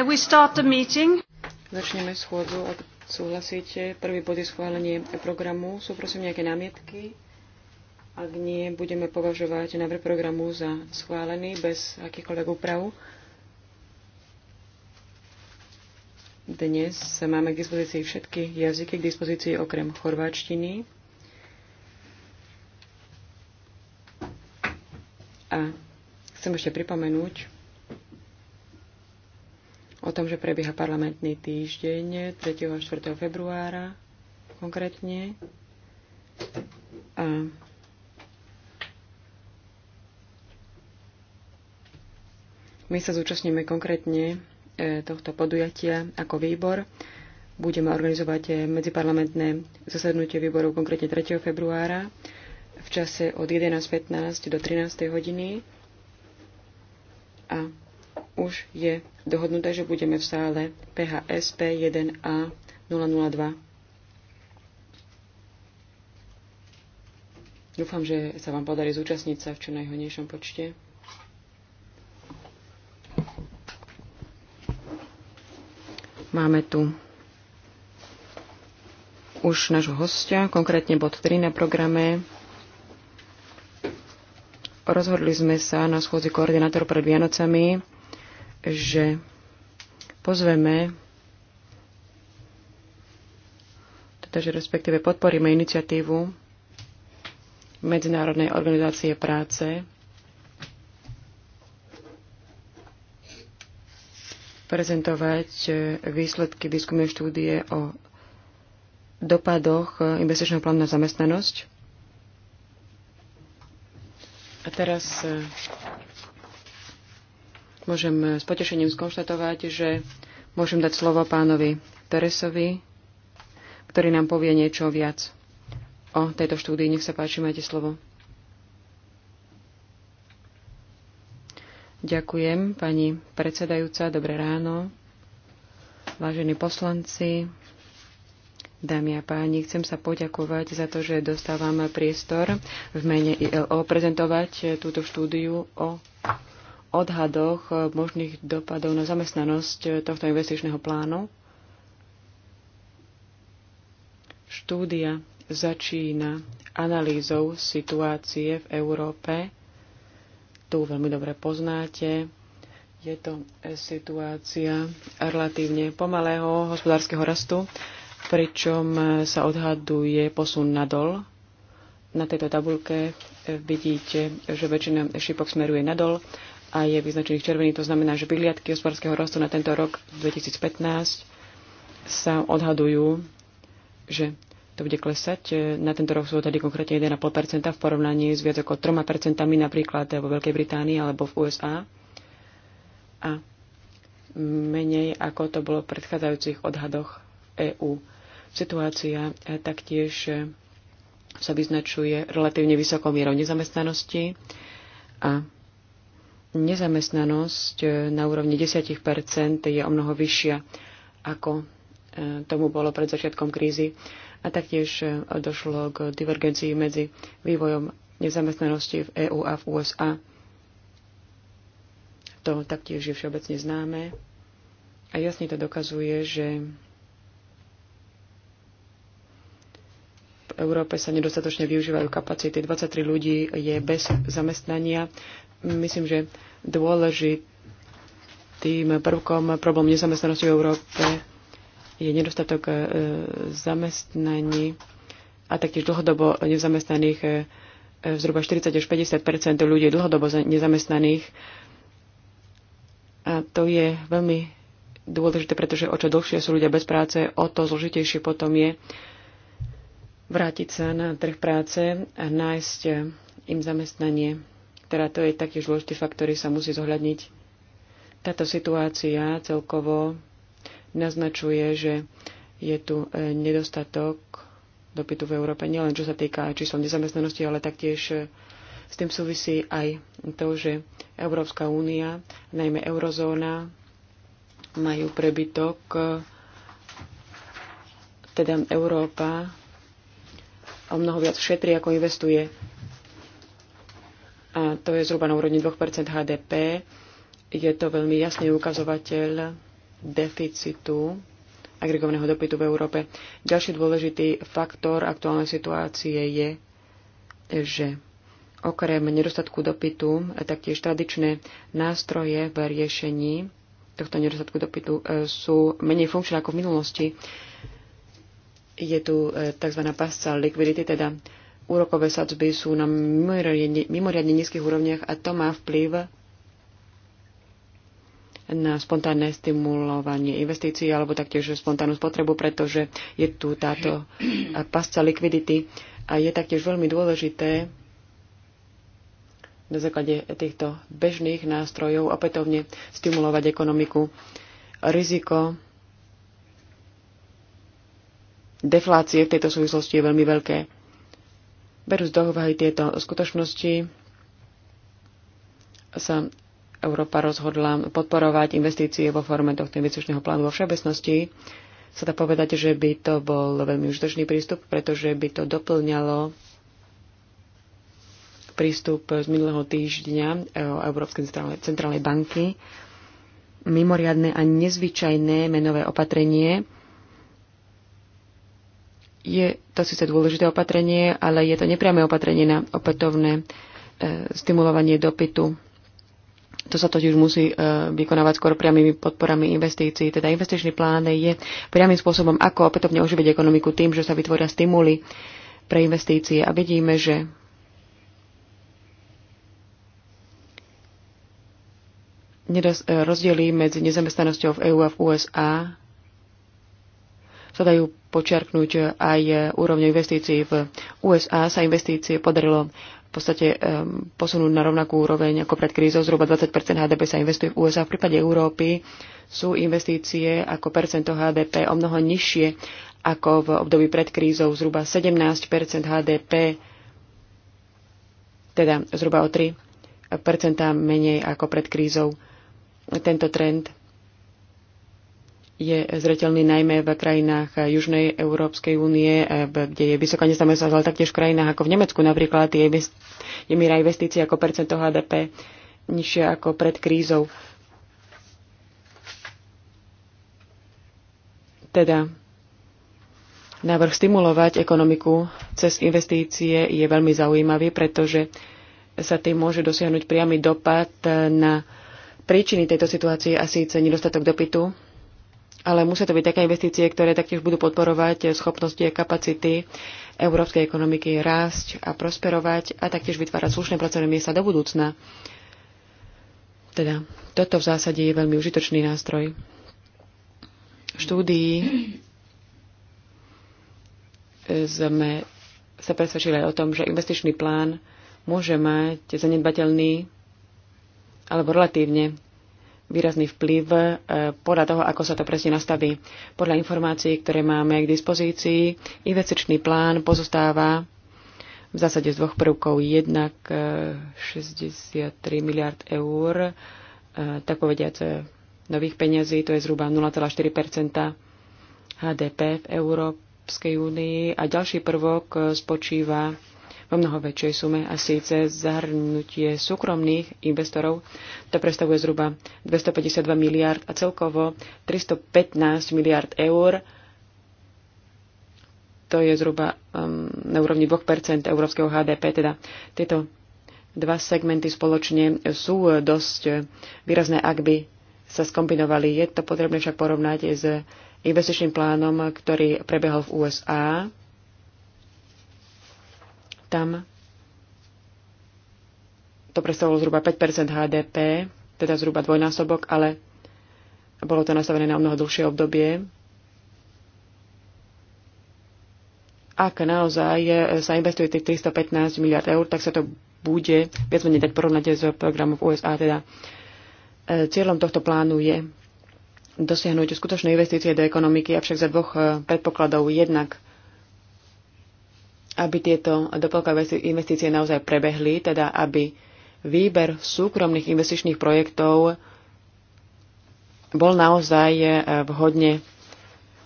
Uh, we start the meeting. Začneme schôdzu, ak súhlasíte. Prvý bod je schválenie programu. Sú prosím nejaké námietky? Ak nie, budeme považovať návrh programu za schválený bez akýchkoľvek úprav. Dnes máme k dispozícii všetky jazyky k dispozícii okrem chorváčtiny. A chcem ešte pripomenúť, o tom, že prebieha parlamentný týždeň 3. a 4. februára konkrétne. A my sa zúčastníme konkrétne e, tohto podujatia ako výbor. Budeme organizovať e, medziparlamentné zasadnutie výborov konkrétne 3. februára v čase od 11.15 do 13. hodiny. A už je dohodnuté, že budeme v sále PHSP 1A 002. Dúfam, že sa vám podarí zúčastniť sa v čo najhodnejšom počte. Máme tu už nášho hostia, konkrétne bod 3 na programe. Rozhodli sme sa na schôdzi koordinátor pred Vianocami že pozveme, teda že respektíve podporíme iniciatívu Medzinárodnej organizácie práce prezentovať e, výsledky výskumnej štúdie o dopadoch e, investičného plánu na zamestnanosť. A teraz e, Môžem s potešením skonštatovať, že môžem dať slovo pánovi Teresovi, ktorý nám povie niečo viac o tejto štúdii. Nech sa páči, majte slovo. Ďakujem, pani predsedajúca. Dobré ráno. Vážení poslanci, Dámy a páni, chcem sa poďakovať za to, že dostávam priestor v mene ILO prezentovať túto štúdiu o odhadoch eh, možných dopadov na zamestnanosť eh, tohto investičného plánu. Štúdia začína analýzou situácie v Európe. Tu veľmi dobre poznáte. Je to eh, situácia relatívne pomalého hospodárskeho rastu, pričom sa odhaduje posun nadol. Na tejto tabulke vidíte, že väčšina šipok smeruje nadol a je vyznačených červený. To znamená, že vyhliadky hospodárskeho rastu na tento rok 2015 sa odhadujú, že to bude klesať. Na tento rok sú tady konkrétne 1,5% v porovnaní s viac ako 3% napríklad vo Veľkej Británii alebo v USA. A menej ako to bolo v predchádzajúcich odhadoch EÚ. Situácia e, taktiež e, sa vyznačuje relatívne vysokou mierou nezamestnanosti a nezamestnanosť e, na úrovni 10 je o mnoho vyššia, ako e, tomu bolo pred začiatkom krízy. A taktiež e, došlo k divergencii medzi vývojom nezamestnanosti v EÚ a v USA. To taktiež je všeobecne známe. A jasne to dokazuje, že v Európe sa nedostatočne využívajú kapacity. 23 ľudí je bez zamestnania, Myslím, že dôležitým prvkom problém nezamestnanosti v Európe je nedostatok e, zamestnaní a taktiež dlhodobo nezamestnaných e, zhruba 40 až 50 ľudí je dlhodobo nezamestnaných. A to je veľmi dôležité, pretože o čo dlhšie sú ľudia bez práce, o to zložitejšie potom je vrátiť sa na trh práce a nájsť im zamestnanie. Teda to je taký zložitý fakt, ktorý sa musí zohľadniť. Táto situácia celkovo naznačuje, že je tu e, nedostatok dopytu v Európe, nielen čo sa týka číslo nezamestnanosti, ale taktiež e, s tým súvisí aj to, že Európska únia, najmä eurozóna, majú prebytok, e, teda Európa o mnoho viac šetrí, ako investuje a to je zhruba na úrovni 2 HDP. Je to veľmi jasný ukazovateľ deficitu agregovaného dopytu v Európe. Ďalší dôležitý faktor aktuálnej situácie je, že okrem nedostatku dopytu, taktiež tradičné nástroje v riešení tohto nedostatku dopytu e, sú menej funkčné ako v minulosti. Je tu e, tzv. pasca likvidity, teda úrokové sadzby sú na mimoriadne, mimoriadne nízkych úrovniach a to má vplyv na spontánne stimulovanie investícií alebo taktiež spontánnu spotrebu, pretože je tu táto pasca likvidity a je taktiež veľmi dôležité na základe týchto bežných nástrojov opätovne stimulovať ekonomiku. Riziko deflácie v tejto súvislosti je veľmi veľké. Berú z dohovahy tieto skutočnosti, sa Európa rozhodla podporovať investície vo forme tohto investičného plánu vo všeobecnosti. Sa dá povedať, že by to bol veľmi užitočný prístup, pretože by to doplňalo prístup z minulého týždňa e, Európskej centrálnej banky, mimoriadne a nezvyčajné menové opatrenie, je to síce dôležité opatrenie, ale je to nepriame opatrenie na opätovné e, stimulovanie dopytu. To sa totiž musí e, vykonávať skôr priamými podporami investícií. Teda investičný plán je priamým spôsobom, ako opätovne oživiť ekonomiku tým, že sa vytvoria stimuly pre investície. A vidíme, že e, rozdiely medzi nezamestnanosťou v EÚ a v USA sa dajú počiarknúť aj úrovne investícií. V USA sa investície podarilo v podstate um, posunúť na rovnakú úroveň ako pred krízou. Zhruba 20 HDP sa investuje v USA. V prípade Európy sú investície ako percento HDP o mnoho nižšie ako v období pred krízou, zhruba 17 HDP, teda zhruba o 3 menej ako pred krízou. Tento trend je zreteľný najmä v krajinách Južnej Európskej únie, eh, kde je vysoká nezamestnanosť, ale taktiež v krajinách ako v Nemecku napríklad je, je míra investícií ako percento HDP nižšia ako pred krízou. Teda návrh stimulovať ekonomiku cez investície je veľmi zaujímavý, pretože sa tým môže dosiahnuť priamy dopad na príčiny tejto situácie a síce nedostatok dopytu ale musia to byť také investície, ktoré taktiež budú podporovať schopnosti a kapacity európskej ekonomiky rásť a prosperovať a taktiež vytvárať slušné pracovné miesta do budúcna. Teda toto v zásade je veľmi užitočný nástroj. Štúdii sme sa presvedčili aj o tom, že investičný plán môže mať zanedbateľný alebo relatívne výrazný vplyv e, podľa toho, ako sa to presne nastaví. Podľa informácií, ktoré máme k dispozícii, investičný plán pozostáva v zásade z dvoch prvkov. Jednak 63 e, miliard eur, e, tak povediať, nových peňazí, to je zhruba 0,4 HDP v Európskej únii. A ďalší prvok spočíva vo mnoho väčšej sume a síce zahrnutie súkromných investorov. To predstavuje zhruba 252 miliard a celkovo 315 miliard eur. To je zhruba um, na úrovni 2% európskeho HDP. Teda tieto dva segmenty spoločne sú dosť výrazné, ak by sa skombinovali. Je to potrebné však porovnať s investičným plánom, ktorý prebehol v USA tam to predstavovalo zhruba 5 HDP, teda zhruba dvojnásobok, ale bolo to nastavené na mnoho dlhšie obdobie. Ak naozaj sa investuje tých 315 miliard eur, tak sa to bude viac menej dať porovnať s programom v USA. Teda e, cieľom tohto plánu je dosiahnuť skutočné investície do ekonomiky, avšak za dvoch e, predpokladov. Jednak aby tieto doplnkové investície naozaj prebehli, teda aby výber súkromných investičných projektov bol naozaj e, vhodne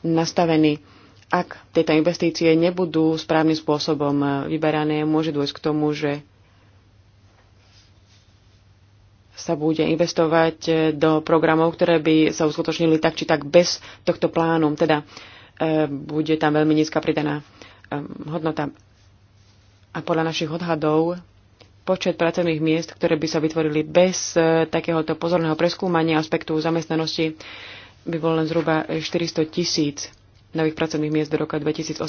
nastavený. Ak tieto investície nebudú správnym spôsobom e, vyberané, môže dôjsť k tomu, že sa bude investovať e, do programov, ktoré by sa uskutočnili tak či tak bez tohto plánu. Teda bude tam veľmi nízka pridaná hodnota. A podľa našich odhadov počet pracovných miest, ktoré by sa vytvorili bez e, takéhoto pozorného preskúmania aspektu zamestnanosti, by bolo len zhruba 400 tisíc nových pracovných miest do roka 2018.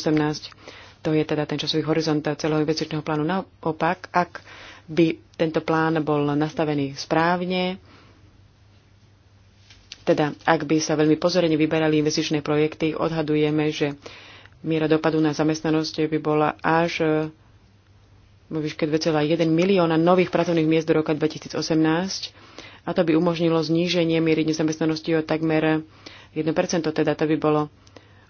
To je teda ten časový horizont celého investičného plánu. Naopak, ak by tento plán bol nastavený správne, teda ak by sa veľmi pozorene vyberali investičné projekty, odhadujeme, že miera dopadu na zamestnanosť by bola až e, vo výške 2,1 milióna nových pracovných miest do roka 2018 a to by umožnilo zníženie miery nezamestnanosti o takmer 1%, teda to by bolo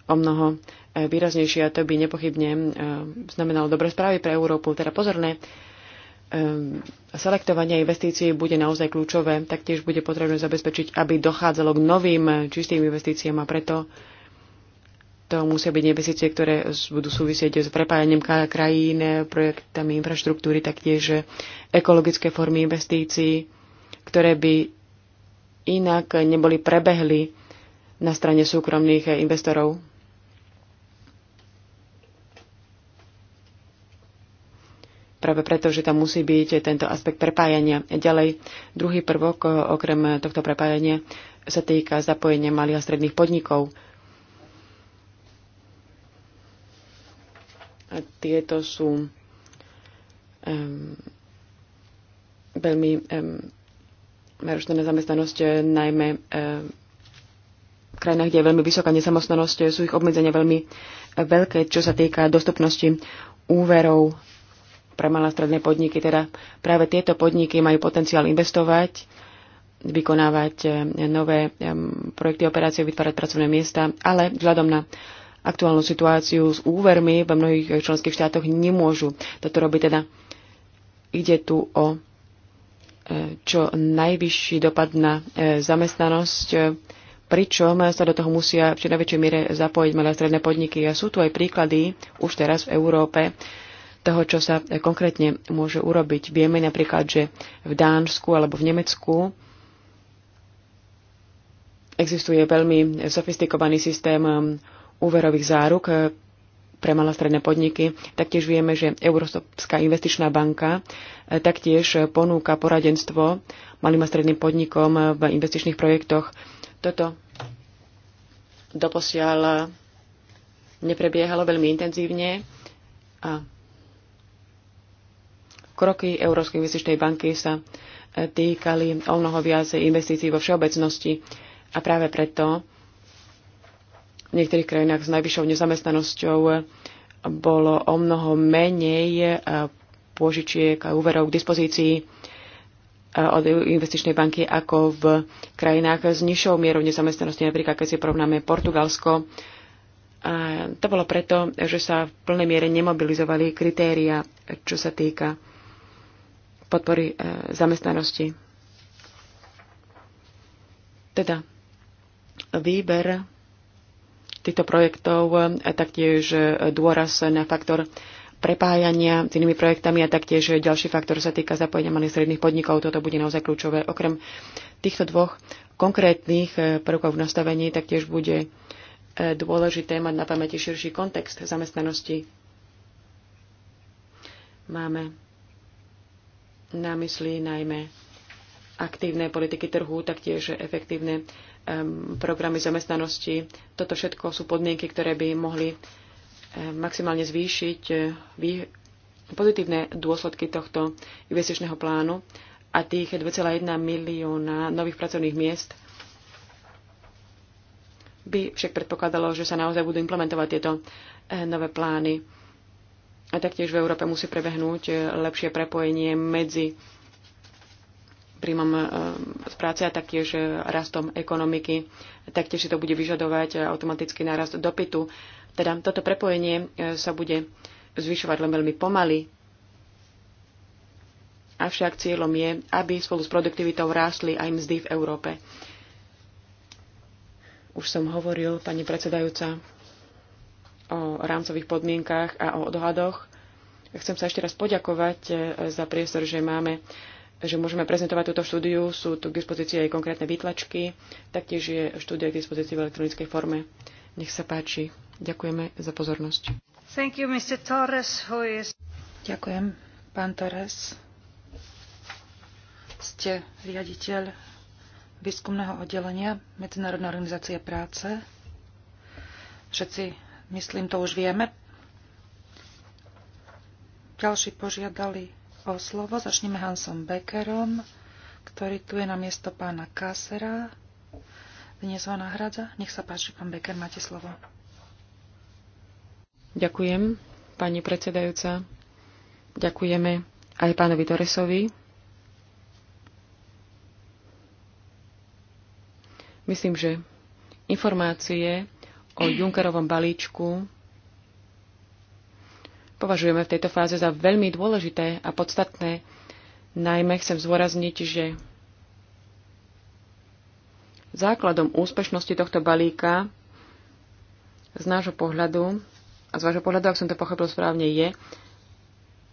o mnoho e, výraznejšie a to by nepochybne e, znamenalo dobré správy pre Európu. Teda pozorné selektovanie investícií bude naozaj kľúčové, taktiež bude potrebné zabezpečiť, aby dochádzalo k novým čistým investíciám a preto to musia byť investície, ktoré budú súvisieť s prepájaním krajín, projektami infraštruktúry, taktiež ekologické formy investícií, ktoré by inak neboli prebehli na strane súkromných investorov. Práve preto, že tam musí byť tento aspekt prepájania. Ďalej, druhý prvok okrem tohto prepájania sa týka zapojenia malých a stredných podnikov A tieto sú um, veľmi um, náročné na zamestnanosť, najmä um, v krajinách, kde je veľmi vysoká nesamostnanosť, sú ich obmedzenia veľmi e, veľké, čo sa týka dostupnosti úverov pre malé stredné podniky. Teda práve tieto podniky majú potenciál investovať, vykonávať e, nové projekty, operácie, vytvárať pracovné miesta, ale vzhľadom na aktuálnu situáciu s úvermi v mnohých členských štátoch nemôžu toto robiť. Teda ide tu o e, čo najvyšší dopad na e, zamestnanosť, pričom sa do toho musia v čo najväčšej miere zapojiť malé a stredné podniky. A sú tu aj príklady už teraz v Európe toho, čo sa konkrétne môže urobiť. Vieme napríklad, že v Dánsku alebo v Nemecku existuje veľmi sofistikovaný systém úverových záruk e, pre malé stredné podniky. Taktiež vieme, že Európska investičná banka e, taktiež ponúka poradenstvo malým a stredným podnikom e, v investičných projektoch. Toto doposiaľ neprebiehalo veľmi intenzívne a kroky Európskej investičnej banky sa týkali o mnoho viac investícií vo všeobecnosti a práve preto v niektorých krajinách s najvyššou nezamestnanosťou bolo o mnoho menej e, pôžičiek a úverov k dispozícii e, od investičnej banky ako v krajinách s nižšou mierou nezamestnanosti, napríklad keď si porovnáme Portugalsko. A to bolo preto, že sa v plnej miere nemobilizovali kritéria, čo sa týka podpory e, zamestnanosti. Teda výber týchto projektov, a taktiež dôraz na faktor prepájania s inými projektami a taktiež ďalší faktor sa týka zapojenia malých stredných podnikov. Toto bude naozaj kľúčové. Okrem týchto dvoch konkrétnych prvkov v nastavení taktiež bude e, dôležité mať na pamäti širší kontext zamestnanosti. Máme na mysli najmä aktívne politiky trhu, taktiež efektívne programy zamestnanosti. Toto všetko sú podmienky, ktoré by mohli maximálne zvýšiť eh, pozitívne dôsledky tohto investičného plánu a tých 2,1 milióna nových pracovných miest by však predpokladalo, že sa naozaj budú implementovať tieto eh, nové plány. A taktiež v Európe musí prebehnúť eh, lepšie prepojenie medzi príjmom e, z práce a taktiež e, rastom ekonomiky. Taktiež si to bude vyžadovať e, automatický nárast dopytu. Teda toto prepojenie sa bude zvyšovať len veľmi pomaly. Avšak cieľom je, aby spolu s produktivitou rástli aj mzdy v Európe. Už som hovoril, pani predsedajúca, o rámcových podmienkách a o odhadoch. Chcem sa ešte raz poďakovať za priestor, že máme že môžeme prezentovať túto štúdiu, sú tu k dispozícii aj konkrétne výtlačky, taktiež je štúdia k dispozícii v elektronickej forme. Nech sa páči. Ďakujeme za pozornosť. Thank you, Mr. Torres, who is... Ďakujem, pán Torres. Ste riaditeľ výskumného oddelenia Medzinárodnej organizácie práce. Všetci, myslím, to už vieme. Ďalší požiadali o slovo. Začneme Hansom Beckerom, ktorý tu je na miesto pána Kasera. Dnes ho nahradza. Nech sa páči, pán Becker, máte slovo. Ďakujem, pani predsedajúca. Ďakujeme aj pánovi Doresovi. Myslím, že informácie o Junkerovom balíčku považujeme v tejto fáze za veľmi dôležité a podstatné. Najmä chcem zvorazniť, že základom úspešnosti tohto balíka z nášho pohľadu a z vášho pohľadu, ak som to pochopil správne, je,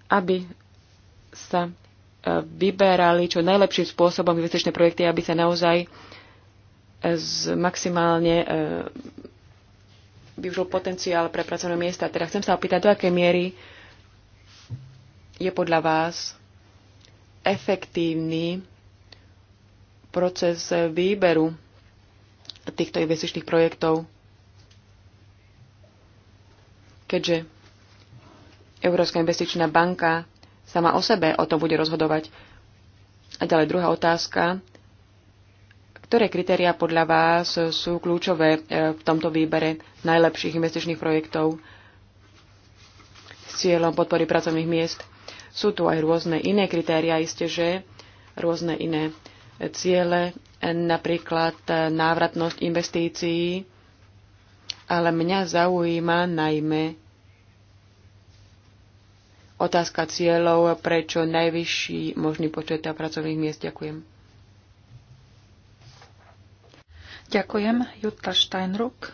aby sa e, vyberali čo najlepším spôsobom investičné projekty, aby sa naozaj e, z maximálne e, využil potenciál pre pracovné miesta. Teda chcem sa opýtať, do akej miery je podľa vás efektívny proces výberu týchto investičných projektov, keďže Európska investičná banka sama o sebe o tom bude rozhodovať. A ďalej druhá otázka ktoré kritéria podľa vás sú kľúčové e, v tomto výbere najlepších investičných projektov s cieľom podpory pracovných miest? Sú tu aj rôzne iné kritéria, isté, že rôzne iné ciele, napríklad návratnosť investícií, ale mňa zaujíma najmä otázka cieľov prečo najvyšší možný počet pracovných miest. Ďakujem. Ďakujem, Jutta Steinruck.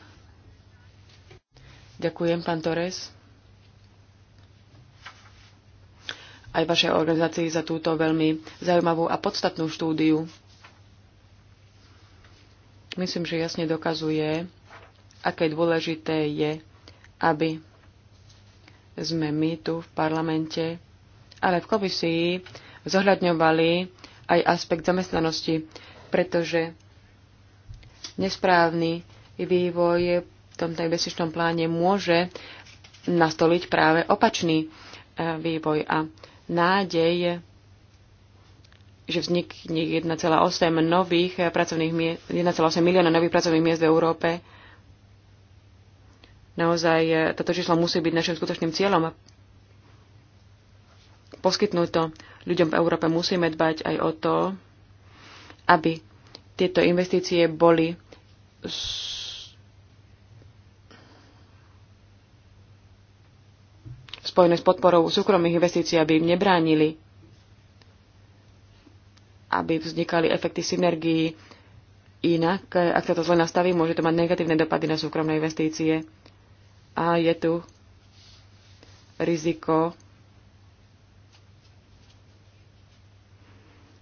Ďakujem, pán Torres. Aj vašej organizácii za túto veľmi zaujímavú a podstatnú štúdiu. Myslím, že jasne dokazuje, aké dôležité je, aby sme my tu v parlamente, ale v komisii zohľadňovali aj aspekt zamestnanosti, pretože nesprávny vývoj v tomto investičnom pláne môže nastoliť práve opačný e, vývoj a nádej, že vznikne 1,8 nových pracovných miest, 1,8 milióna nových pracovných miest v Európe. Naozaj e, toto číslo musí byť našim skutočným cieľom. Poskytnúť to ľuďom v Európe musíme dbať aj o to, aby tieto investície boli spojené s podporou súkromných investícií, aby im nebránili, aby vznikali efekty synergií. Inak, ak sa to zle nastaví, môže to mať negatívne dopady na súkromné investície. A je tu riziko,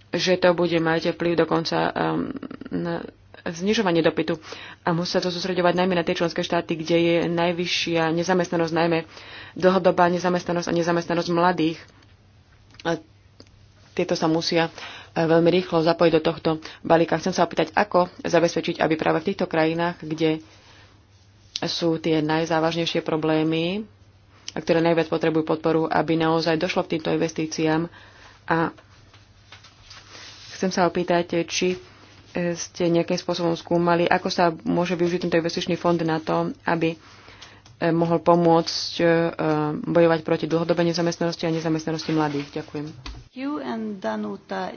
že to bude mať vplyv dokonca um, na znižovanie dopytu. A musí sa to zosredovať najmä na tie členské štáty, kde je najvyššia nezamestnanosť, najmä dlhodobá nezamestnanosť a nezamestnanosť mladých. A tieto sa musia e, veľmi rýchlo zapojiť do tohto balíka. Chcem sa opýtať, ako zabezpečiť, aby práve v týchto krajinách, kde sú tie najzávažnejšie problémy, a ktoré najviac potrebujú podporu, aby naozaj došlo k týmto investíciám. A chcem sa opýtať, či E, ste nejakým spôsobom skúmali, ako sa môže využiť tento investičný fond na to, aby e, mohol pomôcť e, bojovať proti dlhodobej nezamestnanosti a nezamestnanosti mladých. Ďakujem. Danuta.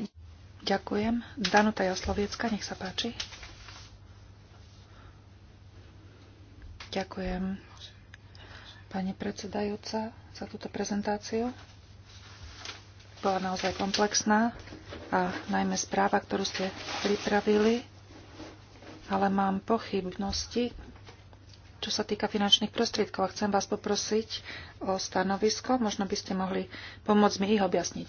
Ďakujem. Danuta Jasloviecka, nech sa páči. Ďakujem, pani predsedajúca, za túto prezentáciu bola naozaj komplexná a najmä správa, ktorú ste pripravili, ale mám pochybnosti, čo sa týka finančných prostriedkov chcem vás poprosiť o stanovisko. Možno by ste mohli pomôcť mi ich objasniť.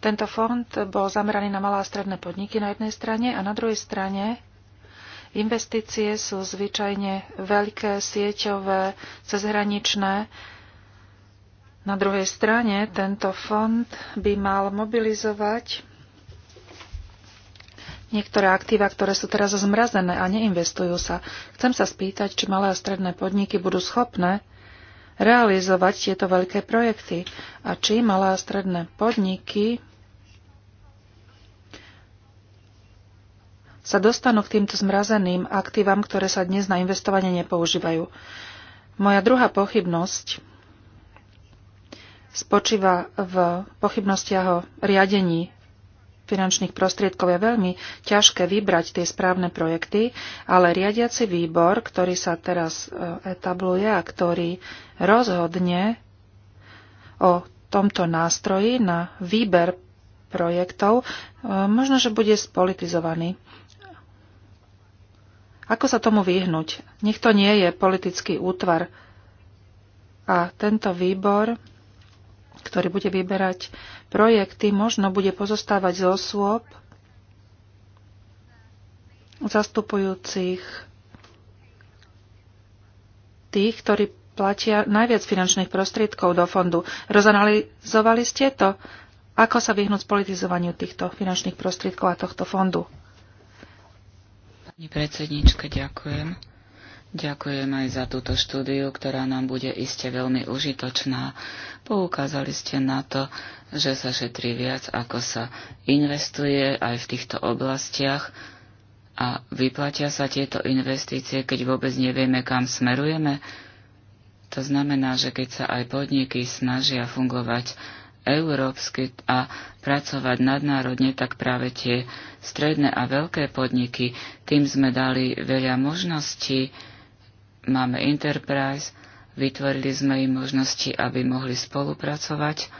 Tento fond bol zameraný na malé a stredné podniky na jednej strane a na druhej strane investície sú zvyčajne veľké sieťové, cezhraničné na druhej strane tento fond by mal mobilizovať niektoré aktíva, ktoré sú teraz zmrazené a neinvestujú sa. Chcem sa spýtať, či malé a stredné podniky budú schopné realizovať tieto veľké projekty a či malé a stredné podniky sa dostanú k týmto zmrazeným aktívam, ktoré sa dnes na investovanie nepoužívajú. Moja druhá pochybnosť spočíva v pochybnostiach o riadení finančných prostriedkov je veľmi ťažké vybrať tie správne projekty, ale riadiaci výbor, ktorý sa teraz e, etabluje a ktorý rozhodne o tomto nástroji na výber projektov, e, možno, že bude spolitizovaný. Ako sa tomu vyhnúť? Nikto nie je politický útvar. A tento výbor ktorý bude vyberať projekty, možno bude pozostávať z osôb zastupujúcich tých, ktorí platia najviac finančných prostriedkov do fondu. Rozanalizovali ste to? Ako sa vyhnúť politizovaniu týchto finančných prostriedkov a tohto fondu? Pani predsednička, ďakujem. Ďakujem aj za túto štúdiu, ktorá nám bude iste veľmi užitočná. Poukázali ste na to, že sa šetrí viac, ako sa investuje aj v týchto oblastiach a vyplatia sa tieto investície, keď vôbec nevieme, kam smerujeme. To znamená, že keď sa aj podniky snažia fungovať európsky a pracovať nadnárodne, tak práve tie stredné a veľké podniky, tým sme dali veľa možností, máme Enterprise, vytvorili sme im možnosti, aby mohli spolupracovať,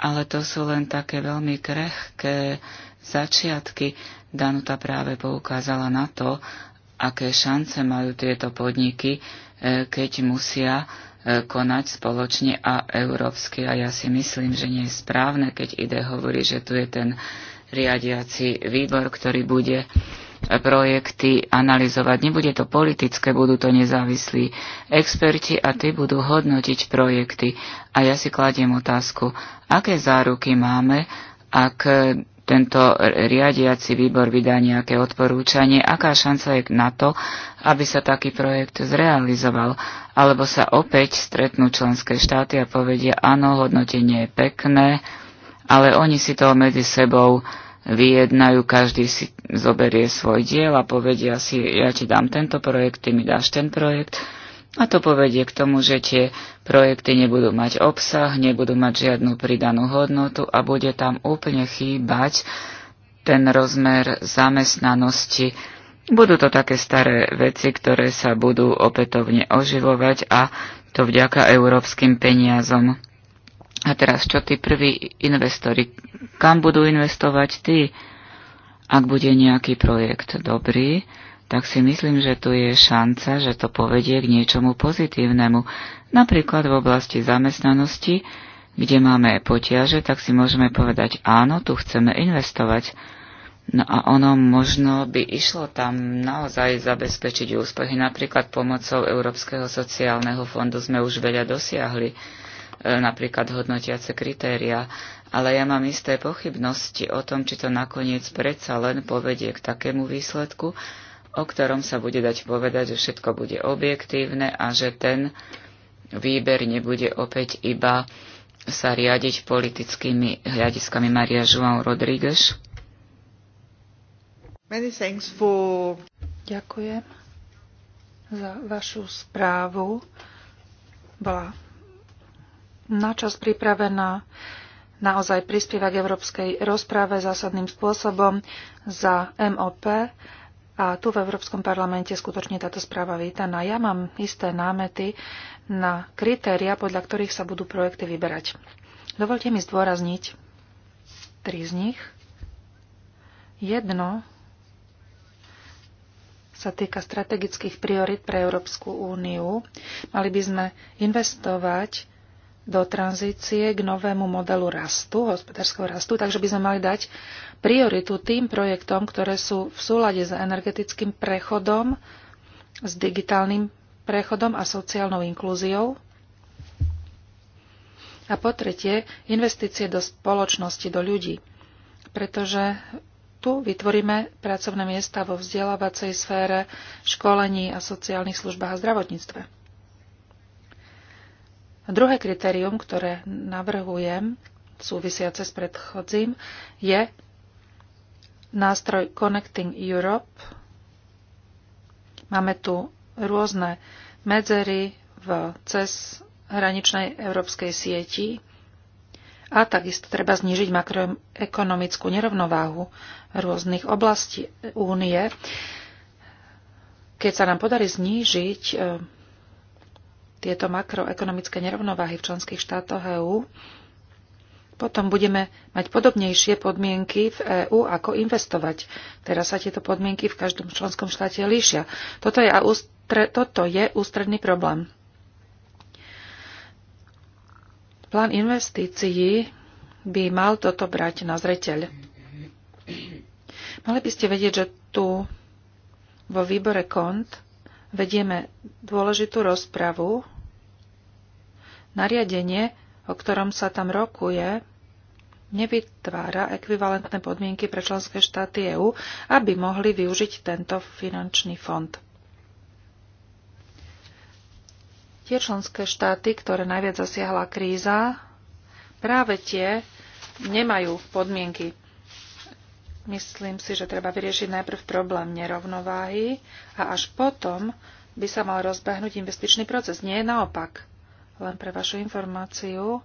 ale to sú len také veľmi krehké začiatky. Danuta práve poukázala na to, aké šance majú tieto podniky, e, keď musia e, konať spoločne a európsky. A ja si myslím, že nie je správne, keď ide hovorí, že tu je ten riadiaci výbor, ktorý bude projekty analyzovať. Nebude to politické, budú to nezávislí experti a tí budú hodnotiť projekty. A ja si kladiem otázku, aké záruky máme, ak tento riadiaci výbor vydá nejaké odporúčanie, aká šanca je na to, aby sa taký projekt zrealizoval, alebo sa opäť stretnú členské štáty a povedia, áno, hodnotenie je pekné, ale oni si to medzi sebou vyjednajú, každý si zoberie svoj diel a povedia si, ja ti dám tento projekt, ty mi dáš ten projekt. A to povedie k tomu, že tie projekty nebudú mať obsah, nebudú mať žiadnu pridanú hodnotu a bude tam úplne chýbať ten rozmer zamestnanosti. Budú to také staré veci, ktoré sa budú opätovne oživovať a to vďaka európskym peniazom. A teraz čo tí prví investori? Kam budú investovať tí? Ak bude nejaký projekt dobrý, tak si myslím, že tu je šanca, že to povedie k niečomu pozitívnemu. Napríklad v oblasti zamestnanosti, kde máme potiaže, tak si môžeme povedať, áno, tu chceme investovať. No a ono možno by išlo tam naozaj zabezpečiť úspechy. Napríklad pomocou Európskeho sociálneho fondu sme už veľa dosiahli. E, napríklad hodnotiace kritéria, ale ja mám isté pochybnosti o tom, či to nakoniec predsa len povedie k takému výsledku, o ktorom sa bude dať povedať, že všetko bude objektívne a že ten výber nebude opäť iba sa riadiť politickými hľadiskami Maria João Rodríguez. Many thanks for... Ďakujem za vašu správu. Bola načas pripravená, naozaj prispieva k európskej rozprave zásadným spôsobom za MOP a tu v Európskom parlamente skutočne táto správa vítaná. Ja mám isté námety na kritéria, podľa ktorých sa budú projekty vyberať. Dovolte mi zdôrazniť tri z nich. Jedno sa týka strategických priorit pre Európsku úniu. Mali by sme investovať do tranzície k novému modelu rastu, hospodárskeho rastu, takže by sme mali dať prioritu tým projektom, ktoré sú v súlade s energetickým prechodom, s digitálnym prechodom a sociálnou inklúziou. A po tretie, investície do spoločnosti, do ľudí, pretože tu vytvoríme pracovné miesta vo vzdelávacej sfére, školení a sociálnych službách a zdravotníctve. Druhé kritérium, ktoré navrhujem, súvisiace s predchodzím, je nástroj Connecting Europe. Máme tu rôzne medzery v cez hraničnej európskej sieti a takisto treba znižiť makroekonomickú nerovnováhu rôznych oblastí únie. Keď sa nám podarí znížiť e, tieto makroekonomické nerovnováhy v členských štátoch EÚ, potom budeme mať podobnejšie podmienky v EÚ, ako investovať. Teraz sa tieto podmienky v každom členskom štáte líšia. Toto je, ústre, toto je ústredný problém. Plán investícií by mal toto brať na zreteľ. Mali by ste vedieť, že tu vo výbore KONT Vedieme dôležitú rozpravu. Nariadenie, o ktorom sa tam rokuje, nevytvára ekvivalentné podmienky pre členské štáty EÚ, aby mohli využiť tento finančný fond. Tie členské štáty, ktoré najviac zasiahla kríza, práve tie nemajú podmienky Myslím si, že treba vyriešiť najprv problém nerovnováhy a až potom by sa mal rozbehnúť investičný proces. Nie je naopak. Len pre vašu informáciu,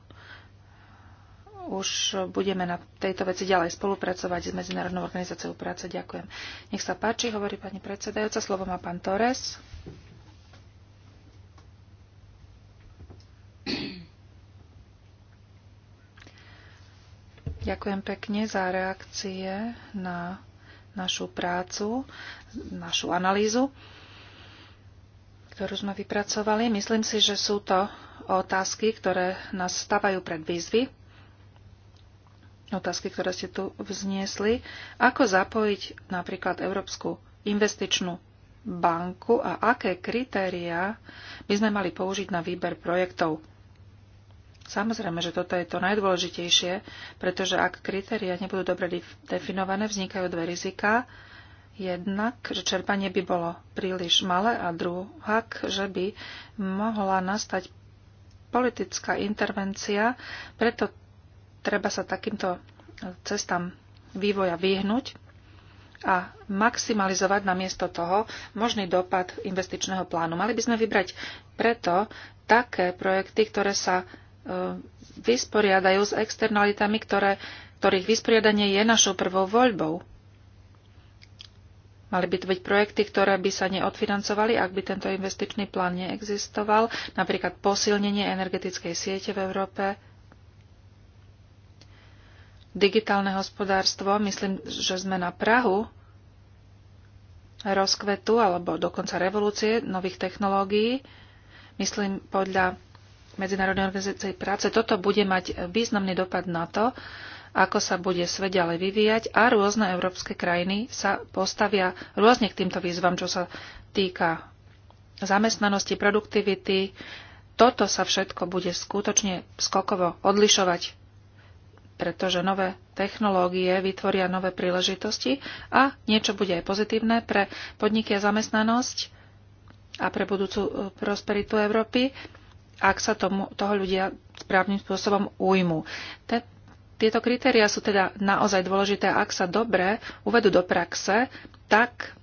už budeme na tejto veci ďalej spolupracovať s Medzinárodnou organizáciou práce. Ďakujem. Nech sa páči, hovorí pani predsedajúca. Slovo má pán Torres. Ďakujem pekne za reakcie na našu prácu, našu analýzu, ktorú sme vypracovali. Myslím si, že sú to otázky, ktoré nás stavajú pred výzvy. Otázky, ktoré ste tu vzniesli. Ako zapojiť napríklad Európsku investičnú banku a aké kritériá by sme mali použiť na výber projektov. Samozrejme, že toto je to najdôležitejšie, pretože ak kritéria nebudú dobre definované, vznikajú dve rizika. Jednak, že čerpanie by bolo príliš malé a druhak, že by mohla nastať politická intervencia, preto treba sa takýmto cestám vývoja vyhnúť a maximalizovať namiesto toho možný dopad investičného plánu. Mali by sme vybrať preto také projekty, ktoré sa E, vysporiadajú s externalitami, ktoré, ktorých vysporiadanie je našou prvou voľbou. Mali by to byť projekty, ktoré by sa neodfinancovali, ak by tento investičný plán neexistoval, napríklad posilnenie energetickej siete v Európe, digitálne hospodárstvo. Myslím, že sme na Prahu rozkvetu alebo dokonca revolúcie nových technológií. Myslím, podľa Medzinárodnej organizácie práce. Toto bude mať významný dopad na to, ako sa bude svet ďalej vyvíjať a rôzne európske krajiny sa postavia rôzne k týmto výzvam, čo sa týka zamestnanosti, produktivity. Toto sa všetko bude skutočne skokovo odlišovať, pretože nové technológie vytvoria nové príležitosti a niečo bude aj pozitívne pre podniky a zamestnanosť a pre budúcu prosperitu Európy ak sa tomu, toho ľudia správnym spôsobom ujmú. Te, tieto kritéria sú teda naozaj dôležité. Ak sa dobre uvedú do praxe, tak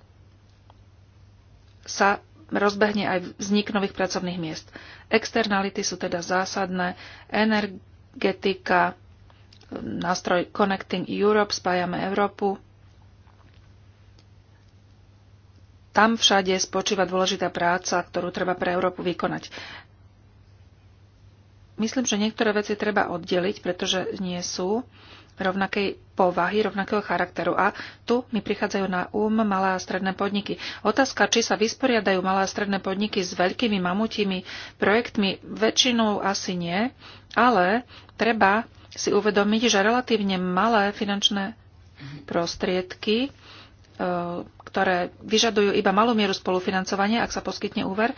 sa rozbehne aj vznik nových pracovných miest. Externality sú teda zásadné. Energetika, nástroj Connecting Europe, spájame Európu. Tam všade spočíva dôležitá práca, ktorú treba pre Európu vykonať. Myslím, že niektoré veci treba oddeliť, pretože nie sú rovnakej povahy, rovnakého charakteru. A tu mi prichádzajú na úm um malé a stredné podniky. Otázka, či sa vysporiadajú malé a stredné podniky s veľkými mamutími projektmi, väčšinou asi nie, ale treba si uvedomiť, že relatívne malé finančné prostriedky, e, ktoré vyžadujú iba malú mieru spolufinancovania, ak sa poskytne úver,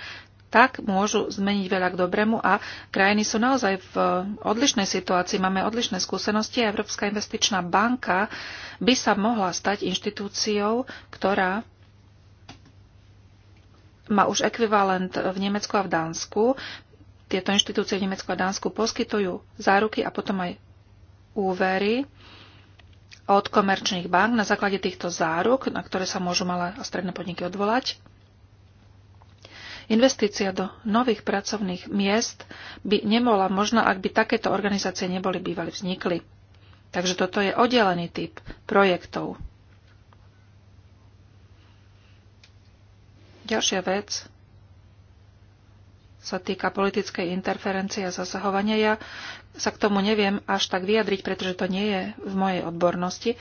tak môžu zmeniť veľa k dobrému a krajiny sú naozaj v odlišnej situácii, máme odlišné skúsenosti a Európska investičná banka by sa mohla stať inštitúciou, ktorá má už ekvivalent v Nemecku a v Dánsku. Tieto inštitúcie v Nemecku a Dánsku poskytujú záruky a potom aj úvery od komerčných bank na základe týchto záruk, na ktoré sa môžu malé a stredné podniky odvolať Investícia do nových pracovných miest by nemola možná, ak by takéto organizácie neboli bývali vznikli. Takže toto je oddelený typ projektov. Ďalšia vec sa týka politickej interferencie a zasahovania. Ja sa k tomu neviem až tak vyjadriť, pretože to nie je v mojej odbornosti,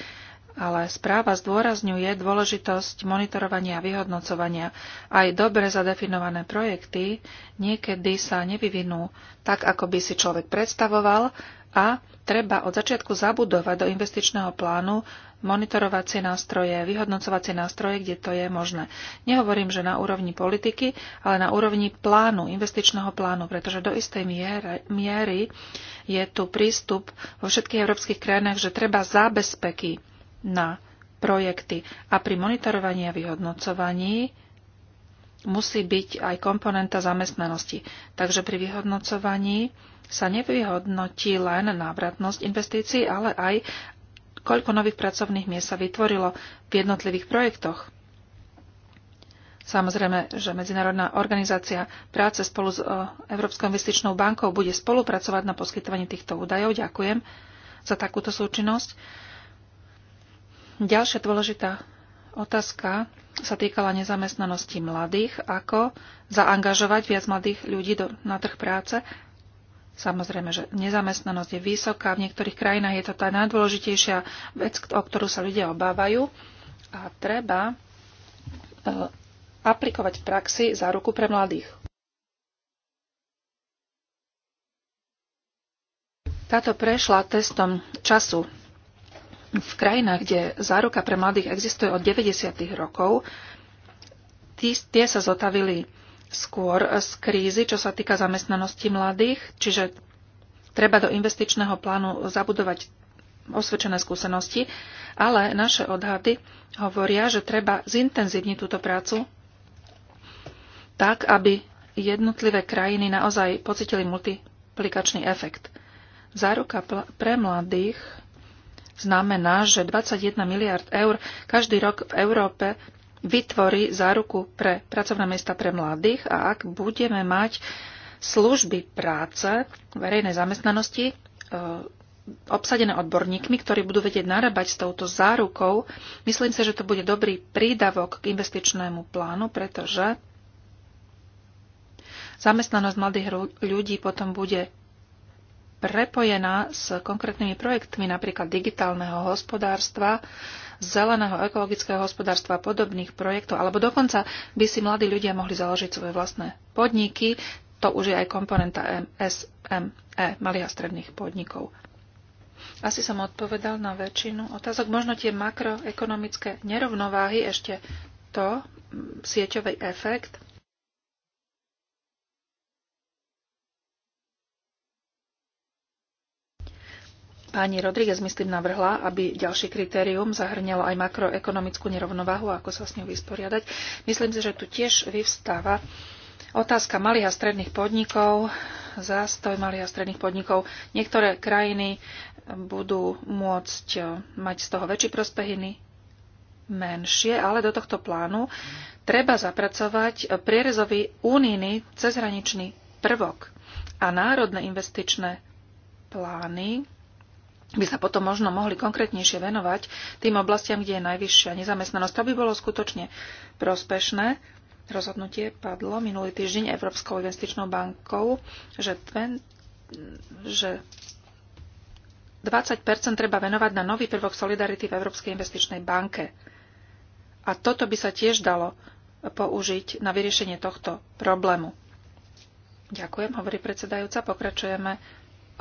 ale správa zdôrazňuje dôležitosť monitorovania a vyhodnocovania. Aj dobre zadefinované projekty niekedy sa nevyvinú tak, ako by si človek predstavoval a treba od začiatku zabudovať do investičného plánu monitorovacie nástroje, vyhodnocovacie nástroje, kde to je možné. Nehovorím, že na úrovni politiky, ale na úrovni plánu, investičného plánu, pretože do istej miery, miery je tu prístup vo všetkých európskych krajinách, že treba zábezpeky na projekty a pri monitorovaní a vyhodnocovaní musí byť aj komponenta zamestnanosti. Takže pri vyhodnocovaní sa nevyhodnotí len návratnosť investícií, ale aj koľko nových pracovných miest sa vytvorilo v jednotlivých projektoch. Samozrejme, že Medzinárodná organizácia práce spolu s e, Európskou investičnou bankou bude spolupracovať na poskytovaní týchto údajov. Ďakujem za takúto súčinnosť. Ďalšia dôležitá otázka sa týkala nezamestnanosti mladých, ako zaangažovať viac mladých ľudí do, na trh práce. Samozrejme, že nezamestnanosť je vysoká, v niektorých krajinách je to tá najdôležitejšia vec, o ktorú sa ľudia obávajú a treba e, aplikovať v praxi záruku pre mladých. Táto prešla testom času v krajinách, kde záruka pre mladých existuje od 90. rokov, tí, tie sa zotavili skôr z krízy, čo sa týka zamestnanosti mladých, čiže treba do investičného plánu zabudovať osvedčené skúsenosti, ale naše odhady hovoria, že treba zintenzívniť túto prácu tak, aby jednotlivé krajiny naozaj pocitili multiplikačný efekt. Záruka pre mladých znamená, že 21 miliard eur každý rok v Európe vytvorí záruku pre pracovné miesta pre mladých a ak budeme mať služby práce verejnej zamestnanosti e, obsadené odborníkmi, ktorí budú vedieť narábať s touto zárukou, myslím si, že to bude dobrý prídavok k investičnému plánu, pretože zamestnanosť mladých ľudí potom bude prepojená s konkrétnymi projektmi, napríklad digitálneho hospodárstva, zeleného ekologického hospodárstva a podobných projektov, alebo dokonca by si mladí ľudia mohli založiť svoje vlastné podniky. To už je aj komponenta SME, malých a stredných podnikov. Asi som odpovedal na väčšinu otázok. Možno tie makroekonomické nerovnováhy, ešte to, sieťový efekt. Pani Rodríguez, myslím, navrhla, aby ďalšie kritérium zahrňalo aj makroekonomickú nerovnovahu, ako sa s ňou vysporiadať. Myslím si, že tu tiež vyvstáva otázka malých a stredných podnikov, zástoj malých a stredných podnikov. Niektoré krajiny budú môcť mať z toho väčší prospech, menšie, ale do tohto plánu treba zapracovať prierezový únijný cezhraničný prvok a národné investičné plány by sa potom možno mohli konkrétnejšie venovať tým oblastiam, kde je najvyššia nezamestnanosť. To by bolo skutočne prospešné. Rozhodnutie padlo minulý týždeň Európskou investičnou bankou, že, tven, že 20 treba venovať na nový prvok solidarity v Európskej investičnej banke. A toto by sa tiež dalo použiť na vyriešenie tohto problému. Ďakujem, hovorí predsedajúca. Pokračujeme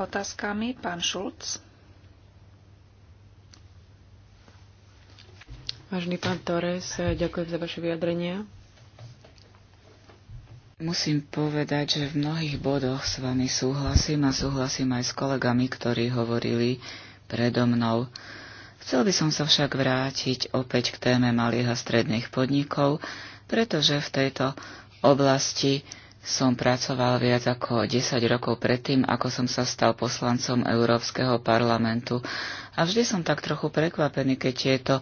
otázkami. Pán Šulc. Vážený pán Torres, ďakujem za vaše vyjadrenia. Musím povedať, že v mnohých bodoch s vami súhlasím a súhlasím aj s kolegami, ktorí hovorili predo mnou. Chcel by som sa však vrátiť opäť k téme malých a stredných podnikov, pretože v tejto oblasti som pracoval viac ako 10 rokov predtým, ako som sa stal poslancom Európskeho parlamentu. A vždy som tak trochu prekvapený, keď tieto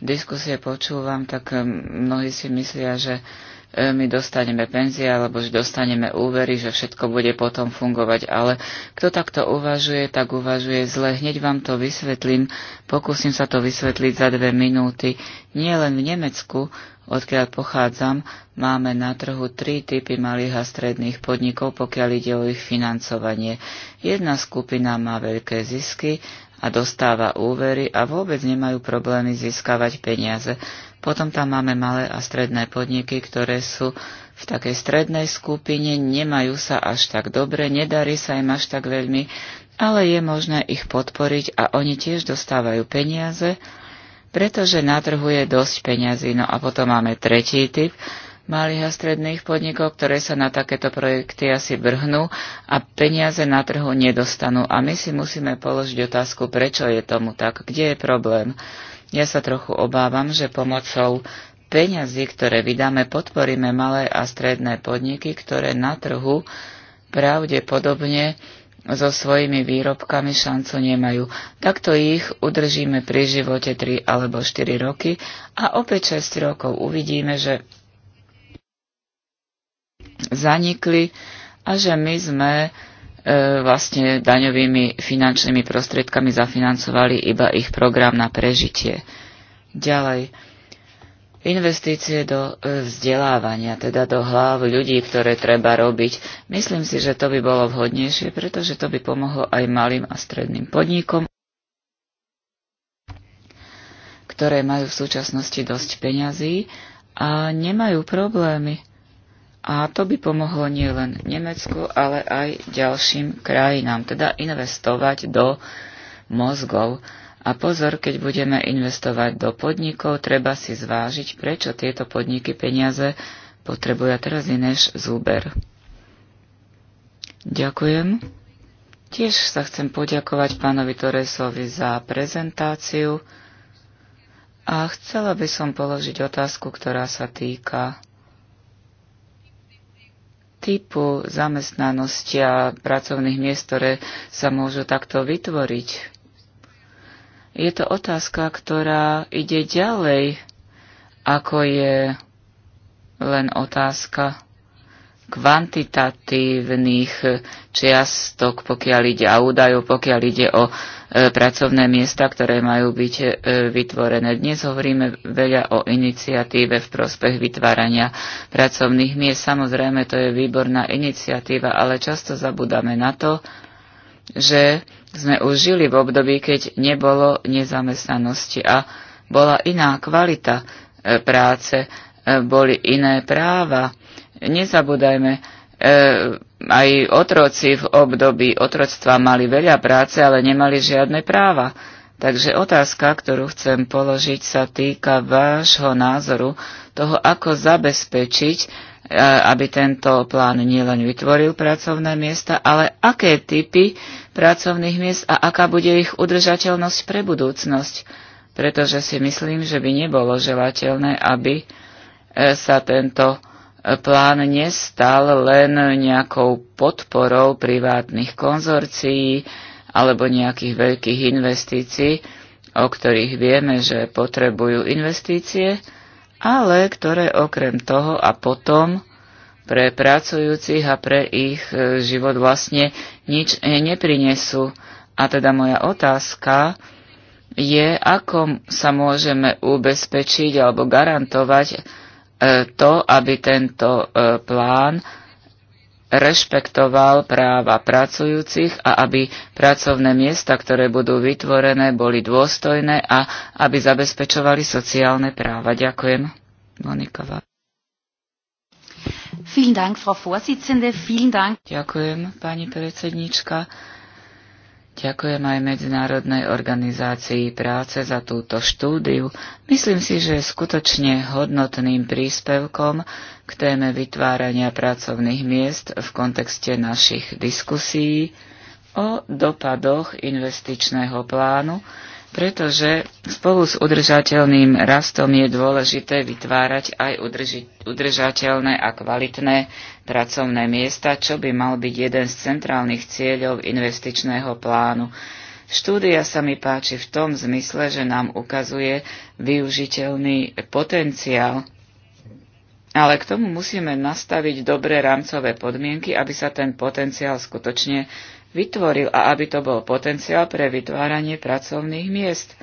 diskusie počúvam, tak eh, mnohí si myslia, že eh, my dostaneme penzie alebo že dostaneme úvery, že všetko bude potom fungovať. Ale kto takto uvažuje, tak uvažuje zle. Hneď vám to vysvetlím, pokúsim sa to vysvetliť za dve minúty. Nie len v Nemecku, odkiaľ pochádzam, máme na trhu tri typy malých a stredných podnikov, pokiaľ ide o ich financovanie. Jedna skupina má veľké zisky, a dostáva úvery a vôbec nemajú problémy získavať peniaze. Potom tam máme malé a stredné podniky, ktoré sú v takej strednej skupine, nemajú sa až tak dobre, nedarí sa im až tak veľmi, ale je možné ich podporiť a oni tiež dostávajú peniaze, pretože na trhu je dosť peňazí. No a potom máme tretí typ, malých a stredných podnikov, ktoré sa na takéto projekty asi vrhnú a peniaze na trhu nedostanú. A my si musíme položiť otázku, prečo je tomu tak, kde je problém. Ja sa trochu obávam, že pomocou peňazí, ktoré vydáme, podporíme malé a stredné podniky, ktoré na trhu pravdepodobne so svojimi výrobkami šancu nemajú. Takto ich udržíme pri živote 3 alebo 4 roky a opäť 6 rokov uvidíme, že zanikli a že my sme e, vlastne daňovými finančnými prostriedkami zafinancovali iba ich program na prežitie. Ďalej, investície do e, vzdelávania, teda do hlav ľudí, ktoré treba robiť. Myslím si, že to by bolo vhodnejšie, pretože to by pomohlo aj malým a stredným podnikom, ktoré majú v súčasnosti dosť peňazí a nemajú problémy a to by pomohlo nielen Nemecku, ale aj ďalším krajinám, teda investovať do mozgov. A pozor, keď budeme investovať do podnikov, treba si zvážiť, prečo tieto podniky peniaze potrebujú teraz inéž zúber. Ďakujem. Tiež sa chcem poďakovať pánovi Toresovi za prezentáciu a chcela by som položiť otázku, ktorá sa týka typu zamestnanosti a pracovných miest, ktoré sa môžu takto vytvoriť. Je to otázka, ktorá ide ďalej, ako je len otázka kvantitatívnych čiastok, pokiaľ ide a údajov, pokiaľ ide o E, pracovné miesta, ktoré majú byť e, vytvorené. Dnes hovoríme veľa o iniciatíve v prospech vytvárania pracovných miest. Samozrejme, to je výborná iniciatíva, ale často zabudáme na to, že sme už žili v období, keď nebolo nezamestnanosti a bola iná kvalita e, práce, boli iné práva. Nezabúdajme, aj otroci v období otroctva mali veľa práce, ale nemali žiadne práva. Takže otázka, ktorú chcem položiť, sa týka vášho názoru toho, ako zabezpečiť, e, aby tento plán nielen vytvoril pracovné miesta, ale aké typy pracovných miest a aká bude ich udržateľnosť pre budúcnosť. Pretože si myslím, že by nebolo želateľné, aby e, sa tento plán nestal len nejakou podporou privátnych konzorcií alebo nejakých veľkých investícií, o ktorých vieme, že potrebujú investície, ale ktoré okrem toho a potom pre pracujúcich a pre ich e, život vlastne nič e, neprinesú. A teda moja otázka je, ako sa môžeme ubezpečiť alebo garantovať, E, to, aby tento e, plán rešpektoval práva pracujúcich a aby pracovné miesta, ktoré budú vytvorené, boli dôstojné a aby zabezpečovali sociálne práva. Ďakujem. Monikova. Vielen Dank, Frau Vorsitzende. Vielen Dank. Ďakujem, pani predsednička. Ďakujem aj Medzinárodnej organizácii práce za túto štúdiu. Myslím si, že je skutočne hodnotným príspevkom k téme vytvárania pracovných miest v kontexte našich diskusí o dopadoch investičného plánu, pretože spolu s udržateľným rastom je dôležité vytvárať aj udrži- udržateľné a kvalitné pracovné miesta, čo by mal byť jeden z centrálnych cieľov investičného plánu. Štúdia sa mi páči v tom zmysle, že nám ukazuje využiteľný potenciál, ale k tomu musíme nastaviť dobré rámcové podmienky, aby sa ten potenciál skutočne vytvoril a aby to bol potenciál pre vytváranie pracovných miest.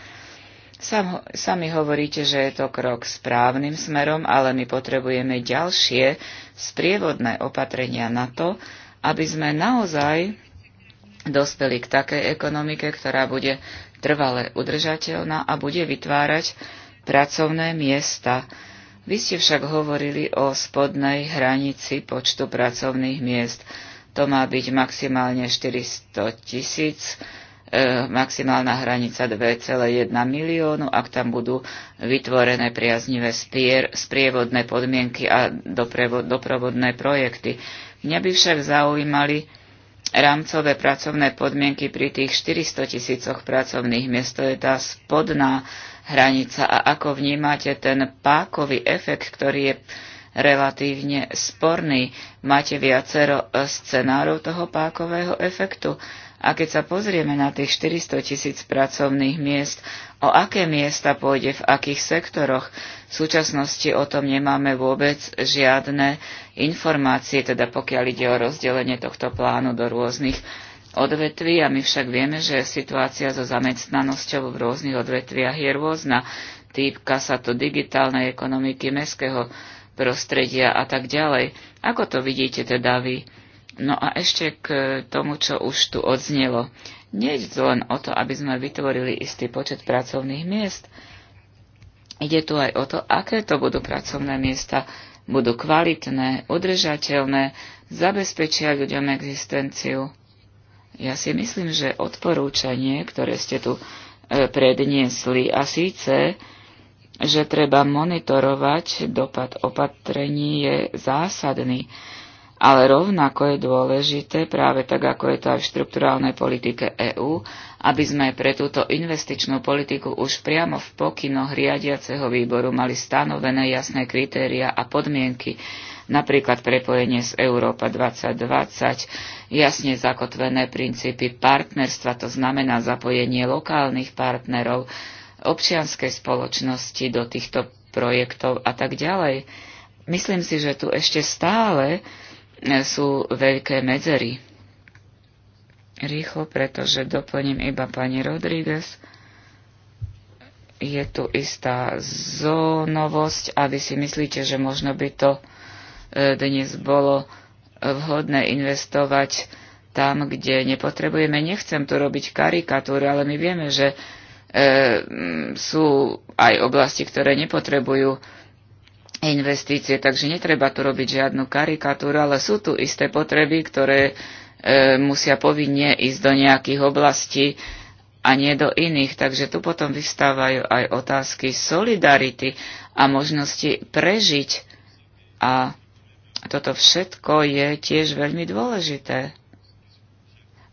Sam, sami hovoríte, že je to krok správnym smerom, ale my potrebujeme ďalšie sprievodné opatrenia na to, aby sme naozaj dospeli k takej ekonomike, ktorá bude trvale udržateľná a bude vytvárať pracovné miesta. Vy ste však hovorili o spodnej hranici počtu pracovných miest. To má byť maximálne 400 tisíc E, maximálna hranica 2,1 miliónu, ak tam budú vytvorené priaznivé spier, sprievodné podmienky a doprovodné projekty. Mňa by však zaujímali rámcové pracovné podmienky pri tých 400 tisícoch pracovných miest. To je tá spodná hranica a ako vnímate ten pákový efekt, ktorý je relatívne sporný. Máte viacero scenárov toho pákového efektu. A keď sa pozrieme na tých 400 tisíc pracovných miest, o aké miesta pôjde v akých sektoroch, v súčasnosti o tom nemáme vôbec žiadne informácie, teda pokiaľ ide o rozdelenie tohto plánu do rôznych odvetví a my však vieme, že situácia so zamestnanosťou v rôznych odvetviach je rôzna. Týpka sa to digitálnej ekonomiky, mestského prostredia a tak ďalej. Ako to vidíte teda vy? No a ešte k tomu, čo už tu odznelo. Nie je to len o to, aby sme vytvorili istý počet pracovných miest. Ide tu aj o to, aké to budú pracovné miesta. Budú kvalitné, udržateľné, zabezpečia ľuďom existenciu. Ja si myslím, že odporúčanie, ktoré ste tu e, predniesli, a síce, že treba monitorovať dopad opatrení, je zásadný. Ale rovnako je dôležité, práve tak ako je to aj v štruktúrálnej politike EÚ, aby sme pre túto investičnú politiku už priamo v pokynoch riadiaceho výboru mali stanovené jasné kritéria a podmienky, napríklad prepojenie z Európa 2020, jasne zakotvené princípy partnerstva, to znamená zapojenie lokálnych partnerov, občianskej spoločnosti do týchto projektov a tak ďalej. Myslím si, že tu ešte stále sú veľké medzery. Rýchlo, pretože doplním iba pani Rodríguez. Je tu istá zónovosť a vy si myslíte, že možno by to e, dnes bolo vhodné investovať tam, kde nepotrebujeme. Nechcem tu robiť karikatúru, ale my vieme, že e, sú aj oblasti, ktoré nepotrebujú investície, takže netreba tu robiť žiadnu karikatúru, ale sú tu isté potreby, ktoré e, musia povinne ísť do nejakých oblastí a nie do iných. Takže tu potom vystávajú aj otázky solidarity a možnosti prežiť. A toto všetko je tiež veľmi dôležité.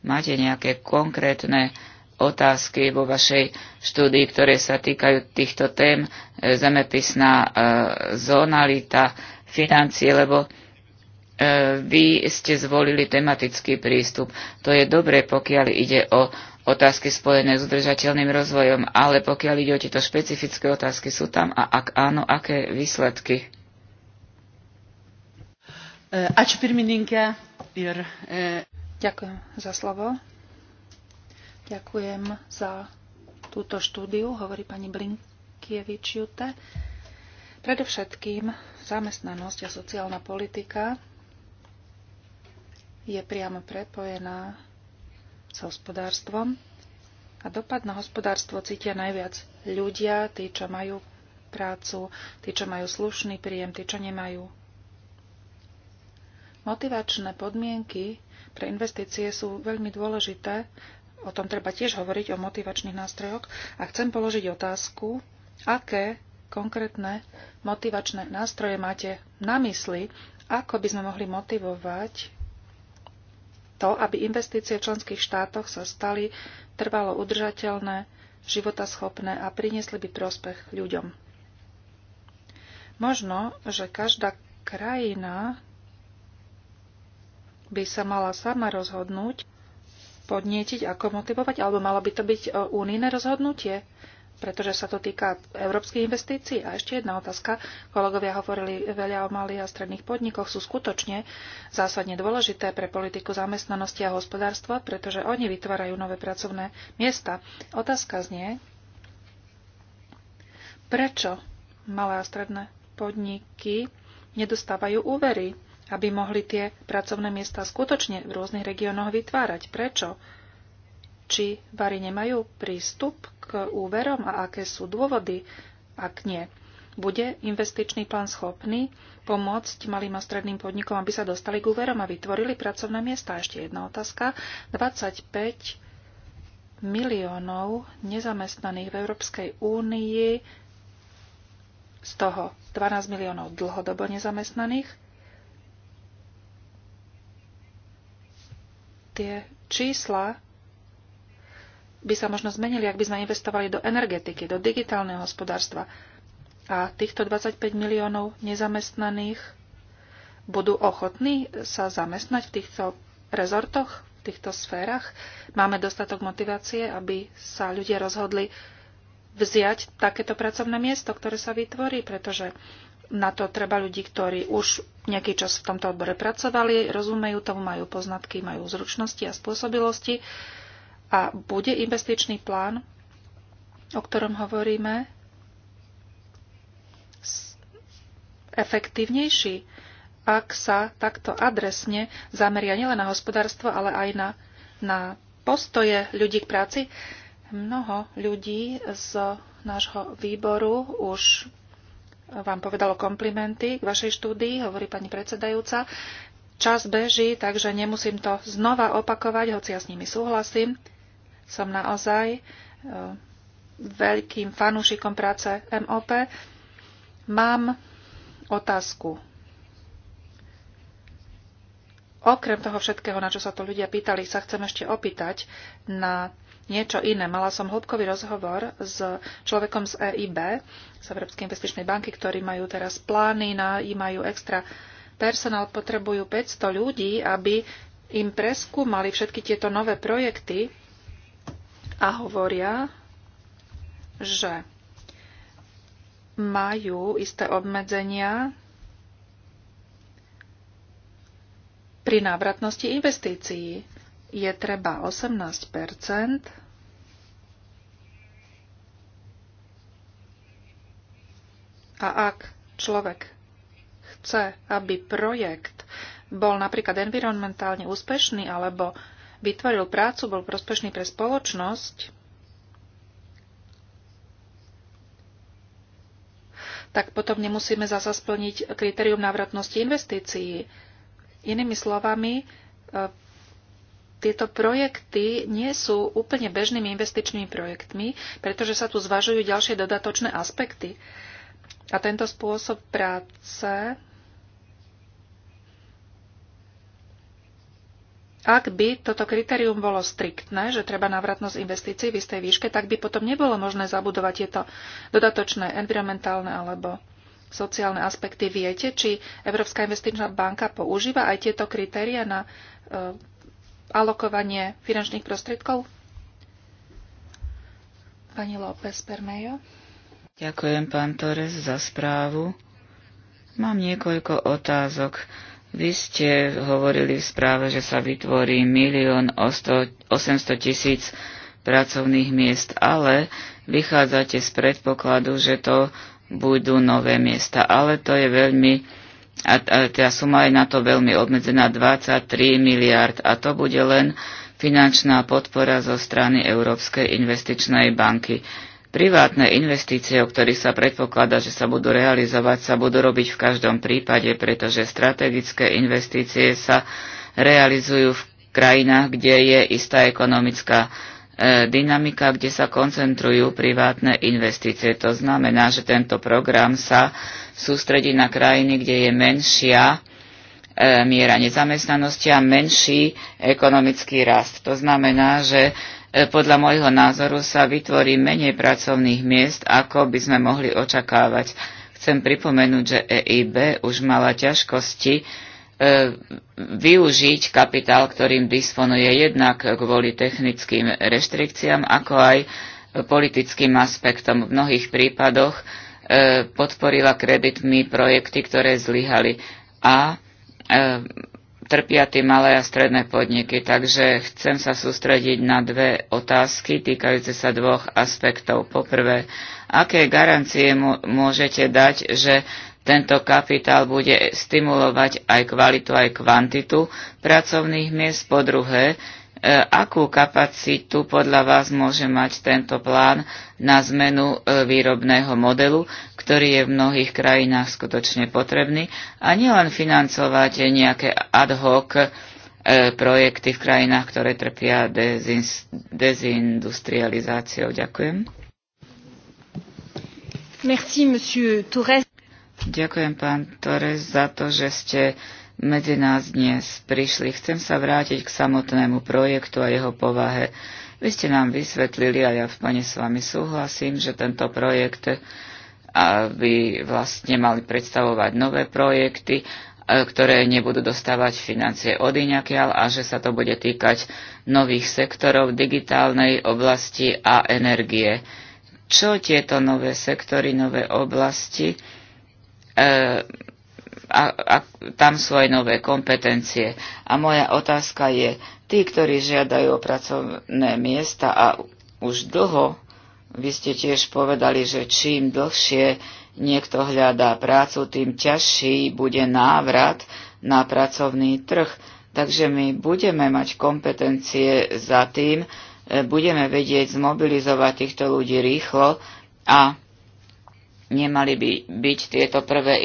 Máte nejaké konkrétne otázky vo vašej štúdii, ktoré sa týkajú týchto tém, e, zemepisná e, zonalita, financie, lebo e, vy ste zvolili tematický prístup. To je dobre, pokiaľ ide o otázky spojené s udržateľným rozvojom, ale pokiaľ ide o tieto špecifické otázky, sú tam a ak áno, aké výsledky? Ďakujem za slovo. Ďakujem za túto štúdiu, hovorí pani Blinkievič Jute. Predovšetkým zamestnanosť a sociálna politika je priamo prepojená s hospodárstvom a dopad na hospodárstvo cítia najviac ľudia, tí, čo majú prácu, tí, čo majú slušný príjem, tí, čo nemajú. Motivačné podmienky pre investície sú veľmi dôležité o tom treba tiež hovoriť, o motivačných nástrojoch. A chcem položiť otázku, aké konkrétne motivačné nástroje máte na mysli, ako by sme mohli motivovať to, aby investície v členských štátoch sa stali trvalo udržateľné, životaschopné a priniesli by prospech ľuďom. Možno, že každá krajina by sa mala sama rozhodnúť, podnietiť, ako motivovať, alebo malo by to byť e, unijné rozhodnutie, pretože sa to týka európskych investícií. A ešte jedna otázka. Kolegovia hovorili veľa o malých a stredných podnikoch. Sú skutočne zásadne dôležité pre politiku zamestnanosti a hospodárstva, pretože oni vytvárajú nové pracovné miesta. Otázka znie, prečo malé a stredné podniky nedostávajú úvery aby mohli tie pracovné miesta skutočne v rôznych regiónoch vytvárať. Prečo? Či bary nemajú prístup k úverom a aké sú dôvody, ak nie? Bude investičný plán schopný pomôcť malým a stredným podnikom, aby sa dostali k úverom a vytvorili pracovné miesta? Ešte jedna otázka. 25 miliónov nezamestnaných v Európskej únii, z toho 12 miliónov dlhodobo nezamestnaných, tie čísla by sa možno zmenili, ak by sme investovali do energetiky, do digitálneho hospodárstva. A týchto 25 miliónov nezamestnaných budú ochotní sa zamestnať v týchto rezortoch, v týchto sférach. Máme dostatok motivácie, aby sa ľudia rozhodli vziať takéto pracovné miesto, ktoré sa vytvorí, pretože na to treba ľudí, ktorí už nejaký čas v tomto odbore pracovali, rozumejú tomu, majú poznatky, majú zručnosti a spôsobilosti. A bude investičný plán, o ktorom hovoríme, efektívnejší, ak sa takto adresne zameria nielen na hospodárstvo, ale aj na, na postoje ľudí k práci. Mnoho ľudí z nášho výboru už vám povedalo komplimenty k vašej štúdii, hovorí pani predsedajúca. Čas beží, takže nemusím to znova opakovať, hoci ja s nimi súhlasím. Som naozaj e, veľkým fanúšikom práce MOP. Mám otázku. Okrem toho všetkého, na čo sa to ľudia pýtali, sa chcem ešte opýtať na niečo iné. Mala som hĺbkový rozhovor s človekom z EIB, z Európskej investičnej banky, ktorí majú teraz plány, na, majú extra personál, potrebujú 500 ľudí, aby im preskúmali všetky tieto nové projekty a hovoria, že majú isté obmedzenia pri návratnosti investícií je treba 18 a ak človek chce, aby projekt bol napríklad environmentálne úspešný alebo vytvoril prácu, bol prospešný pre spoločnosť, tak potom nemusíme zasa splniť kritérium návratnosti investícií. Inými slovami, e, tieto projekty nie sú úplne bežnými investičnými projektmi, pretože sa tu zvažujú ďalšie dodatočné aspekty. A tento spôsob práce, ak by toto kritérium bolo striktné, že treba návratnosť investícií v istej výške, tak by potom nebolo možné zabudovať tieto dodatočné environmentálne alebo sociálne aspekty. Viete, či Európska investičná banka používa aj tieto kritéria na e, alokovanie finančných prostriedkov? Pani López Permejo. Ďakujem, pán Torres, za správu. Mám niekoľko otázok. Vy ste hovorili v správe, že sa vytvorí milión 800 tisíc pracovných miest, ale vychádzate z predpokladu, že to budú nové miesta. Ale to je veľmi a, a tá suma je na to veľmi obmedzená 23 miliard a to bude len finančná podpora zo strany Európskej investičnej banky. Privátne investície, o ktorých sa predpokladá, že sa budú realizovať, sa budú robiť v každom prípade, pretože strategické investície sa realizujú v krajinách, kde je istá ekonomická E, dynamika, kde sa koncentrujú privátne investície. To znamená, že tento program sa sústredí na krajiny, kde je menšia e, miera nezamestnanosti a menší ekonomický rast. To znamená, že e, podľa môjho názoru sa vytvorí menej pracovných miest, ako by sme mohli očakávať. Chcem pripomenúť, že EIB už mala ťažkosti E, využiť kapitál, ktorým disponuje jednak kvôli technickým reštrikciám, ako aj politickým aspektom. V mnohých prípadoch e, podporila kreditmi projekty, ktoré zlyhali a e, trpia tým malé a stredné podniky. Takže chcem sa sústrediť na dve otázky týkajúce sa dvoch aspektov. Poprvé, aké garancie môžete dať, že tento kapitál bude stimulovať aj kvalitu, aj kvantitu pracovných miest. Po druhé, e, akú kapacitu podľa vás môže mať tento plán na zmenu e, výrobného modelu, ktorý je v mnohých krajinách skutočne potrebný a nielen financovať nejaké ad hoc e, projekty v krajinách, ktoré trpia dezindustrializáciou. Ďakujem. Merci, monsieur Ďakujem, pán Torres, za to, že ste medzi nás dnes prišli. Chcem sa vrátiť k samotnému projektu a jeho povahe. Vy ste nám vysvetlili, a ja v pane s vami súhlasím, že tento projekt by vlastne mali predstavovať nové projekty, e, ktoré nebudú dostávať financie od inakiaľ a že sa to bude týkať nových sektorov digitálnej oblasti a energie. Čo tieto nové sektory, nové oblasti? a, a tam svoje nové kompetencie. A moja otázka je, tí, ktorí žiadajú o pracovné miesta a už dlho, vy ste tiež povedali, že čím dlhšie niekto hľadá prácu, tým ťažší bude návrat na pracovný trh. Takže my budeme mať kompetencie za tým, budeme vedieť zmobilizovať týchto ľudí rýchlo a Nemali by byť tieto prvé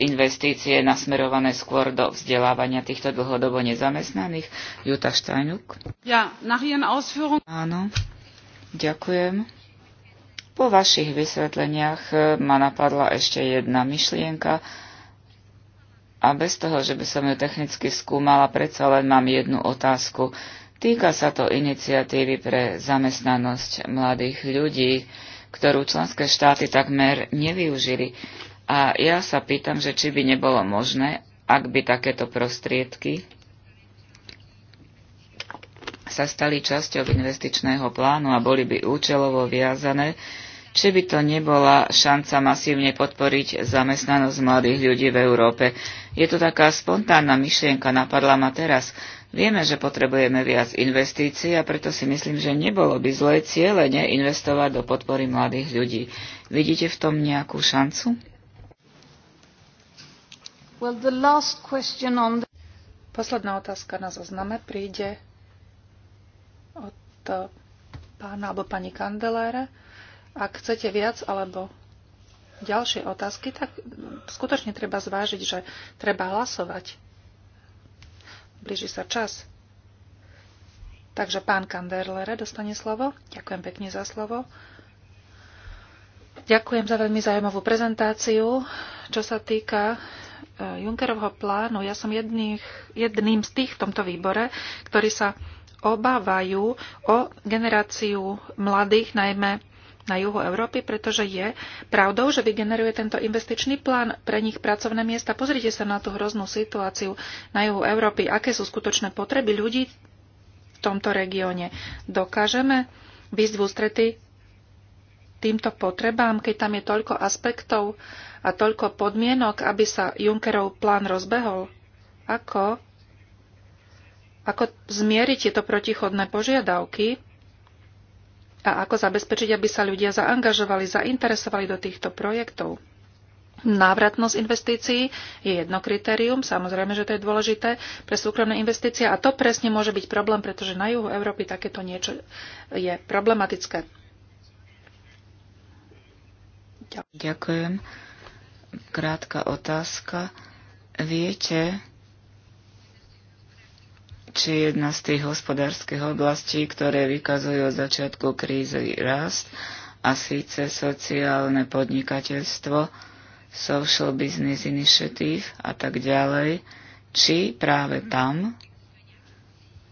investície nasmerované skôr do vzdelávania týchto dlhodobo nezamestnaných? Juta Štajnuk? Ja, nach ihren Ausführungen... Áno, ďakujem. Po vašich vysvetleniach eh, ma napadla ešte jedna myšlienka a bez toho, že by som ju technicky skúmala, predsa len mám jednu otázku. Týka sa to iniciatívy pre zamestnanosť mladých ľudí ktorú členské štáty takmer nevyužili. A ja sa pýtam, že či by nebolo možné, ak by takéto prostriedky sa stali časťou investičného plánu a boli by účelovo viazané, či by to nebola šanca masívne podporiť zamestnanosť mladých ľudí v Európe. Je to taká spontánna myšlienka, napadla ma teraz. Vieme, že potrebujeme viac investícií a preto si myslím, že nebolo by zlé cieľene investovať do podpory mladých ľudí. Vidíte v tom nejakú šancu? Well, the last question on the... Posledná otázka na zozname príde od e, pána alebo pani Kandeléra. Ak chcete viac alebo ďalšie otázky, tak skutočne treba zvážiť, že treba hlasovať blíži sa čas. Takže pán Kanderlere dostane slovo. Ďakujem pekne za slovo. Ďakujem za veľmi zaujímavú prezentáciu. Čo sa týka e, Junckerovho plánu, ja som jedných, jedným z tých v tomto výbore, ktorí sa obávajú o generáciu mladých, najmä na juhu Európy, pretože je pravdou, že vygeneruje tento investičný plán pre nich pracovné miesta. Pozrite sa na tú hroznú situáciu na juhu Európy, aké sú skutočné potreby ľudí v tomto regióne. Dokážeme výsť v ústrety týmto potrebám, keď tam je toľko aspektov a toľko podmienok, aby sa Junckerov plán rozbehol? Ako ako zmieriť tieto protichodné požiadavky a ako zabezpečiť, aby sa ľudia zaangažovali, zainteresovali do týchto projektov. Návratnosť investícií je jedno kritérium, samozrejme, že to je dôležité pre súkromné investície a to presne môže byť problém, pretože na juhu Európy takéto niečo je problematické. Ďakujem. Krátka otázka. Viete, či jedna z tých hospodárskych oblastí, ktoré vykazujú od začiatku krízy rast, a síce sociálne podnikateľstvo, social business initiative a tak ďalej, či práve tam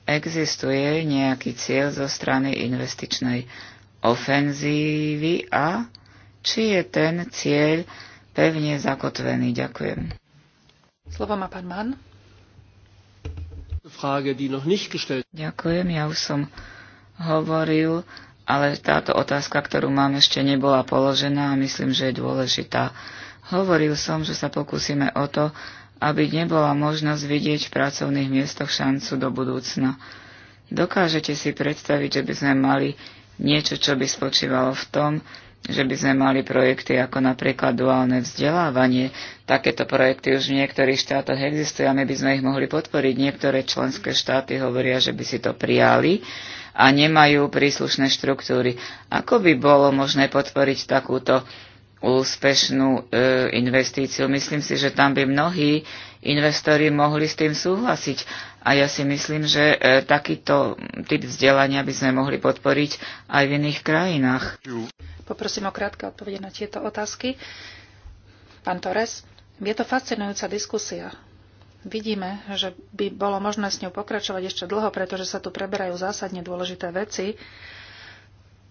existuje nejaký cieľ zo strany investičnej ofenzívy a či je ten cieľ pevne zakotvený. Ďakujem. Slovo má pán Mann. Ďakujem, ja už som hovoril, ale táto otázka, ktorú mám, ešte nebola položená a myslím, že je dôležitá. Hovoril som, že sa pokúsime o to, aby nebola možnosť vidieť v pracovných miestoch šancu do budúcna. Dokážete si predstaviť, že by sme mali niečo, čo by spočívalo v tom, že by sme mali projekty ako napríklad duálne vzdelávanie. Takéto projekty už v niektorých štátoch existujú a my by sme ich mohli podporiť. Niektoré členské štáty hovoria, že by si to prijali a nemajú príslušné štruktúry. Ako by bolo možné podporiť takúto úspešnú e, investíciu? Myslím si, že tam by mnohí investori mohli s tým súhlasiť. A ja si myslím, že e, takýto typ vzdelania by sme mohli podporiť aj v iných krajinách. Poprosím o krátke odpovede na tieto otázky. Pán Torres, je to fascinujúca diskusia. Vidíme, že by bolo možné s ňou pokračovať ešte dlho, pretože sa tu preberajú zásadne dôležité veci,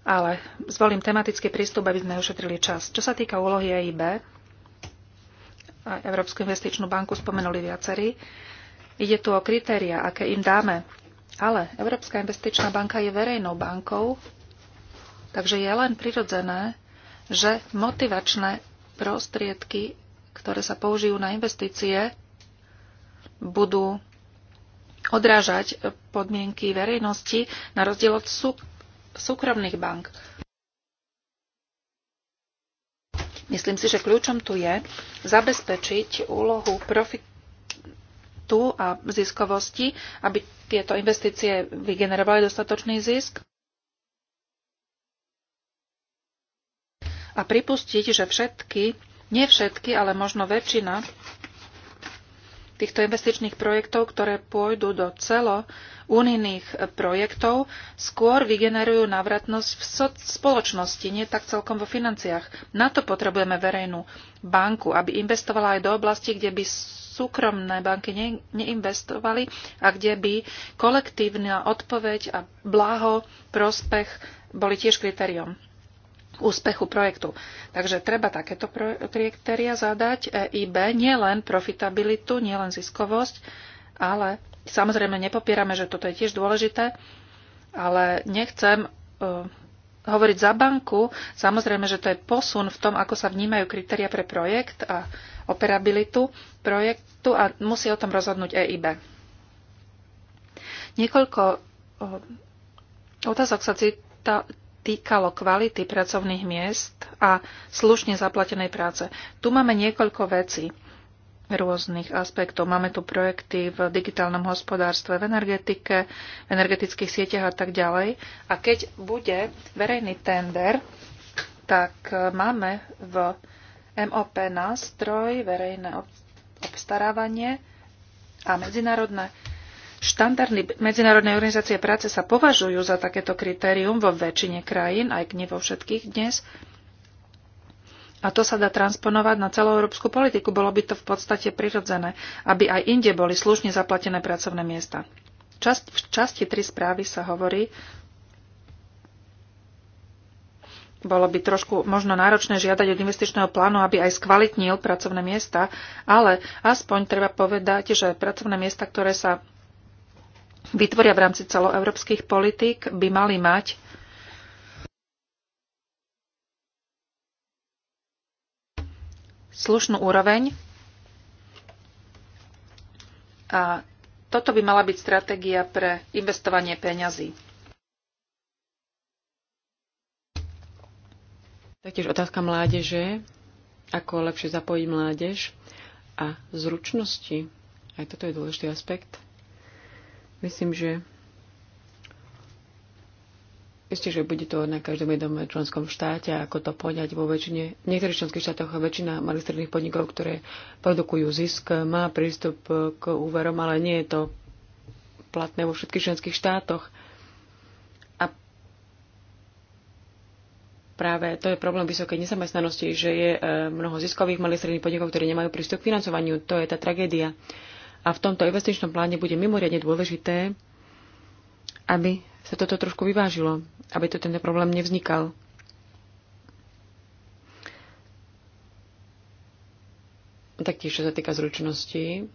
ale zvolím tematický prístup, aby sme ušetrili čas. Čo sa týka úlohy EIB, a Európsku investičnú banku spomenuli viacerí, ide tu o kritéria, aké im dáme. Ale Európska investičná banka je verejnou bankou, Takže je len prirodzené, že motivačné prostriedky, ktoré sa použijú na investície, budú odrážať podmienky verejnosti na rozdiel od súk- súkromných bank. Myslím si, že kľúčom tu je zabezpečiť úlohu profitu a ziskovosti, aby tieto investície vygenerovali dostatočný zisk a pripustiť, že všetky, nie všetky, ale možno väčšina týchto investičných projektov, ktoré pôjdu do celo unijných projektov, skôr vygenerujú navratnosť v spoločnosti, nie tak celkom vo financiách. Na to potrebujeme verejnú banku, aby investovala aj do oblasti, kde by súkromné banky ne- neinvestovali a kde by kolektívna odpoveď a blaho, prospech boli tiež kritériom úspechu projektu. Takže treba takéto kritéria zadať EIB, len profitabilitu, nie len ziskovosť, ale samozrejme nepopierame, že toto je tiež dôležité, ale nechcem uh, hovoriť za banku. Samozrejme, že to je posun v tom, ako sa vnímajú kritéria pre projekt a operabilitu projektu a musí o tom rozhodnúť EIB. Niekoľko uh, otázok sa cita, týkalo kvality pracovných miest a slušne zaplatenej práce. Tu máme niekoľko vecí rôznych aspektov. Máme tu projekty v digitálnom hospodárstve, v energetike, v energetických sieťach a tak ďalej. A keď bude verejný tender, tak e, máme v MOP nástroj verejné obstarávanie a medzinárodné Štandardy Medzinárodnej organizácie práce sa považujú za takéto kritérium vo väčšine krajín, aj nie vo všetkých dnes. A to sa dá transponovať na celú európsku politiku. Bolo by to v podstate prirodzené, aby aj inde boli slušne zaplatené pracovné miesta. Čas, v časti 3 správy sa hovorí, bolo by trošku možno náročné žiadať od investičného plánu, aby aj skvalitnil pracovné miesta, ale aspoň treba povedať, že pracovné miesta, ktoré sa vytvoria v rámci celoeurópskych politík, by mali mať slušnú úroveň. A toto by mala byť stratégia pre investovanie peňazí. Taktiež otázka mládeže, ako lepšie zapojiť mládež a zručnosti. Aj toto je dôležitý aspekt. Myslím, že ešte, že bude to na každom jednom členskom štáte, ako to poňať vo väčšine. V niektorých členských štátoch väčšina malých stredných podnikov, ktoré produkujú zisk, má prístup k úverom, ale nie je to platné vo všetkých členských štátoch. A práve to je problém vysokej nesamestnanosti, že je eh, mnoho ziskových malých stredných podnikov, ktoré nemajú prístup k financovaniu. To je tá tragédia. A v tomto investičnom pláne bude mimoriadne dôležité, aby sa toto trošku vyvážilo, aby to ten problém nevznikal. Taktiež, čo sa týka zručnosti,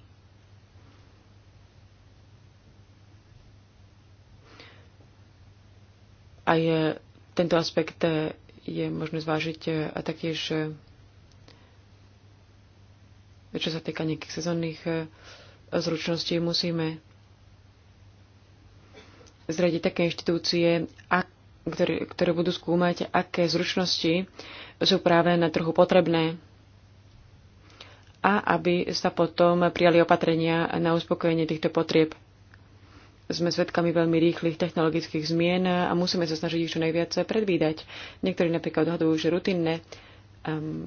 aj tento aspekt eh, je možné zvážiť eh, a taktiež eh, čo sa týka nejakých sezónnych zručnosti musíme zradiť také inštitúcie, ak, ktoré, ktoré budú skúmať, aké zručnosti sú práve na trhu potrebné a aby sa potom prijali opatrenia na uspokojenie týchto potrieb. Sme svedkami veľmi rýchlych technologických zmien a musíme sa snažiť ich čo najviac predvídať. Niektorí napríklad odhadujú, že rutinné um,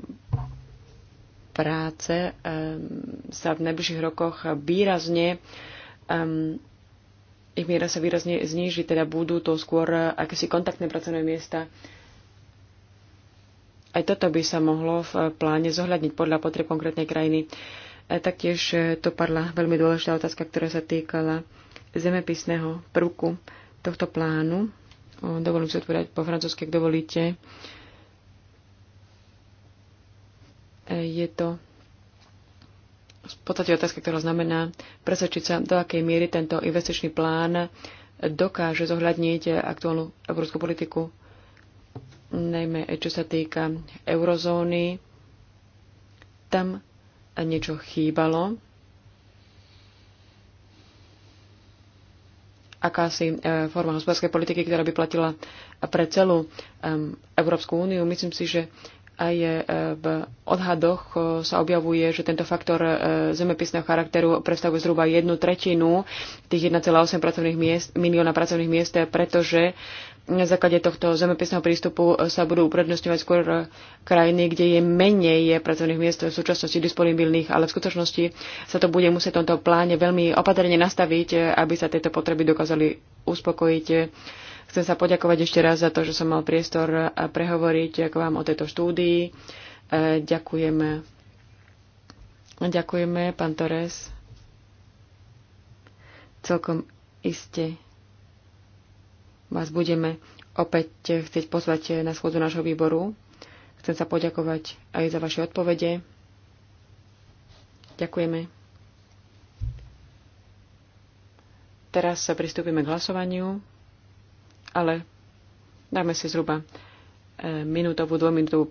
práce ehm, sa v najbližších rokoch výrazne ehm, ich miera sa výrazne zníži, teda budú to skôr akési kontaktné pracovné miesta. Aj toto by sa mohlo v pláne zohľadniť podľa potreb konkrétnej krajiny. Taktiež e, to padla veľmi dôležitá otázka, ktorá sa týkala zemepisného prvku tohto plánu. Dovolím si odpovedať po francúzsky, ak dovolíte. Uh, je to v podstate otázka, ktorá znamená presvedčiť sa, do akej miery tento investičný plán dokáže zohľadniť aktuálnu európsku politiku, najmä eh, čo sa týka eurozóny. Tam niečo chýbalo. akási eh, forma hospodárskej politiky, ktorá by platila eh, pre celú Európsku úniu. Myslím si, že aj e, v odhadoch e, sa objavuje, že tento faktor e, zemepisného charakteru predstavuje zhruba jednu tretinu tých 1,8 pracovných miest, milióna pracovných miest, pretože na základe tohto zemepisného prístupu sa budú uprednostňovať skôr krajiny, kde je menej pracovných miest v súčasnosti disponibilných, ale v skutočnosti sa to bude musieť v tomto pláne veľmi opatrne nastaviť, aby sa tieto potreby dokázali uspokojiť Chcem sa poďakovať ešte raz za to, že som mal priestor prehovoriť k vám o tejto štúdii. E, ďakujeme. Ďakujeme, pán Torres. Celkom iste vás budeme opäť chcieť pozvať na schôdzu nášho výboru. Chcem sa poďakovať aj za vaše odpovede. Ďakujeme. Teraz sa pristúpime k hlasovaniu ale dáme si zhruba e, minútovú, dvojminútovú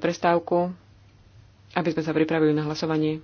prestávku, aby sme sa pripravili na hlasovanie.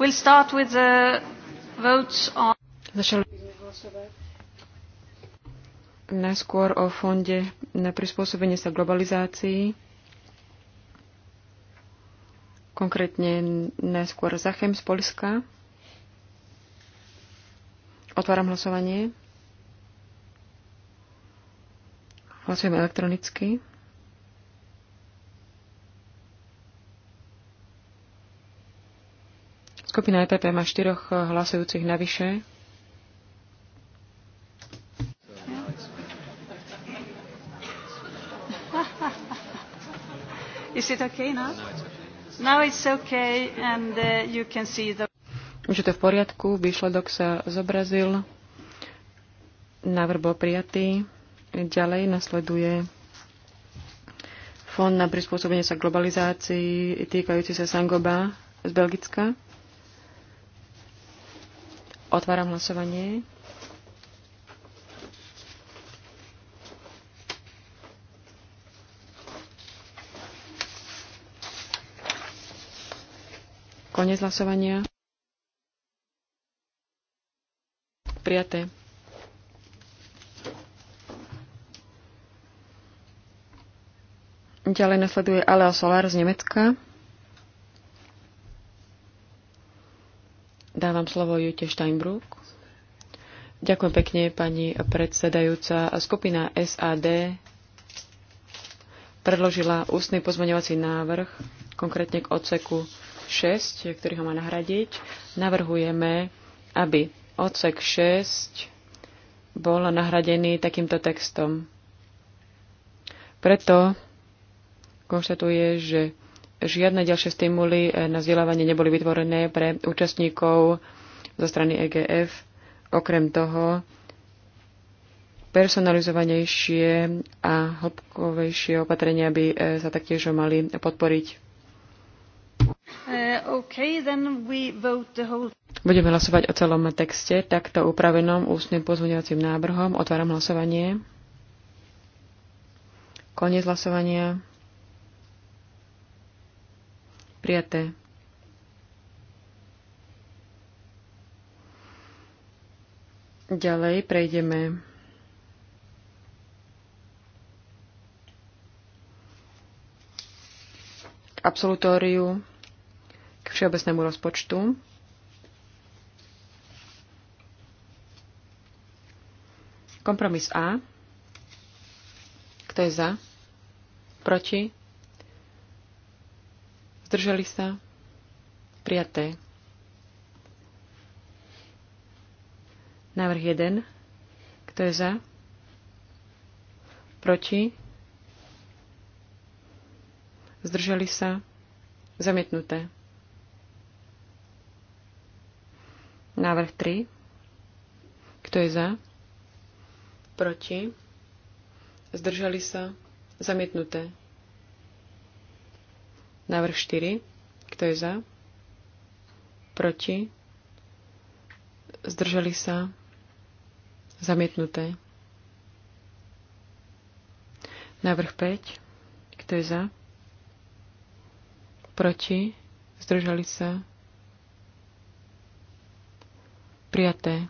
We'll start with the votes on... Začali najskôr o fonde na prispôsobenie sa globalizácii, konkrétne najskôr Zachem z Polska. Otváram hlasovanie. Hlasujeme elektronicky. Skupina EPP má štyroch eh, hlasujúcich navyše. Is it okay now? Now it's okay and uh, you can see the... Už je to v poriadku, výsledok sa zobrazil, návrh bol prijatý. Ďalej nasleduje Fond na prispôsobenie sa globalizácii týkajúci sa Sangoba z Belgicka. Otváram hlasovanie. Konec hlasovania. Prijaté. Ďalej nasleduje Alea Solar z Nemecka. Dávam slovo Jute Steinbrück. Ďakujem pekne, pani predsedajúca. Skupina SAD predložila ústny pozmeňovací návrh, konkrétne k odseku 6, ktorý ho má nahradiť. Navrhujeme, aby odsek 6 bol nahradený takýmto textom. Preto konštatuje, že žiadne ďalšie stimuly eh, na vzdelávanie neboli vytvorené pre účastníkov zo strany EGF. Okrem toho, personalizovanejšie a hlbkovejšie opatrenia by eh, sa taktiež mali podporiť. Uh, okay, whole... Budeme hlasovať o celom texte, takto upravenom ústnym pozvňovacím návrhom. Otváram hlasovanie. Koniec hlasovania. Prijaté. Ďalej prejdeme k absolutóriu, k všeobecnému rozpočtu. Kompromis A. Kto je za? Proti? Zdržali sa? Prijaté. Návrh 1. Kto je za? Proti? Zdržali sa? Zamietnuté. Návrh 3. Kto je za? Proti? Zdržali sa? Zamietnuté. Návrh 4. Kto je za? Proti? Zdržali sa? Zamietnuté. Návrh 5. Kto je za? Proti? Zdržali sa? Prijaté.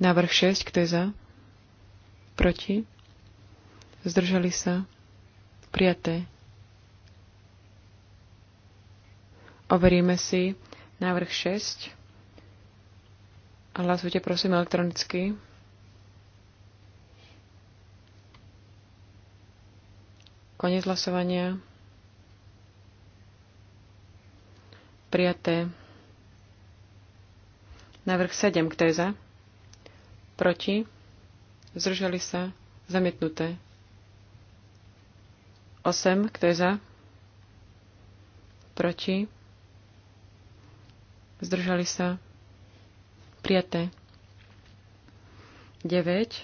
Návrh 6. Kto je za? Proti? Zdržali sa? Prijaté. Overíme si návrh 6. Hlasujte prosím elektronicky. Konec hlasovania. Prijaté. Návrh 7. Kto je za? Proti? Zdržali sa? Zamietnuté. 8, kto je za? Proti? Zdržali sa? Prijaté. 9,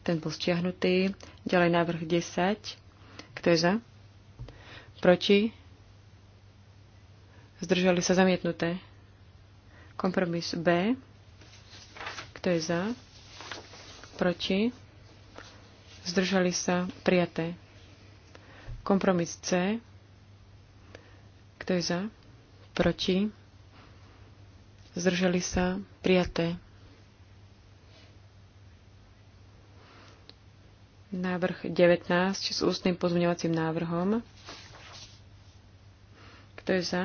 ten bol stiahnutý. Ďalej návrh 10, kto je za? Proti? Zdržali sa zamietnuté. Kompromis B. Kto je za? Proti? Zdržali sa prijaté. Kompromis C. Kto je za? Proti? Zdržali sa? Prijaté. Návrh 19 s ústnym pozmeňovacím návrhom. Kto je za?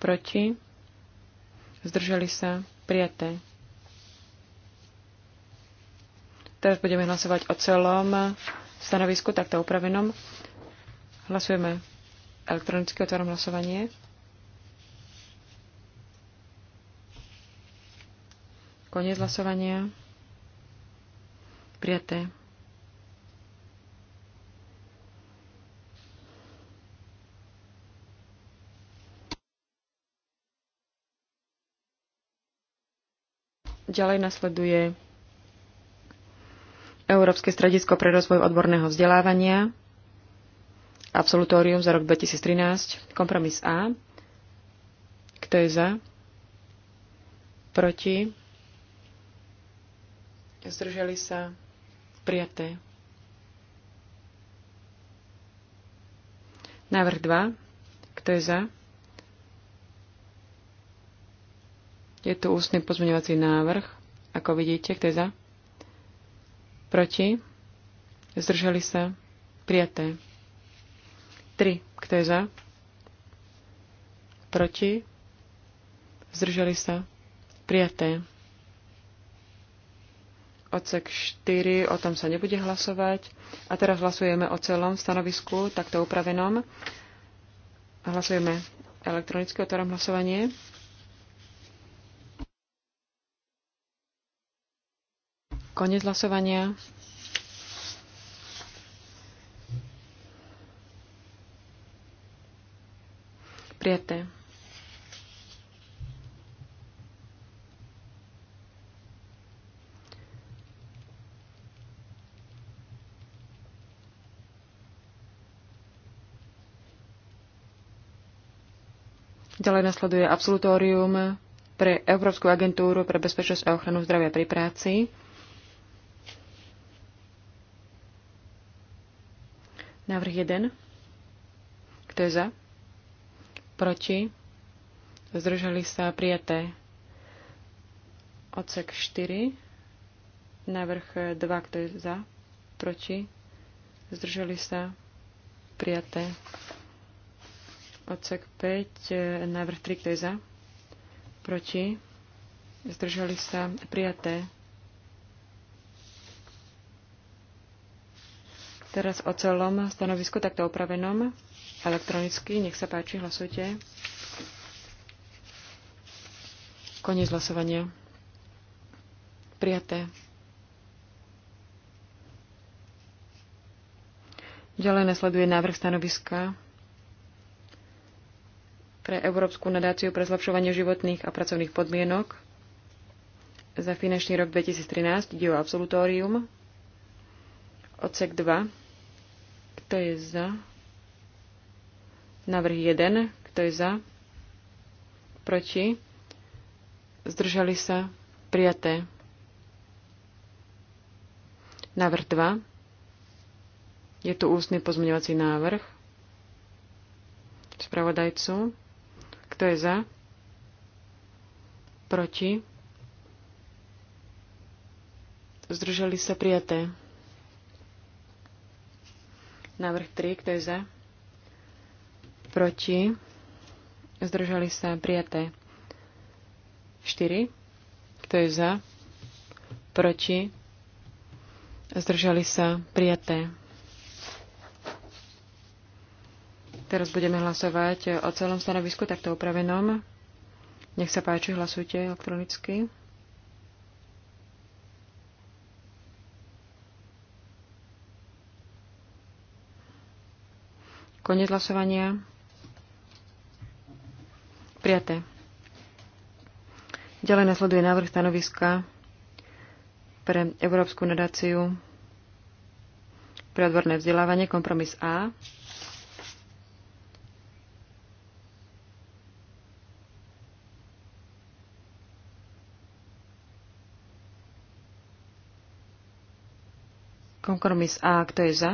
Proti? Zdržali sa? Prijaté. Teraz budeme hlasovať o celom stanovisku takto upravenom. Hlasujeme elektronicky, otváram hlasovanie. Koniec hlasovania. Prijaté. Ďalej nasleduje Európske stredisko pre rozvoj odborného vzdelávania, absolutórium za rok 2013, kompromis A. Kto je za? Proti? Zdržali sa? Prijaté. Návrh 2. Kto je za? Je tu ústny pozmeňovací návrh. Ako vidíte, kto je za? Proti? zdrželi sa? Prijaté. 3. Kto je za? Proti? zdrželi sa? Prijaté. Odsek 4, o tom sa nebude hlasovať. A teraz hlasujeme o celom stanovisku, takto upravenom. Hlasujeme elektronicky, otváram hlasovanie. Konec hlasovania. Prijaté. Ďalej nasleduje absolutórium pre Európsku agentúru pre bezpečnosť a ochranu zdravia pri práci. Návrh 1. Kto je za? Proti? Zdržali sa prijaté. Odsek 4. Návrh 2. Kto je za? Proti? Zdržali sa prijaté. Odsek 5. Návrh 3. Kto je za? Proti? Zdržali sa prijaté. Teraz o celom stanovisku takto opravenom elektronicky. Nech sa páči, hlasujte. Koniec hlasovania. Prijaté. Ďalej nasleduje návrh stanoviska pre Európsku nadáciu pre zlepšovanie životných a pracovných podmienok za finančný rok 2013, ide o absolutórium, odsek 2. Kto je za? Návrh 1. Kto je za? Proti? Zdržali sa? Prijaté. Návrh 2. Je tu ústny pozmeňovací návrh spravodajcu. Kto je za? Proti? Zdržali sa prijaté. Návrh 3, kto je za? Proti? Zdržali sa prijaté. 4. Kto je za? Proti? Zdržali sa prijaté. Teraz budeme hlasovať o celom stanovisku takto upravenom. Nech sa páči, hlasujte elektronicky. Konec hlasovania. Prijaté. Ďalej nasleduje návrh stanoviska pre Európsku nadáciu pre odborné vzdelávanie, kompromis A. Kompromis A, kto je za?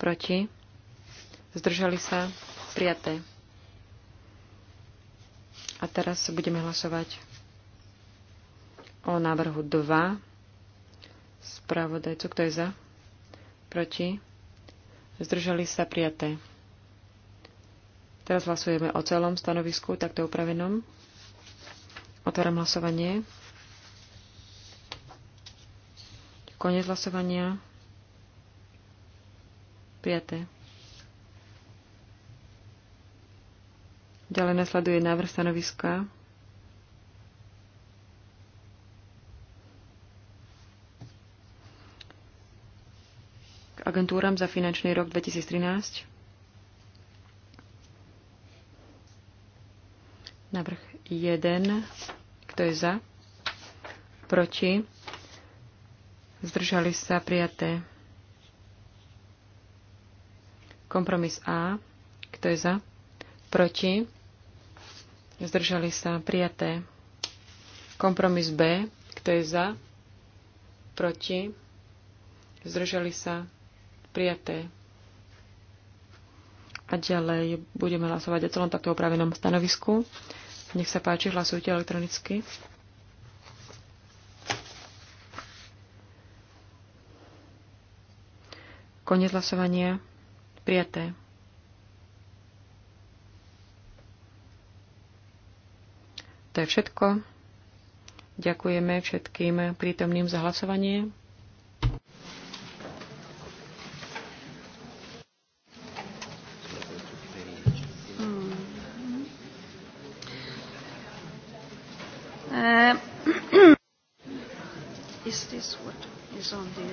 proti, zdržali sa, prijaté. A teraz budeme hlasovať o návrhu 2 spravodajcu. Kto je za? Proti? Zdržali sa prijaté. Teraz hlasujeme o celom stanovisku, takto upravenom. Otváram hlasovanie. Konec hlasovania. 5. Ďalej nasleduje návrh stanoviska. K agentúram za finančný rok 2013. Návrh 1. Kto je za? Proti? Zdržali sa prijaté. Kompromis A. Kto je za? Proti? Zdržali sa prijaté. Kompromis B. Kto je za? Proti? Zdržali sa prijaté. A ďalej budeme hlasovať o celom takto opravenom stanovisku. Nech sa páči, hlasujte elektronicky. Konec hlasovania. Prijaté. To je všetko. Ďakujeme všetkým prítomným za hlasovanie. Uh, is this what is on the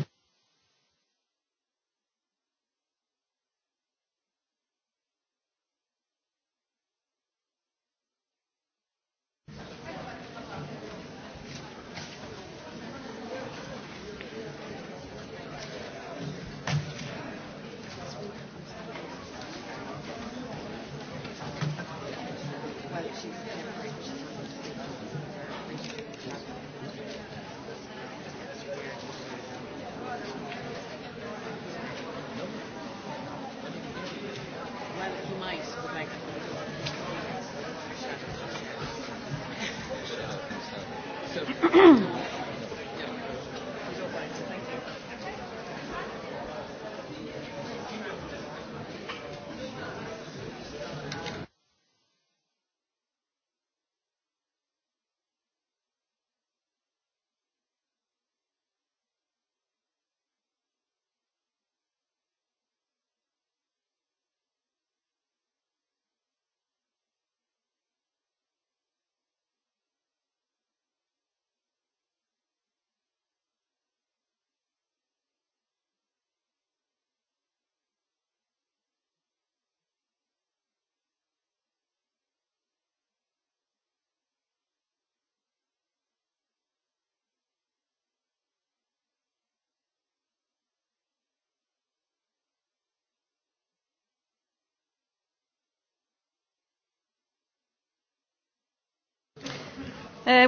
Uh,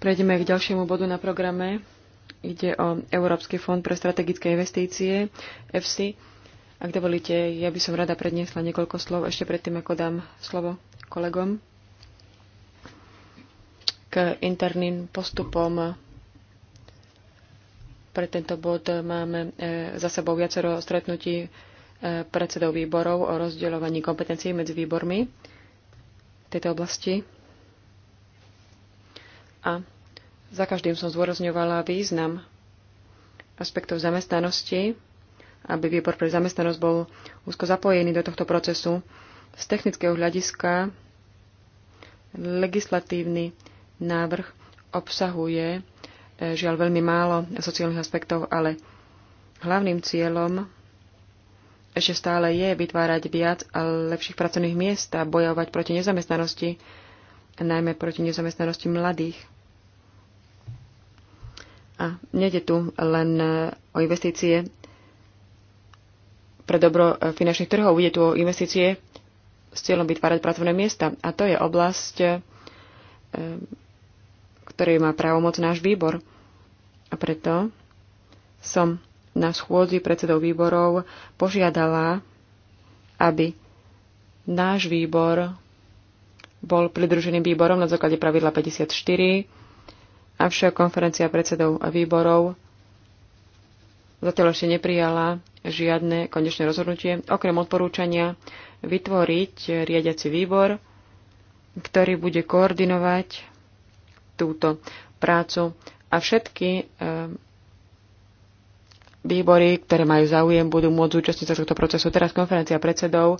Prejdeme k ďalšiemu bodu na programe. Ide o Európsky fond pre strategické investície, EFSI. Ak dovolíte, ja by som rada predniesla niekoľko slov ešte predtým, ako dám slovo kolegom k interným postupom. Pre tento bod máme eh, za sebou viacero stretnutí eh, predsedov výborov o rozdeľovaní kompetencií medzi výbormi tejto oblasti. A za každým som zdôrazňovala význam aspektov zamestnanosti, aby výbor pre zamestnanosť bol úzko zapojený do tohto procesu. Z technického hľadiska legislatívny návrh obsahuje eh, žiaľ veľmi málo sociálnych aspektov, ale hlavným cieľom ešte stále je vytvárať viac a lepších pracovných miest a bojovať proti nezamestnanosti, najmä proti nezamestnanosti mladých. A nejde tu len e, o investície pre dobro e, finančných trhov, ide tu o investície s cieľom vytvárať pracovné miesta. A to je oblasť, e, ktorej má právomoc náš výbor. A preto som na schôdzi predsedov výborov požiadala, aby náš výbor bol pridruženým výborom na základe pravidla 54, avšak konferencia predsedov výborov zatiaľ ešte neprijala žiadne konečné rozhodnutie, okrem odporúčania vytvoriť riadiaci výbor, ktorý bude koordinovať túto prácu a všetky eh, Výbory, ktoré majú záujem, budú môcť zúčastniť sa tohto procesu. Teraz konferencia predsedov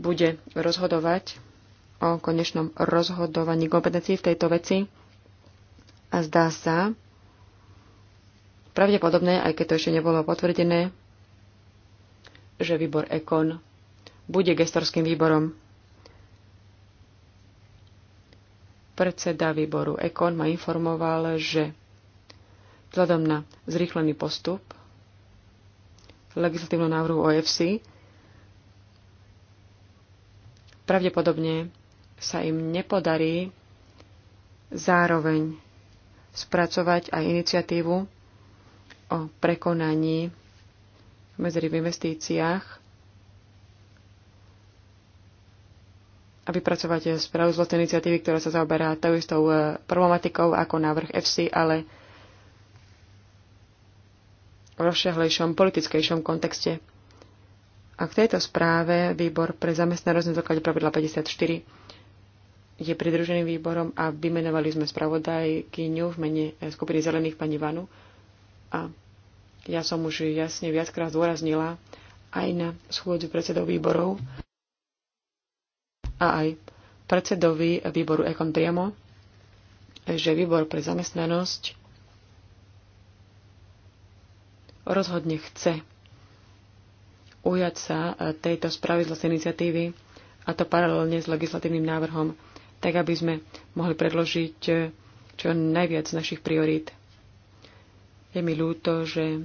bude rozhodovať o konečnom rozhodovaní kompetencií v tejto veci. A zdá sa, pravdepodobné, aj keď to ešte nebolo potvrdené, že výbor EKON bude gestorským výborom. Predseda výboru EKON ma informoval, že vzhľadom na zrýchlený postup legislatívnom návrhu OFC, pravdepodobne sa im nepodarí zároveň spracovať aj iniciatívu o prekonaní medzery v investíciách a vypracovať správu z iniciatívy, ktorá sa zaoberá tou istou e, problematikou ako návrh FC, ale rozšiahlejšom politickejšom kontexte. A k tejto správe výbor pre zamestnanosť na základe pravidla 54 je pridruženým výborom a vymenovali sme spravodajkyňu v mene skupiny zelených pani Vanu. A ja som už jasne viackrát zdôraznila aj na schôdzu predsedov výborov a aj predsedovi výboru Ekon priamo, že výbor pre zamestnanosť rozhodne chce ujať sa e, tejto spravidlosti iniciatívy a to paralelne s legislatívnym návrhom, tak aby sme mohli predložiť e, čo najviac z našich priorít. Je mi ľúto, že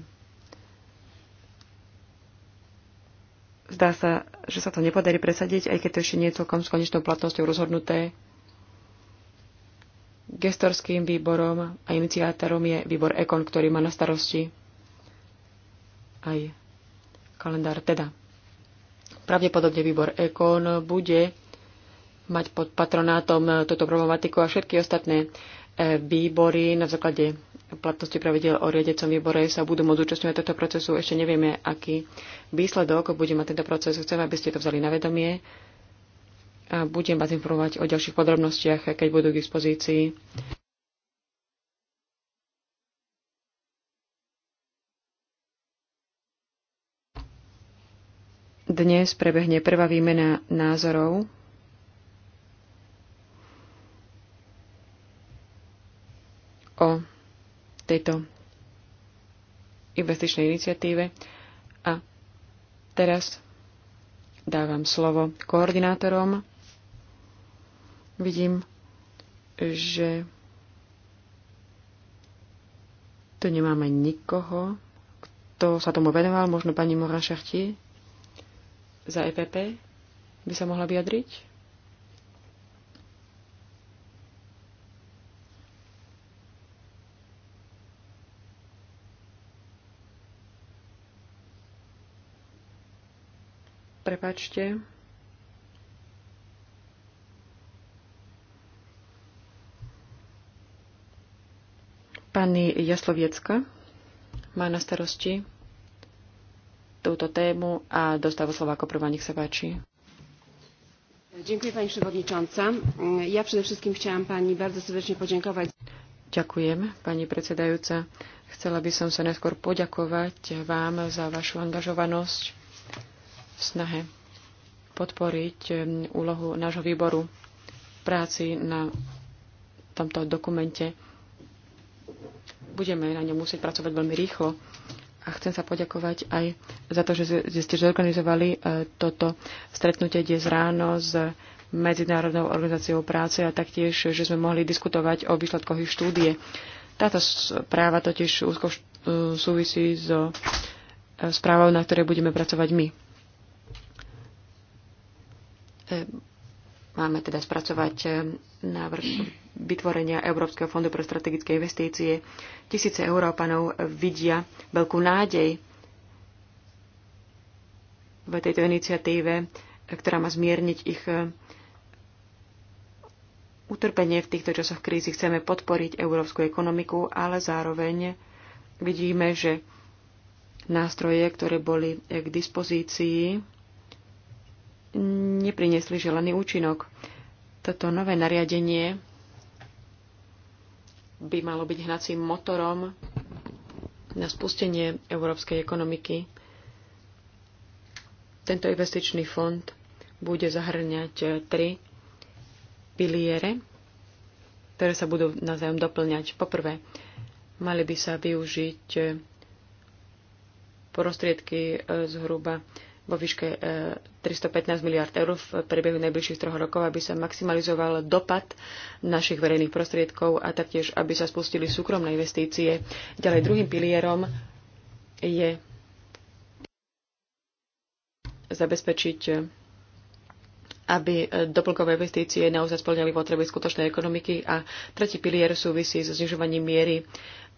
zdá sa, že sa to nepodarí presadiť, aj keď to ešte nie je celkom s konečnou platnosťou rozhodnuté. Gestorským výborom a iniciátorom je výbor EKON, ktorý má na starosti aj kalendár. Teda pravdepodobne výbor EKON bude mať pod patronátom túto problematiku a všetky ostatné e, výbory na základe platnosti pravidel o riadecom výbore sa budú môcť zúčastňovať tohto procesu. Ešte nevieme, aký výsledok bude mať tento proces. Chcem, aby ste to vzali na vedomie a budem vás informovať o ďalších podrobnostiach, keď budú k dispozícii. Dnes prebehne prvá výmena názorov o tejto investičnej iniciatíve. A teraz dávam slovo koordinátorom. Vidím, že tu nemáme nikoho, kto sa tomu venoval, možno pani Moran Šachti za EPP by sa mohla vyjadriť? Prepačte. Pani Jasloviecka má na starosti túto tému a dostáva slovo ako prvá, nech sa páči. Ďakujem, Pani Przewodnicząca. Ja przede chcem Pani bardzo srdečne podziękować. Ďakujem, pani predsedajúca. Chcela by som sa neskôr poďakovať vám za vašu angažovanosť v snahe podporiť um, úlohu nášho výboru práci na tomto dokumente. Budeme na ňom musieť pracovať veľmi rýchlo a chcem sa poďakovať aj za to, že ste zorganizovali e, toto stretnutie dnes ráno s Medzinárodnou organizáciou práce a taktiež, že sme mohli diskutovať o výsledkoch ich štúdie. Táto správa totiž úzko e, súvisí so e, správou, na ktorej budeme pracovať my. Máme teda spracovať eh, návrh vytvorenia Európskeho fondu pre strategické investície. Tisíce Európanov vidia veľkú nádej v tejto iniciatíve, eh, ktorá má zmierniť ich eh, utrpenie v týchto časoch krízy chceme podporiť európsku ekonomiku, ale zároveň vidíme, že nástroje, ktoré boli k dispozícii nepriniesli želený účinok. Toto nové nariadenie by malo byť hnacím motorom na spustenie európskej ekonomiky. Tento investičný fond bude zahrňať e, tri piliere, ktoré sa budú navzájom doplňať. Poprvé, mali by sa využiť e, prostriedky e, zhruba vo výške 315 e, miliard eur v priebehu najbližších troch rokov, aby sa maximalizoval dopad našich verejných prostriedkov a taktiež, aby sa spustili súkromné investície. Ďalej druhým pilierom je zabezpečiť e, aby e, doplnkové investície naozaj splňali potreby skutočnej ekonomiky a tretí pilier súvisí so znižovaním miery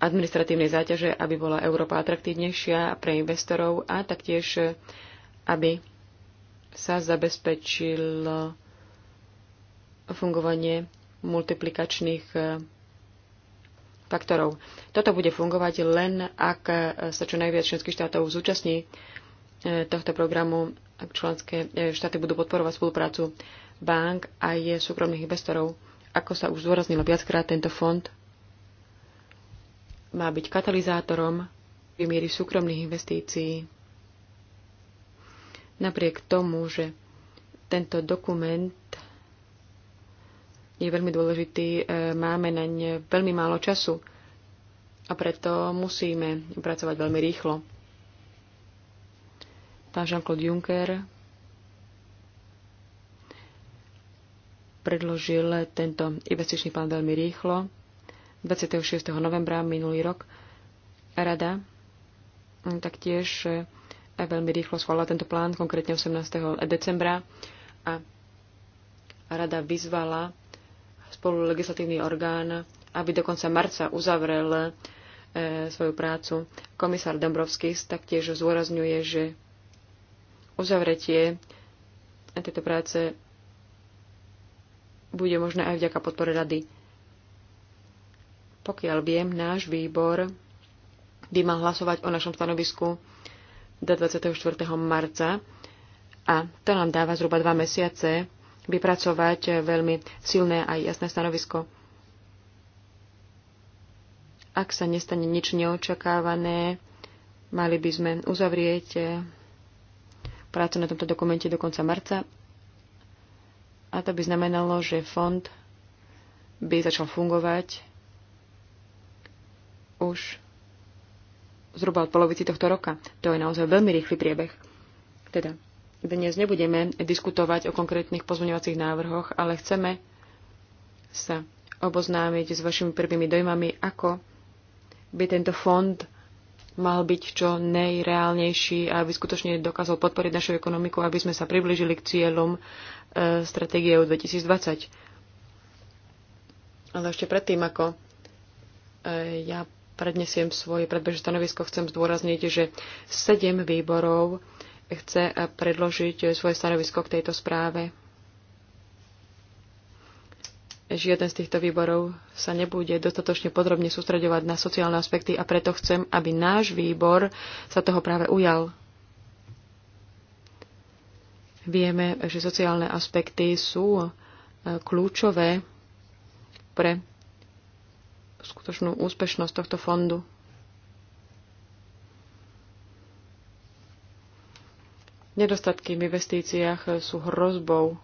administratívnej záťaže, aby bola Európa atraktívnejšia pre investorov a taktiež aby sa zabezpečilo fungovanie multiplikačných e, faktorov. Toto bude fungovať len, ak sa čo najviac členských štátov zúčastní e, tohto programu, ak členské e, štáty budú podporovať spoluprácu bank a je súkromných investorov. Ako sa už zdôraznilo viackrát, tento fond má byť katalizátorom miery súkromných investícií Napriek tomu, že tento dokument je veľmi dôležitý, e, máme na ne veľmi málo času a preto musíme pracovať veľmi rýchlo. Pán Jean-Claude Juncker predložil tento investičný plán veľmi rýchlo. 26. novembra minulý rok rada taktiež veľmi rýchlo schválila tento plán, konkrétne 18. decembra a rada vyzvala spolu legislatívny orgán, aby do konca marca uzavrel e, svoju prácu. Komisár Dombrovskis taktiež zúrazňuje, že uzavretie tejto práce bude možné aj vďaka podpore rady. Pokiaľ viem, náš výbor by mal hlasovať o našom stanovisku do 24. marca a to nám dáva zhruba dva mesiace vypracovať eh, veľmi silné a jasné stanovisko. Ak sa nestane nič neočakávané, mali by sme uzavrieť eh, prácu na tomto dokumente do konca marca a to by znamenalo, že fond by začal fungovať už zhruba od polovici tohto roka. To je naozaj veľmi rýchly priebeh. Teda, dnes nebudeme diskutovať o konkrétnych pozmeňovacích návrhoch, ale chceme sa oboznámiť s vašimi prvými dojmami, ako by tento fond mal byť čo nejreálnejší a aby skutočne dokázal podporiť našu ekonomiku, aby sme sa priblížili k cieľom e, stratégie 2020. Ale ešte predtým, ako e, ja prednesiem svoje predbežné stanovisko, chcem zdôrazniť, že sedem výborov chce predložiť svoje stanovisko k tejto správe. Žiaden z týchto výborov sa nebude dostatočne podrobne sústredovať na sociálne aspekty a preto chcem, aby náš výbor sa toho práve ujal. Vieme, že sociálne aspekty sú eh, kľúčové pre skutočnú úspešnosť tohto fondu. Nedostatky v investíciách sú hrozbou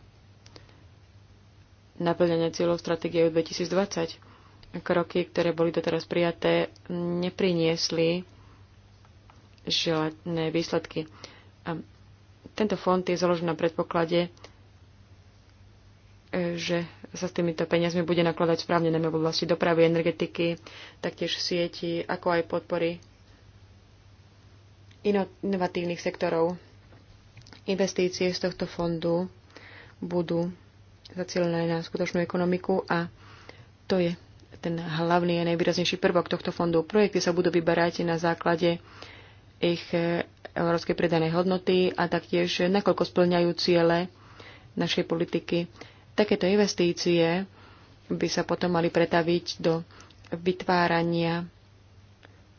naplňania cieľov stratégie 2020. Kroky, ktoré boli doteraz prijaté, nepriniesli želatné výsledky. Tento fond je založený na predpoklade, že sa s týmito peniazmi bude nakladať správne najmä v oblasti dopravy, energetiky, taktiež sieti, ako aj podpory inovatívnych sektorov. Investície z tohto fondu budú zacielené na skutočnú ekonomiku a to je ten hlavný a najvýraznejší prvok tohto fondu. Projekty sa budú vyberať na základe ich e, európskej predanej hodnoty a taktiež nakoľko splňajú ciele našej politiky Takéto investície by sa potom mali pretaviť do vytvárania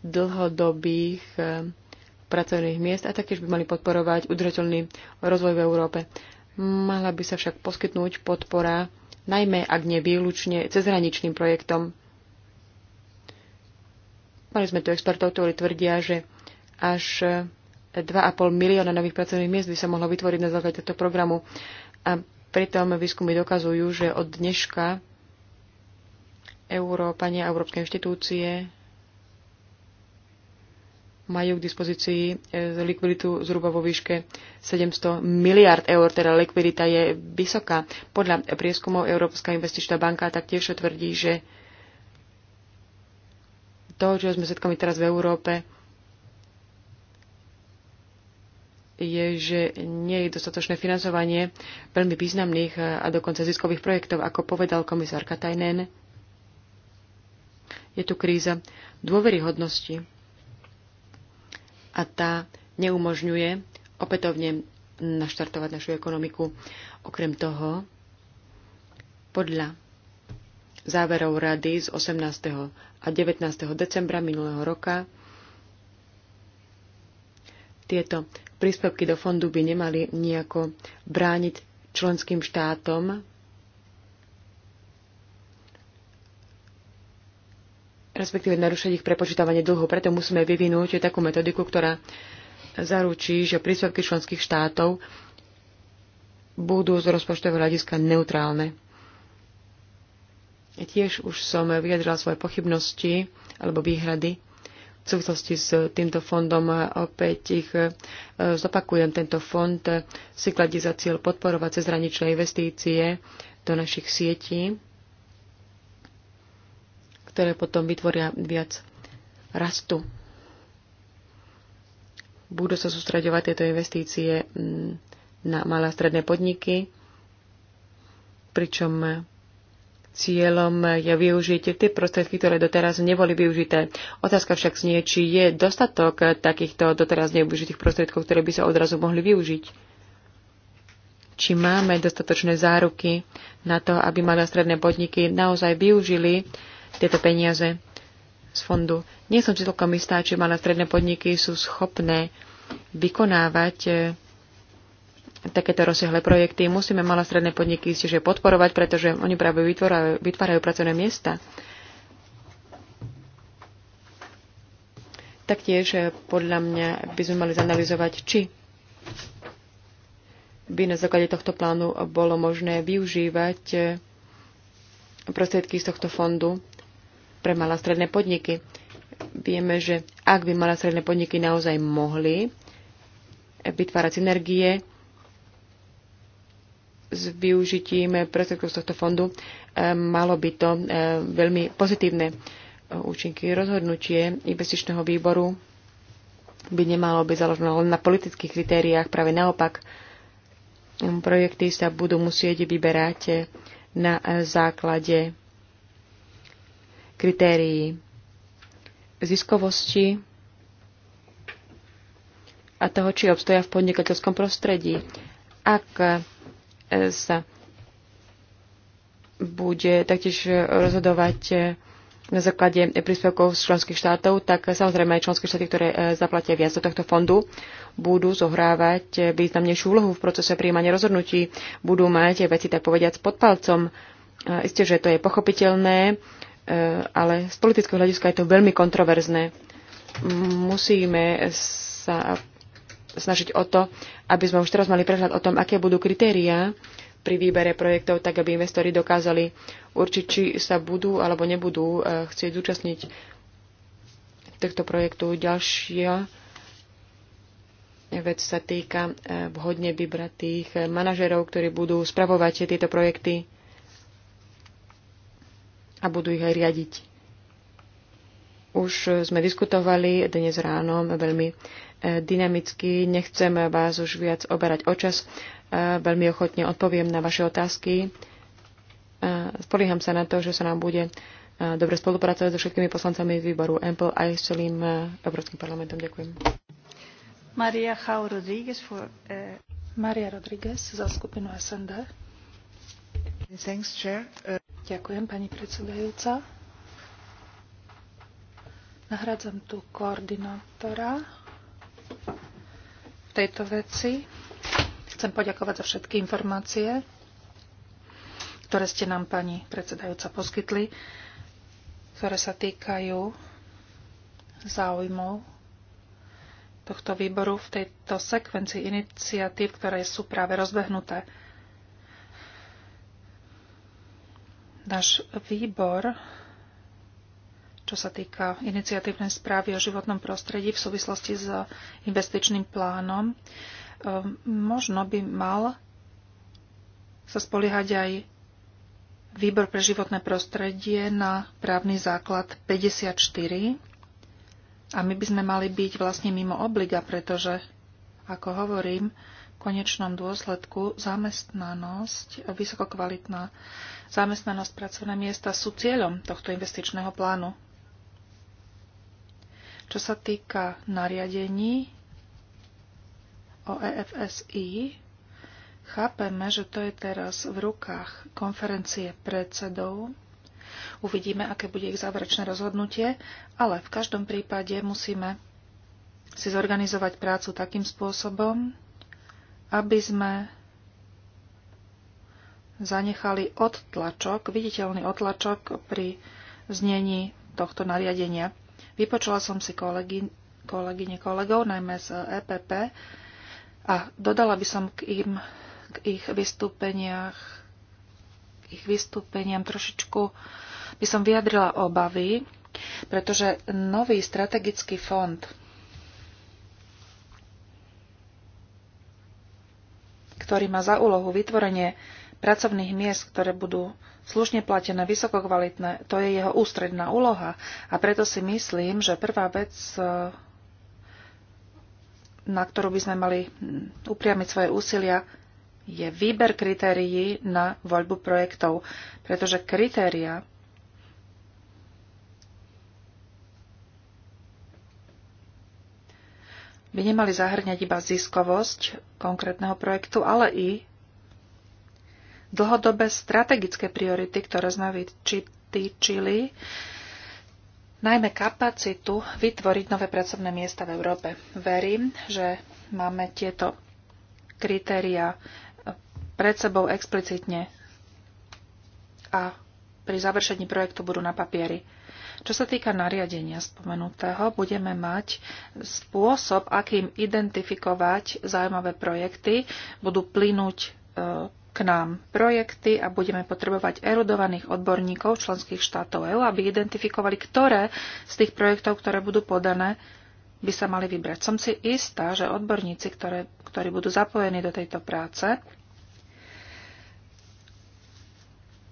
dlhodobých eh, pracovných miest a taktiež by mali podporovať udržateľný rozvoj v Európe. Mala by sa však poskytnúť podpora najmä ak nie výlučne cezhraničným projektom. Mali sme tu expertov, ktorí tvrdia, že až 2,5 eh, milióna nových pracovných miest by sa mohlo vytvoriť na základe tohto programu. A Pritom výskumy dokazujú, že od dneška Európania a európske inštitúcie majú k dispozícii e, likviditu zhruba vo výške 700 miliard eur, teda likvidita je vysoká. Podľa prieskumov Európska investičná banka taktiež tvrdí, že to, čo sme svetkami teraz v Európe, je, že nie je dostatočné financovanie veľmi významných a dokonca ziskových projektov, ako povedal komisár Katajnen. Je tu kríza dôveryhodnosti a tá neumožňuje opätovne naštartovať našu ekonomiku. Okrem toho, podľa záverov rady z 18. a 19. decembra minulého roka tieto príspevky do fondu by nemali nejako brániť členským štátom respektíve narušiť ich prepočítavanie dlhu. Preto musíme vyvinúť takú metodiku, ktorá zaručí, že príspevky členských štátov budú z rozpočtového hľadiska neutrálne. Tiež už som vyjadrila svoje pochybnosti alebo výhrady v súvislosti s týmto fondom. Opäť ich e, zopakujem. Tento fond si kladí za cieľ podporovať cezhraničné investície do našich sietí, ktoré potom vytvoria viac rastu. Budú sa sústraďovať tieto investície mm, na malé a stredné podniky, pričom Cieľom je využiť tie prostriedky, ktoré doteraz neboli využité. Otázka však znie, či je dostatok takýchto doteraz nevyužitých prostriedkov, ktoré by sa odrazu mohli využiť. Či máme dostatočné záruky na to, aby malé a stredné podniky naozaj využili tieto peniaze z fondu. Nie som si celkom istá, či malé a stredné podniky sú schopné vykonávať eh, takéto rozsiahle projekty. Musíme malé stredné podniky istiežie podporovať, pretože oni práve vytvárajú, vytvárajú pracovné miesta. Taktiež eh, podľa mňa by sme mali zanalizovať, či by na základe tohto plánu bolo možné využívať eh, prostriedky z tohto fondu pre malé stredné podniky. Vieme, že ak by malé stredné podniky naozaj mohli eh, vytvárať synergie, s využitím prostriedkov z tohto fondu e, malo by to e, veľmi pozitívne e, účinky. Rozhodnutie investičného výboru by nemalo byť založené len na politických kritériách, práve naopak projekty sa budú musieť vyberať na základe kritérií ziskovosti a toho, či obstoja v podnikateľskom prostredí. Ak sa bude taktiež rozhodovať na základe príspevkov z členských štátov, tak samozrejme aj členské štáty, ktoré e, zaplatia viac do tohto fondu, budú zohrávať významnejšiu úlohu v procese príjmania rozhodnutí, budú mať veci, tak povediať pod palcom. E, isté, že to je pochopiteľné, e, ale z politického hľadiska je to veľmi kontroverzné. Musíme sa snažiť o to, aby sme už teraz mali prehľad o tom, aké budú kritériá pri výbere projektov, tak aby investori dokázali určiť, či sa budú alebo nebudú eh, chcieť zúčastniť tohto projektu. Ďalšia vec sa týka eh, vhodne vybratých eh, manažerov, ktorí budú spravovať tieto projekty a budú ich aj riadiť. Už sme diskutovali dnes ráno veľmi dynamicky. Nechcem vás už viac oberať o čas. Veľmi ochotne odpoviem na vaše otázky. Spolíham sa na to, že sa nám bude dobre spolupracovať so všetkými poslancami výboru EMPL aj s celým Európskym parlamentom. Ďakujem. Maria Jau Rodríguez for, uh... Maria Rodríguez za skupinu SND. Thanks, chair. Uh... Ďakujem, pani predsedajúca. Nahradzam tu koordinátora tejto veci. Chcem poďakovať za všetky informácie, ktoré ste nám, pani predsedajúca, poskytli, ktoré sa týkajú záujmov tohto výboru v tejto sekvencii iniciatív, ktoré sú práve rozbehnuté. Náš výbor čo sa týka iniciatívnej správy o životnom prostredí v súvislosti s investičným plánom, ehm, možno by mal sa spoliehať aj Výbor pre životné prostredie na právny základ 54 a my by sme mali byť vlastne mimo obliga, pretože, ako hovorím, v konečnom dôsledku zamestnanosť, vysokokvalitná zamestnanosť pracovné miesta sú cieľom tohto investičného plánu. Čo sa týka nariadení o EFSI, chápeme, že to je teraz v rukách konferencie predsedov. Uvidíme, aké bude ich záverečné rozhodnutie, ale v každom prípade musíme si zorganizovať prácu takým spôsobom, aby sme zanechali odtlačok, viditeľný odtlačok pri znení tohto nariadenia. Vypočula som si kolegy, kolegyne kolegov, najmä z EPP, a dodala by som k, im, k ich vystúpeniach k ich vystúpeniam trošičku by som vyjadrila obavy, pretože nový strategický fond ktorý má za úlohu vytvorenie pracovných miest, ktoré budú slušne platené, vysokokvalitné, to je jeho ústredná úloha. A preto si myslím, že prvá vec, e, na ktorú by sme mali mm, upriamiť svoje úsilia, je výber kritérií na voľbu projektov, pretože kritéria by nemali zahrňať iba ziskovosť konkrétneho projektu, ale i dlhodobé strategické priority, ktoré sme vytýčili, najmä kapacitu vytvoriť nové pracovné miesta v Európe. Verím, že máme tieto kritéria pred sebou explicitne a pri završení projektu budú na papieri. Čo sa týka nariadenia spomenutého, budeme mať spôsob, akým identifikovať zaujímavé projekty, budú plynúť e, k nám projekty a budeme potrebovať erudovaných odborníkov členských štátov EÚ, aby identifikovali, ktoré z tých projektov, ktoré budú podané, by sa mali vybrať. Som si istá, že odborníci, ktoré, ktorí budú zapojení do tejto práce,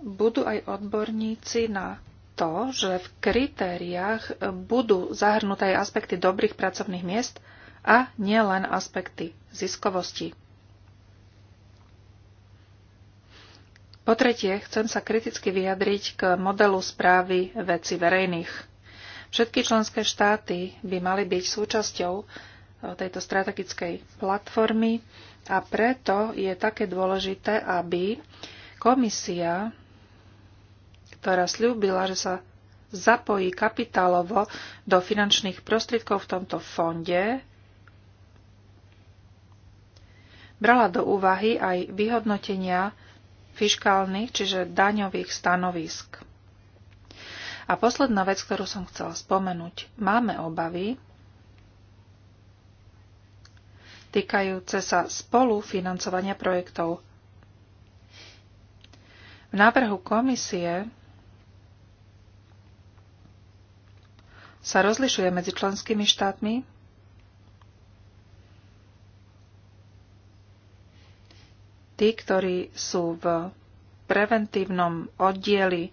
budú aj odborníci na to, že v kritériách budú zahrnuté aj aspekty dobrých pracovných miest a nielen aspekty ziskovosti. Po tretie, chcem sa kriticky vyjadriť k modelu správy veci verejných. Všetky členské štáty by mali byť súčasťou e, tejto strategickej platformy a preto je také dôležité, aby komisia, ktorá slúbila, že sa zapojí kapitálovo do finančných prostriedkov v tomto fonde, brala do úvahy aj vyhodnotenia fiškálnych, čiže daňových stanovisk. A posledná vec, ktorú som chcela spomenúť. Máme obavy týkajúce sa spolufinancovania projektov. V návrhu komisie sa rozlišuje medzi členskými štátmi tí, ktorí sú v preventívnom oddieli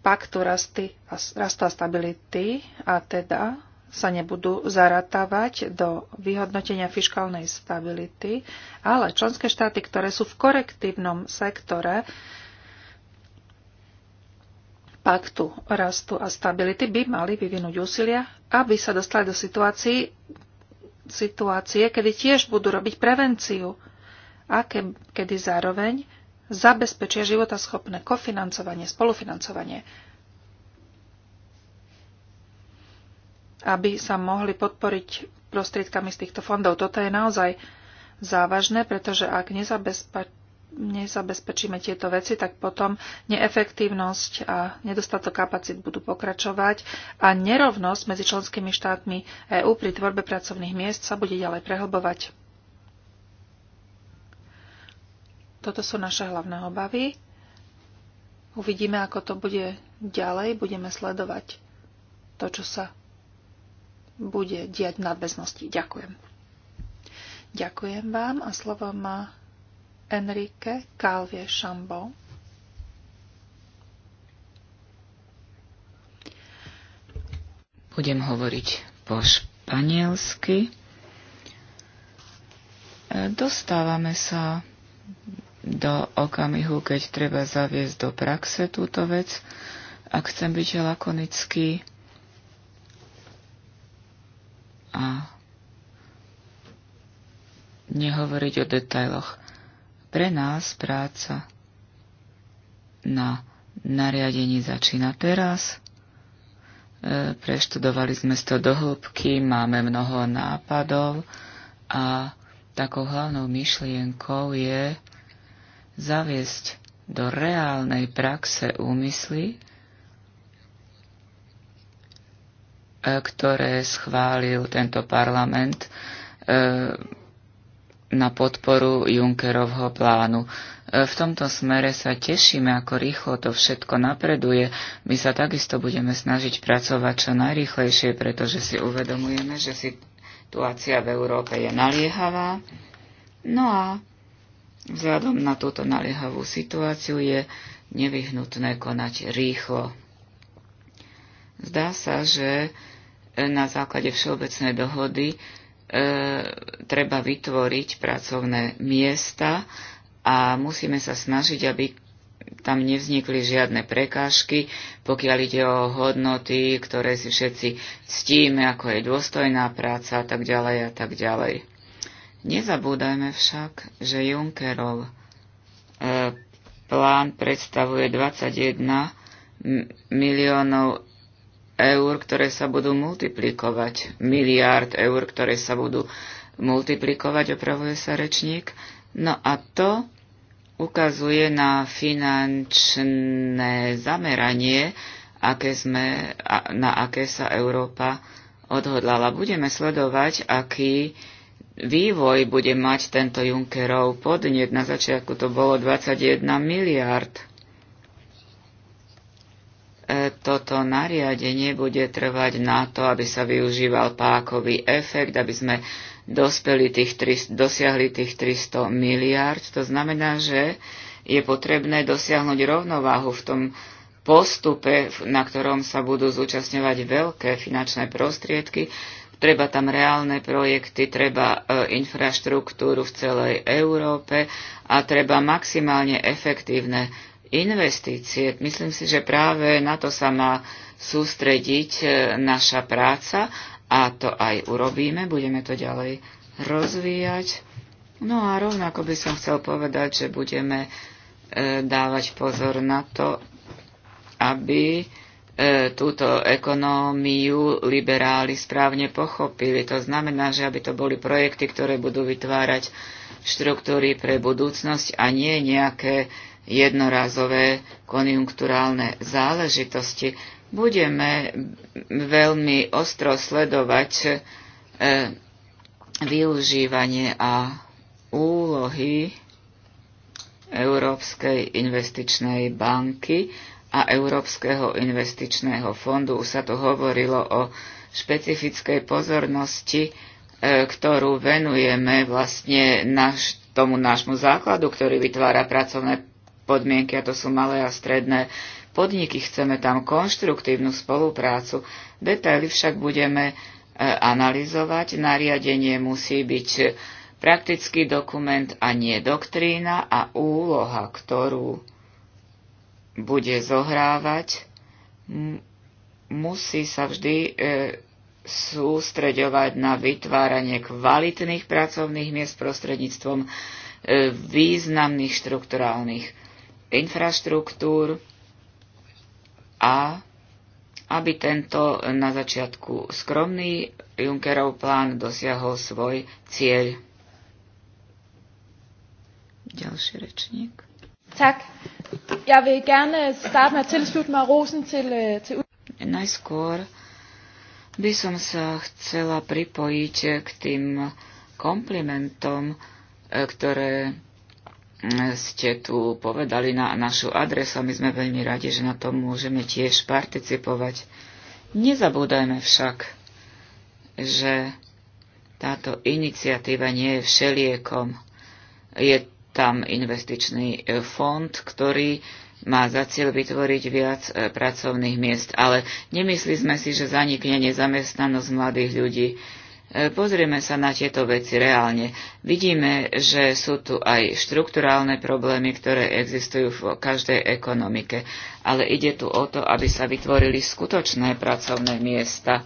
paktu rasty, rastu a stability a teda sa nebudú zaratávať do vyhodnotenia fiškálnej stability, ale členské štáty, ktoré sú v korektívnom sektore paktu rastu a stability, by mali vyvinúť úsilia, aby sa dostali do situácie, kedy tiež budú robiť prevenciu a ke, kedy zároveň zabezpečia životaschopné kofinancovanie, spolufinancovanie, aby sa mohli podporiť prostriedkami z týchto fondov. Toto je naozaj závažné, pretože ak nezabezpečia nezabezpečíme tieto veci, tak potom neefektívnosť a nedostatok kapacít budú pokračovať a nerovnosť medzi členskými štátmi EÚ pri tvorbe pracovných miest sa bude ďalej prehlbovať. Toto sú naše hlavné obavy. Uvidíme, ako to bude ďalej. Budeme sledovať to, čo sa bude diať v nadväznosti. Ďakujem. Ďakujem vám a slovo má Enrique Calvie Šambo. Budem hovoriť po španielsky. E, dostávame sa do okamihu, keď treba zaviesť do praxe túto vec. Ak chcem byť lakonický a nehovoriť o detailoch. Pre nás práca na nariadení začína teraz. E, preštudovali sme to do hĺbky, máme mnoho nápadov a takou hlavnou myšlienkou je, zaviesť do reálnej praxe úmysly, e, ktoré schválil tento parlament e, na podporu Junckerovho plánu. E, v tomto smere sa tešíme, ako rýchlo to všetko napreduje. My sa takisto budeme snažiť pracovať čo najrýchlejšie, pretože si uvedomujeme, že situácia v Európe je naliehavá. No a Vzhľadom na túto naliehavú situáciu je nevyhnutné konať rýchlo. Zdá sa, že na základe všeobecnej dohody e, treba vytvoriť pracovné miesta a musíme sa snažiť, aby tam nevznikli žiadne prekážky, pokiaľ ide o hodnoty, ktoré si všetci ctíme, ako je dôstojná práca a tak ďalej a tak ďalej. Nezabúdajme však, že Junckerov e, plán predstavuje 21 miliónov eur, ktoré sa budú multiplikovať, miliárd eur, ktoré sa budú multiplikovať, opravuje sa rečník. No a to ukazuje na finančné zameranie, aké sme, na aké sa Európa odhodlala. Budeme sledovať, aký vývoj bude mať tento Junckerov podnet. Na začiatku to bolo 21 miliard. E, toto nariadenie bude trvať na to, aby sa využíval pákový efekt, aby sme dospeli tých 300, dosiahli tých 300 miliard. To znamená, že je potrebné dosiahnuť rovnováhu v tom postupe, na ktorom sa budú zúčastňovať veľké finančné prostriedky, Treba tam reálne projekty, treba e, infraštruktúru v celej Európe a treba maximálne efektívne investície. Myslím si, že práve na to sa má sústrediť e, naša práca a to aj urobíme. Budeme to ďalej rozvíjať. No a rovnako by som chcel povedať, že budeme e, dávať pozor na to, aby E, túto ekonómiu liberáli správne pochopili. To znamená, že aby to boli projekty, ktoré budú vytvárať štruktúry pre budúcnosť a nie nejaké jednorazové konjunkturálne záležitosti. Budeme veľmi ostro sledovať e, využívanie a úlohy Európskej investičnej banky, a Európskeho investičného fondu. Už sa tu hovorilo o špecifickej pozornosti, e, ktorú venujeme vlastne naš, tomu nášmu základu, ktorý vytvára pracovné podmienky, a to sú malé a stredné podniky. Chceme tam konštruktívnu spoluprácu. Detaily však budeme e, analyzovať. Nariadenie musí byť praktický dokument a nie doktrína a úloha, ktorú bude zohrávať, musí sa vždy e, sústreďovať na vytváranie kvalitných pracovných miest prostredníctvom e, významných štrukturálnych infraštruktúr a aby tento na začiatku skromný Junckerov plán dosiahol svoj cieľ. Ďalší rečník. Tak. Jeg vil gerne starte med at tilslutte mig rosen til, øh, til... Najskôr by som sa chcela pripojiť k tým komplimentom, e, ktoré mm, ste tu povedali na našu adresu a my sme veľmi radi, že na tom môžeme tiež participovať. Nezabúdajme však, že táto iniciatíva nie je všeliekom. Je tam investičný e, fond, ktorý má za cieľ vytvoriť viac e, pracovných miest. Ale nemyslí sme si, že zanikne nezamestnanosť mladých ľudí. E, pozrieme sa na tieto veci reálne. Vidíme, že sú tu aj štrukturálne problémy, ktoré existujú v každej ekonomike, ale ide tu o to, aby sa vytvorili skutočné pracovné miesta.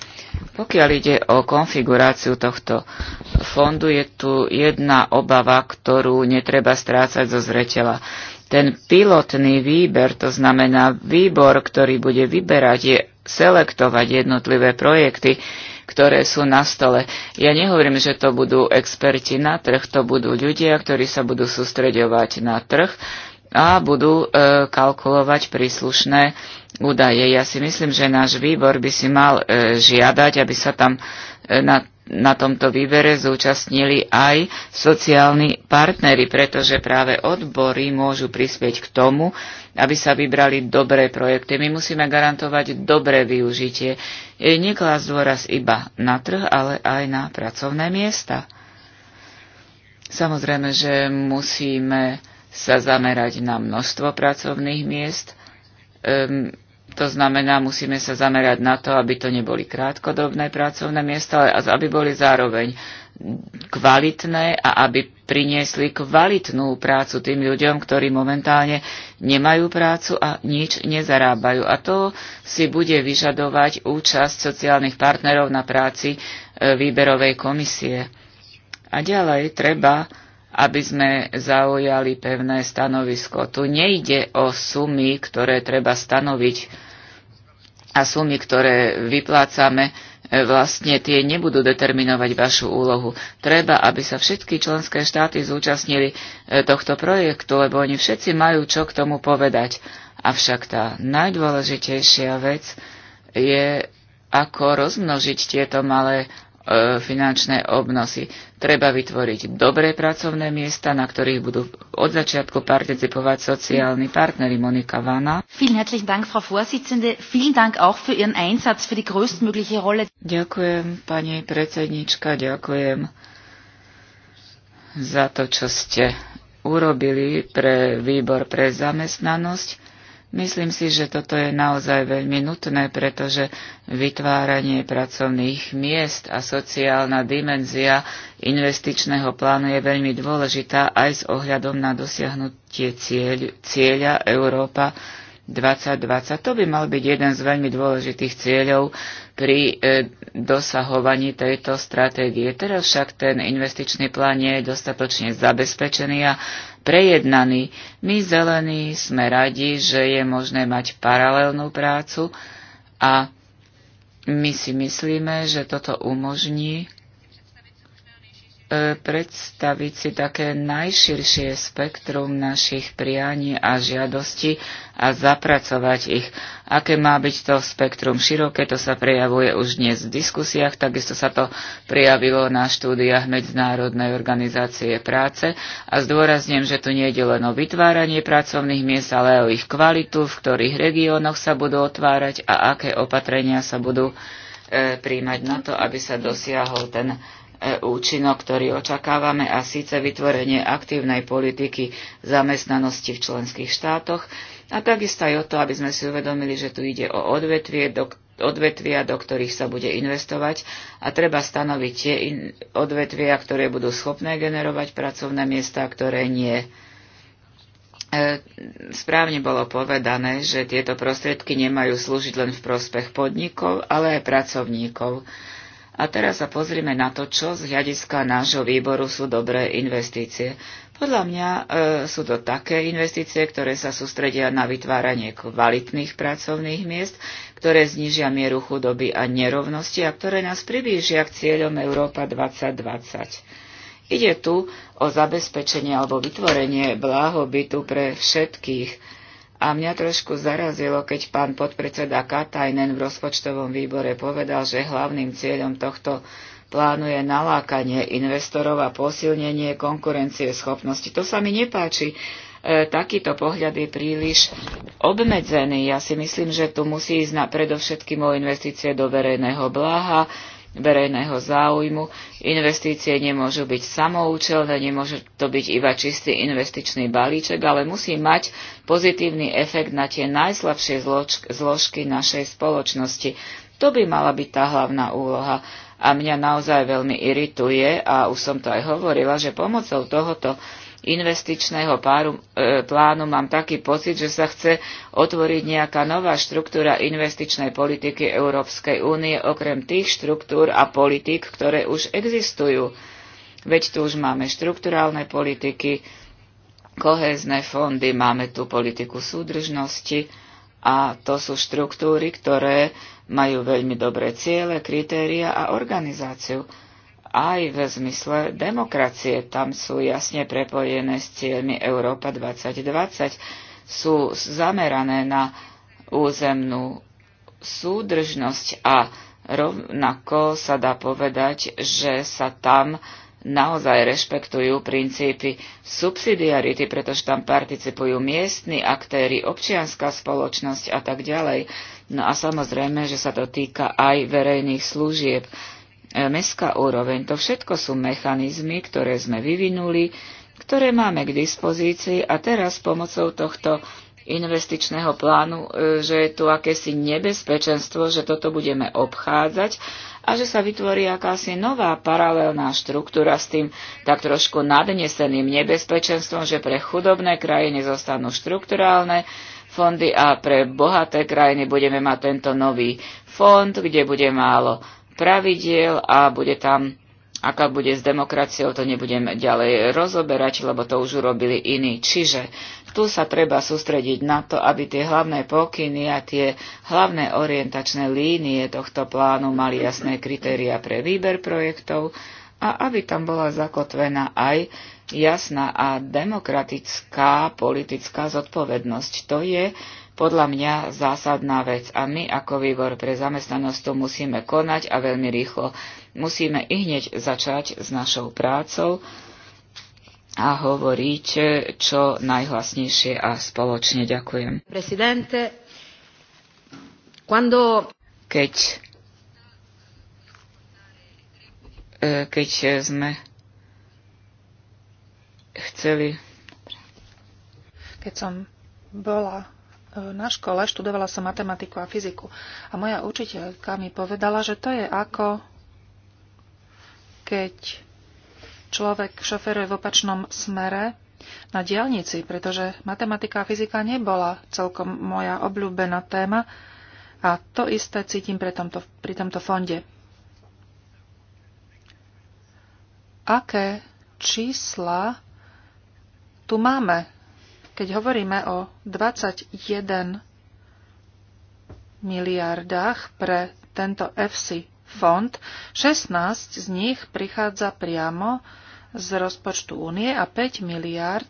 Pokiaľ ide o konfiguráciu tohto fondu, je tu jedna obava, ktorú netreba strácať zo zreteľa. Ten pilotný výber, to znamená výbor, ktorý bude vyberať, je selektovať jednotlivé projekty, ktoré sú na stole. Ja nehovorím, že to budú experti na trh, to budú ľudia, ktorí sa budú sústreďovať na trh a budú e, kalkulovať príslušné údaje. Ja si myslím, že náš výbor by si mal e, žiadať, aby sa tam e, na na tomto výbere zúčastnili aj sociálni partnery, pretože práve odbory môžu prispieť k tomu, aby sa vybrali dobré projekty. My musíme garantovať dobré využitie. E, Neklás dôraz iba na trh, ale aj na pracovné miesta. Samozrejme, že musíme sa zamerať na množstvo pracovných miest. Um, to znamená, musíme sa zamerať na to, aby to neboli krátkodobné pracovné miesta, ale aby boli zároveň kvalitné a aby priniesli kvalitnú prácu tým ľuďom, ktorí momentálne nemajú prácu a nič nezarábajú. A to si bude vyžadovať účasť sociálnych partnerov na práci e, výberovej komisie. A ďalej treba, aby sme zaujali pevné stanovisko. Tu nejde o sumy, ktoré treba stanoviť a sumy, ktoré vyplácame, e, vlastne tie nebudú determinovať vašu úlohu. Treba, aby sa všetky členské štáty zúčastnili e, tohto projektu, lebo oni všetci majú čo k tomu povedať. Avšak tá najdôležitejšia vec je, ako rozmnožiť tieto malé E, finančné obnosy. Treba vytvoriť dobré pracovné miesta, na ktorých budú od začiatku participovať sociálni partneri Monika Vana. Vielen herzlichen Dank, Frau Vorsitzende. Vielen Dank auch für Ihren Einsatz für die größtmögliche Rolle. Ďakujem, pani predsednička, ďakujem za to, čo ste urobili pre výbor pre zamestnanosť Myslím si, že toto je naozaj veľmi nutné, pretože vytváranie pracovných miest a sociálna dimenzia investičného plánu je veľmi dôležitá aj s ohľadom na dosiahnutie cieľ, cieľa Európa 2020. To by mal byť jeden z veľmi dôležitých cieľov pri e, dosahovaní tejto stratégie. Teraz však ten investičný plán nie je dostatočne zabezpečený a prejednaný. My zelení sme radi, že je možné mať paralelnú prácu a my si myslíme, že toto umožní E, predstaviť si také najširšie spektrum našich prianí a žiadostí a zapracovať ich. Aké má byť to spektrum široké, to sa prejavuje už dnes v diskusiách, takisto sa to prijavilo na štúdiách Medzinárodnej organizácie práce a zdôrazním, že tu nie je len o vytváranie pracovných miest, ale aj o ich kvalitu, v ktorých regiónoch sa budú otvárať a aké opatrenia sa budú e, príjmať na to, aby sa dosiahol ten E účinok, ktorý očakávame, a síce vytvorenie aktívnej politiky zamestnanosti v členských štátoch a takisto aj o to, aby sme si uvedomili, že tu ide o odvetvie, do, odvetvia, do ktorých sa bude investovať a treba stanoviť tie in, odvetvia, ktoré budú schopné generovať pracovné miesta, ktoré nie. E, správne bolo povedané, že tieto prostriedky nemajú slúžiť len v prospech podnikov, ale aj pracovníkov. A teraz sa pozrime na to, čo z hľadiska nášho výboru sú dobré investície. Podľa mňa e, sú to také investície, ktoré sa sústredia na vytváranie kvalitných pracovných miest, ktoré znižia mieru chudoby a nerovnosti a ktoré nás priblížia k cieľom Európa 2020. Ide tu o zabezpečenie alebo vytvorenie bláhobytu pre všetkých a mňa trošku zarazilo, keď pán podpredseda Katajnen v rozpočtovom výbore povedal, že hlavným cieľom tohto plánu je nalákanie investorov a posilnenie konkurencie schopnosti. To sa mi nepáči. E, takýto pohľad je príliš obmedzený. Ja si myslím, že tu musí ísť na predovšetkým o investície do verejného blaha verejného záujmu. Investície nemôžu byť samoučelné, nemôže to byť iba čistý investičný balíček, ale musí mať pozitívny efekt na tie najslabšie zložky našej spoločnosti. To by mala byť tá hlavná úloha. A mňa naozaj veľmi irituje, a už som to aj hovorila, že pomocou tohoto investičného páru, e, plánu mám taký pocit, že sa chce otvoriť nejaká nová štruktúra investičnej politiky Európskej únie okrem tých štruktúr a politik, ktoré už existujú. Veď tu už máme štrukturálne politiky, kohézne fondy, máme tu politiku súdržnosti a to sú štruktúry, ktoré majú veľmi dobré ciele, kritéria a organizáciu aj v zmysle demokracie. Tam sú jasne prepojené s cieľmi Európa 2020, sú zamerané na územnú súdržnosť a rovnako sa dá povedať, že sa tam naozaj rešpektujú princípy subsidiarity, pretože tam participujú miestni aktéry, občianská spoločnosť a tak ďalej. No a samozrejme, že sa to týka aj verejných služieb mestská úroveň. To všetko sú mechanizmy, ktoré sme vyvinuli, ktoré máme k dispozícii a teraz pomocou tohto investičného plánu, e, že je tu akési nebezpečenstvo, že toto budeme obchádzať a že sa vytvorí akási nová paralelná štruktúra s tým tak trošku nadneseným nebezpečenstvom, že pre chudobné krajiny zostanú štrukturálne fondy a pre bohaté krajiny budeme mať tento nový fond, kde bude málo pravidiel a bude tam, aká bude s demokraciou, to nebudem ďalej rozoberať, lebo to už urobili iní. Čiže tu sa treba sústrediť na to, aby tie hlavné pokyny a tie hlavné orientačné línie tohto plánu mali jasné kritéria pre výber projektov a aby tam bola zakotvená aj jasná a demokratická politická zodpovednosť. To je podľa mňa zásadná vec a my ako výbor pre zamestnanosť to musíme konať a veľmi rýchlo. Musíme i hneď začať s našou prácou a hovoriť čo najhlasnejšie a spoločne. Ďakujem. Presidente, quando... keď, e, keď sme chceli... Keď som bola na škole študovala som matematiku a fyziku a moja učiteľka mi povedala, že to je ako keď človek šoferuje v opačnom smere na diálnici, pretože matematika a fyzika nebola celkom moja obľúbená téma a to isté cítim pri tomto, pri tomto fonde. Aké čísla tu máme keď hovoríme o 21 miliardách pre tento EFSI fond, 16 z nich prichádza priamo z rozpočtu únie a 5 miliard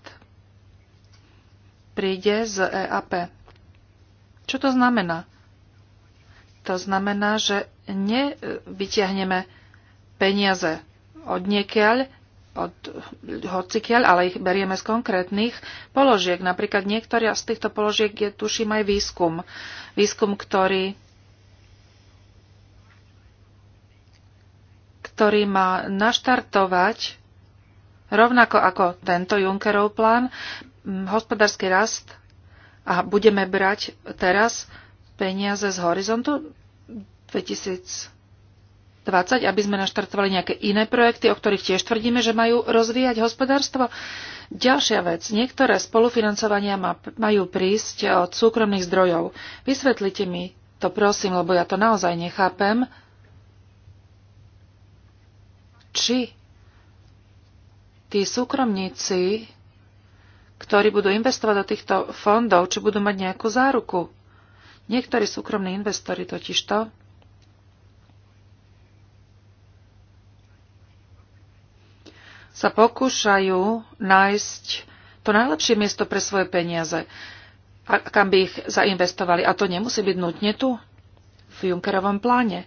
príde z EAP. Čo to znamená? To znamená, že nevyťahneme peniaze od niekiaľ, od hocikiaľ, ale ich berieme z konkrétnych položiek. Napríklad niektoré z týchto položiek je, tuším, aj výskum. Výskum, ktorý ktorý má naštartovať rovnako ako tento Junckerov plán hospodársky rast a budeme brať teraz peniaze z horizontu 2000 2020, aby sme naštartovali nejaké iné projekty, o ktorých tiež tvrdíme, že majú rozvíjať hospodárstvo? Ďalšia vec. Niektoré spolufinancovania majú prísť od súkromných zdrojov. Vysvetlite mi to prosím, lebo ja to naozaj nechápem. Či tí súkromníci, ktorí budú investovať do týchto fondov, či budú mať nejakú záruku. Niektorí súkromní investori totižto sa pokúšajú nájsť to najlepšie miesto pre svoje peniaze, a kam by ich zainvestovali. A to nemusí byť nutne tu, v Junckerovom pláne.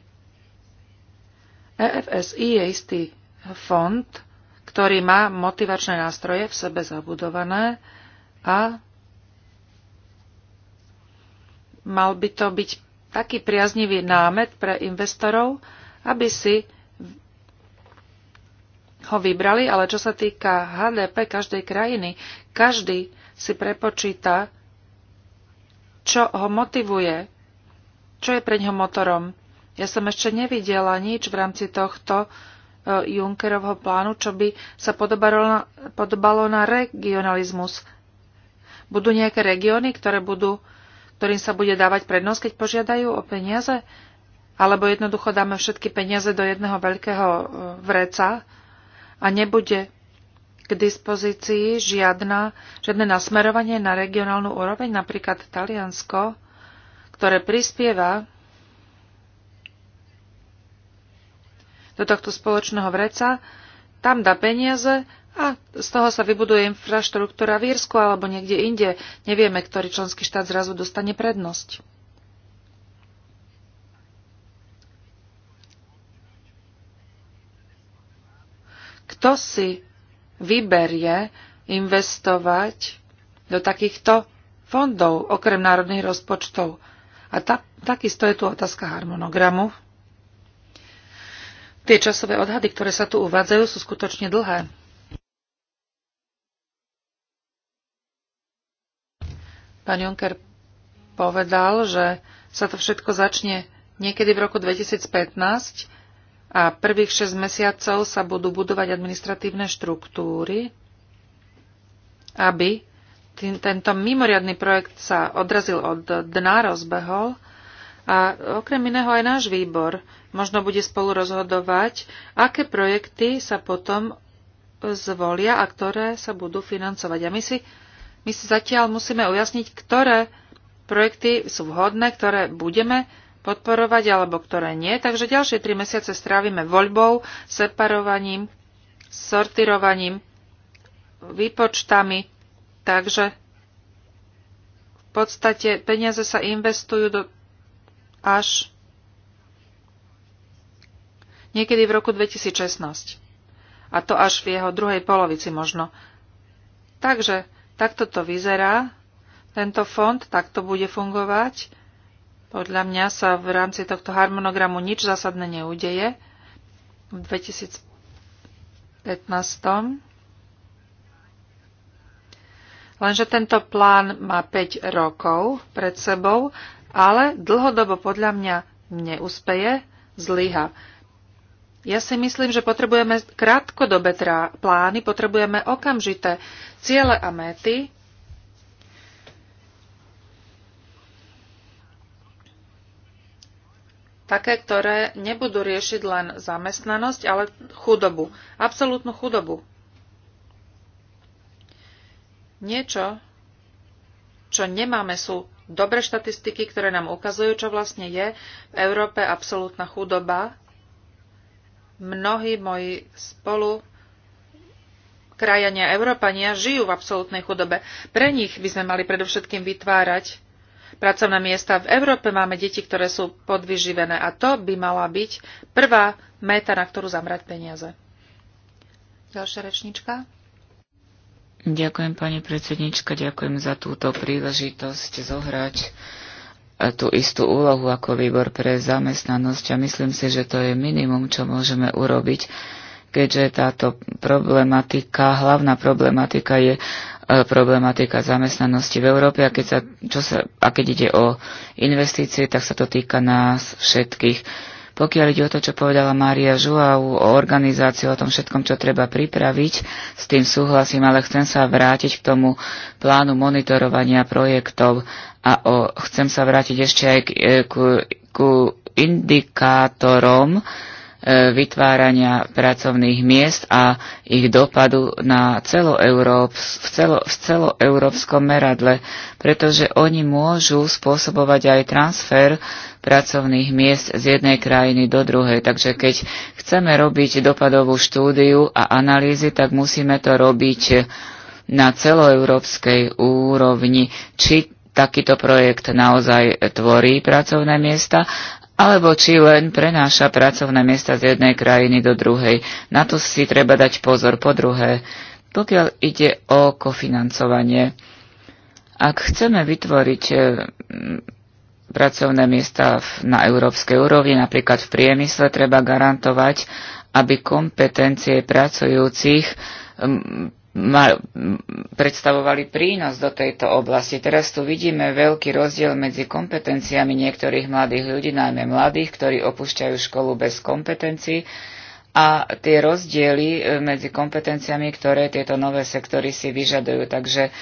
EFSI je istý fond, ktorý má motivačné nástroje v sebe zabudované a mal by to byť taký priaznivý námet pre investorov, aby si ho vybrali, ale čo sa týka HDP každej krajiny, každý si prepočíta, čo ho motivuje, čo je pre ňo motorom. Ja som ešte nevidela nič v rámci tohto e, Junckerovho plánu, čo by sa podobalo na, podobalo na regionalizmus. Budú nejaké regióny, ktoré budú, ktorým sa bude dávať prednosť, keď požiadajú o peniaze? Alebo jednoducho dáme všetky peniaze do jedného veľkého e, vreca a nebude k dispozícii žiadna, žiadne nasmerovanie na regionálnu úroveň, napríklad Taliansko, ktoré prispieva do tohto spoločného vreca, tam dá peniaze a z toho sa vybuduje infraštruktúra v Írsku alebo niekde inde. Nevieme, ktorý členský štát zrazu dostane prednosť. Kto si vyberie investovať do takýchto fondov okrem národných rozpočtov? A ta, takisto je tu otázka harmonogramu. Tie časové odhady, ktoré sa tu uvádzajú, sú skutočne dlhé. Pán Juncker povedal, že sa to všetko začne niekedy v roku 2015 a prvých 6 mesiacov sa budú budovať administratívne štruktúry, aby tým, tento mimoriadný projekt sa odrazil od dna, rozbehol a okrem iného aj náš výbor možno bude spolu rozhodovať, aké projekty sa potom zvolia a ktoré sa budú financovať. A my si, my si zatiaľ musíme ujasniť, ktoré projekty sú vhodné, ktoré budeme podporovať alebo ktoré nie. Takže ďalšie tri mesiace strávime voľbou, separovaním, sortirovaním, výpočtami. Takže v podstate peniaze sa investujú do až niekedy v roku 2016. A to až v jeho druhej polovici možno. Takže takto to vyzerá. Tento fond takto bude fungovať podľa mňa sa v rámci tohto harmonogramu nič zásadné neudeje. V 2015 Lenže tento plán má 5 rokov pred sebou, ale dlhodobo podľa mňa neúspeje, zlyha. Ja si myslím, že potrebujeme krátkodobé plány, potrebujeme okamžité ciele a méty, také, ktoré nebudú riešiť len zamestnanosť, ale chudobu, absolútnu chudobu. Niečo, čo nemáme, sú dobre štatistiky, ktoré nám ukazujú, čo vlastne je v Európe absolútna chudoba. Mnohí moji spolu krajania Európania žijú v absolútnej chudobe. Pre nich by sme mali predovšetkým vytvárať pracovné miesta. V Európe máme deti, ktoré sú podvyživené a to by mala byť prvá meta, na ktorú zamrať peniaze. Ďalšia rečnička. Ďakujem, pani predsednička, ďakujem za túto príležitosť zohrať e, tú istú úlohu ako výbor pre zamestnanosť a myslím si, že to je minimum, čo môžeme urobiť, keďže táto problematika, hlavná problematika je E, problematika zamestnanosti v Európe a keď, sa, čo sa, a keď ide o investície, tak sa to týka nás všetkých. Pokiaľ ide o to, čo povedala Mária Žuau, o organizáciu, o tom všetkom, čo treba pripraviť, s tým súhlasím, ale chcem sa vrátiť k tomu plánu monitorovania projektov a o, chcem sa vrátiť ešte aj k, e, ku, ku indikátorom, E, vytvárania pracovných miest a ich dopadu na v, celo, v celoeurópskom meradle, pretože oni môžu spôsobovať aj transfer pracovných miest z jednej krajiny do druhej. Takže keď chceme robiť dopadovú štúdiu a analýzy, tak musíme to robiť na celoeurópskej úrovni, či takýto projekt naozaj tvorí pracovné miesta alebo či len prenáša pracovné miesta z jednej krajiny do druhej. Na to si treba dať pozor. Po druhé, pokiaľ ide o kofinancovanie, ak chceme vytvoriť eh, pracovné miesta na európskej úrovni, napríklad v priemysle, treba garantovať, aby kompetencie pracujúcich mm, mal, predstavovali prínos do tejto oblasti. Teraz tu vidíme veľký rozdiel medzi kompetenciami niektorých mladých ľudí, najmä mladých, ktorí opúšťajú školu bez kompetencií a tie rozdiely e, medzi kompetenciami, ktoré tieto nové sektory si vyžadujú. Takže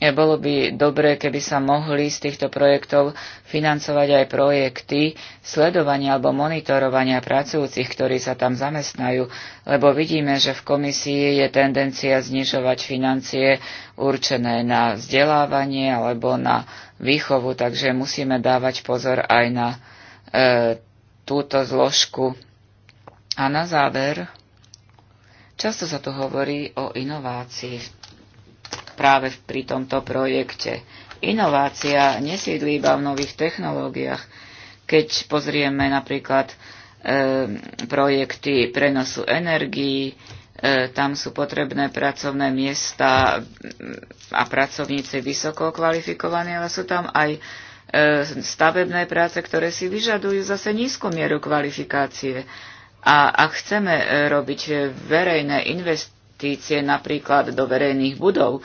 bolo by dobré, keby sa mohli z týchto projektov financovať aj projekty sledovania alebo monitorovania pracujúcich, ktorí sa tam zamestnajú, lebo vidíme, že v komisii je tendencia znižovať financie určené na vzdelávanie alebo na výchovu, takže musíme dávať pozor aj na e, túto zložku. A na záver, často sa tu hovorí o inovácii práve pri tomto projekte. Inovácia nesídli iba v nových technológiách. Keď pozrieme napríklad e, projekty prenosu energií, e, tam sú potrebné pracovné miesta a pracovníci vysoko kvalifikovaní, ale sú tam aj e, stavebné práce, ktoré si vyžadujú zase nízku mieru kvalifikácie. A ak chceme e, robiť e, verejné investície napríklad do verejných budov,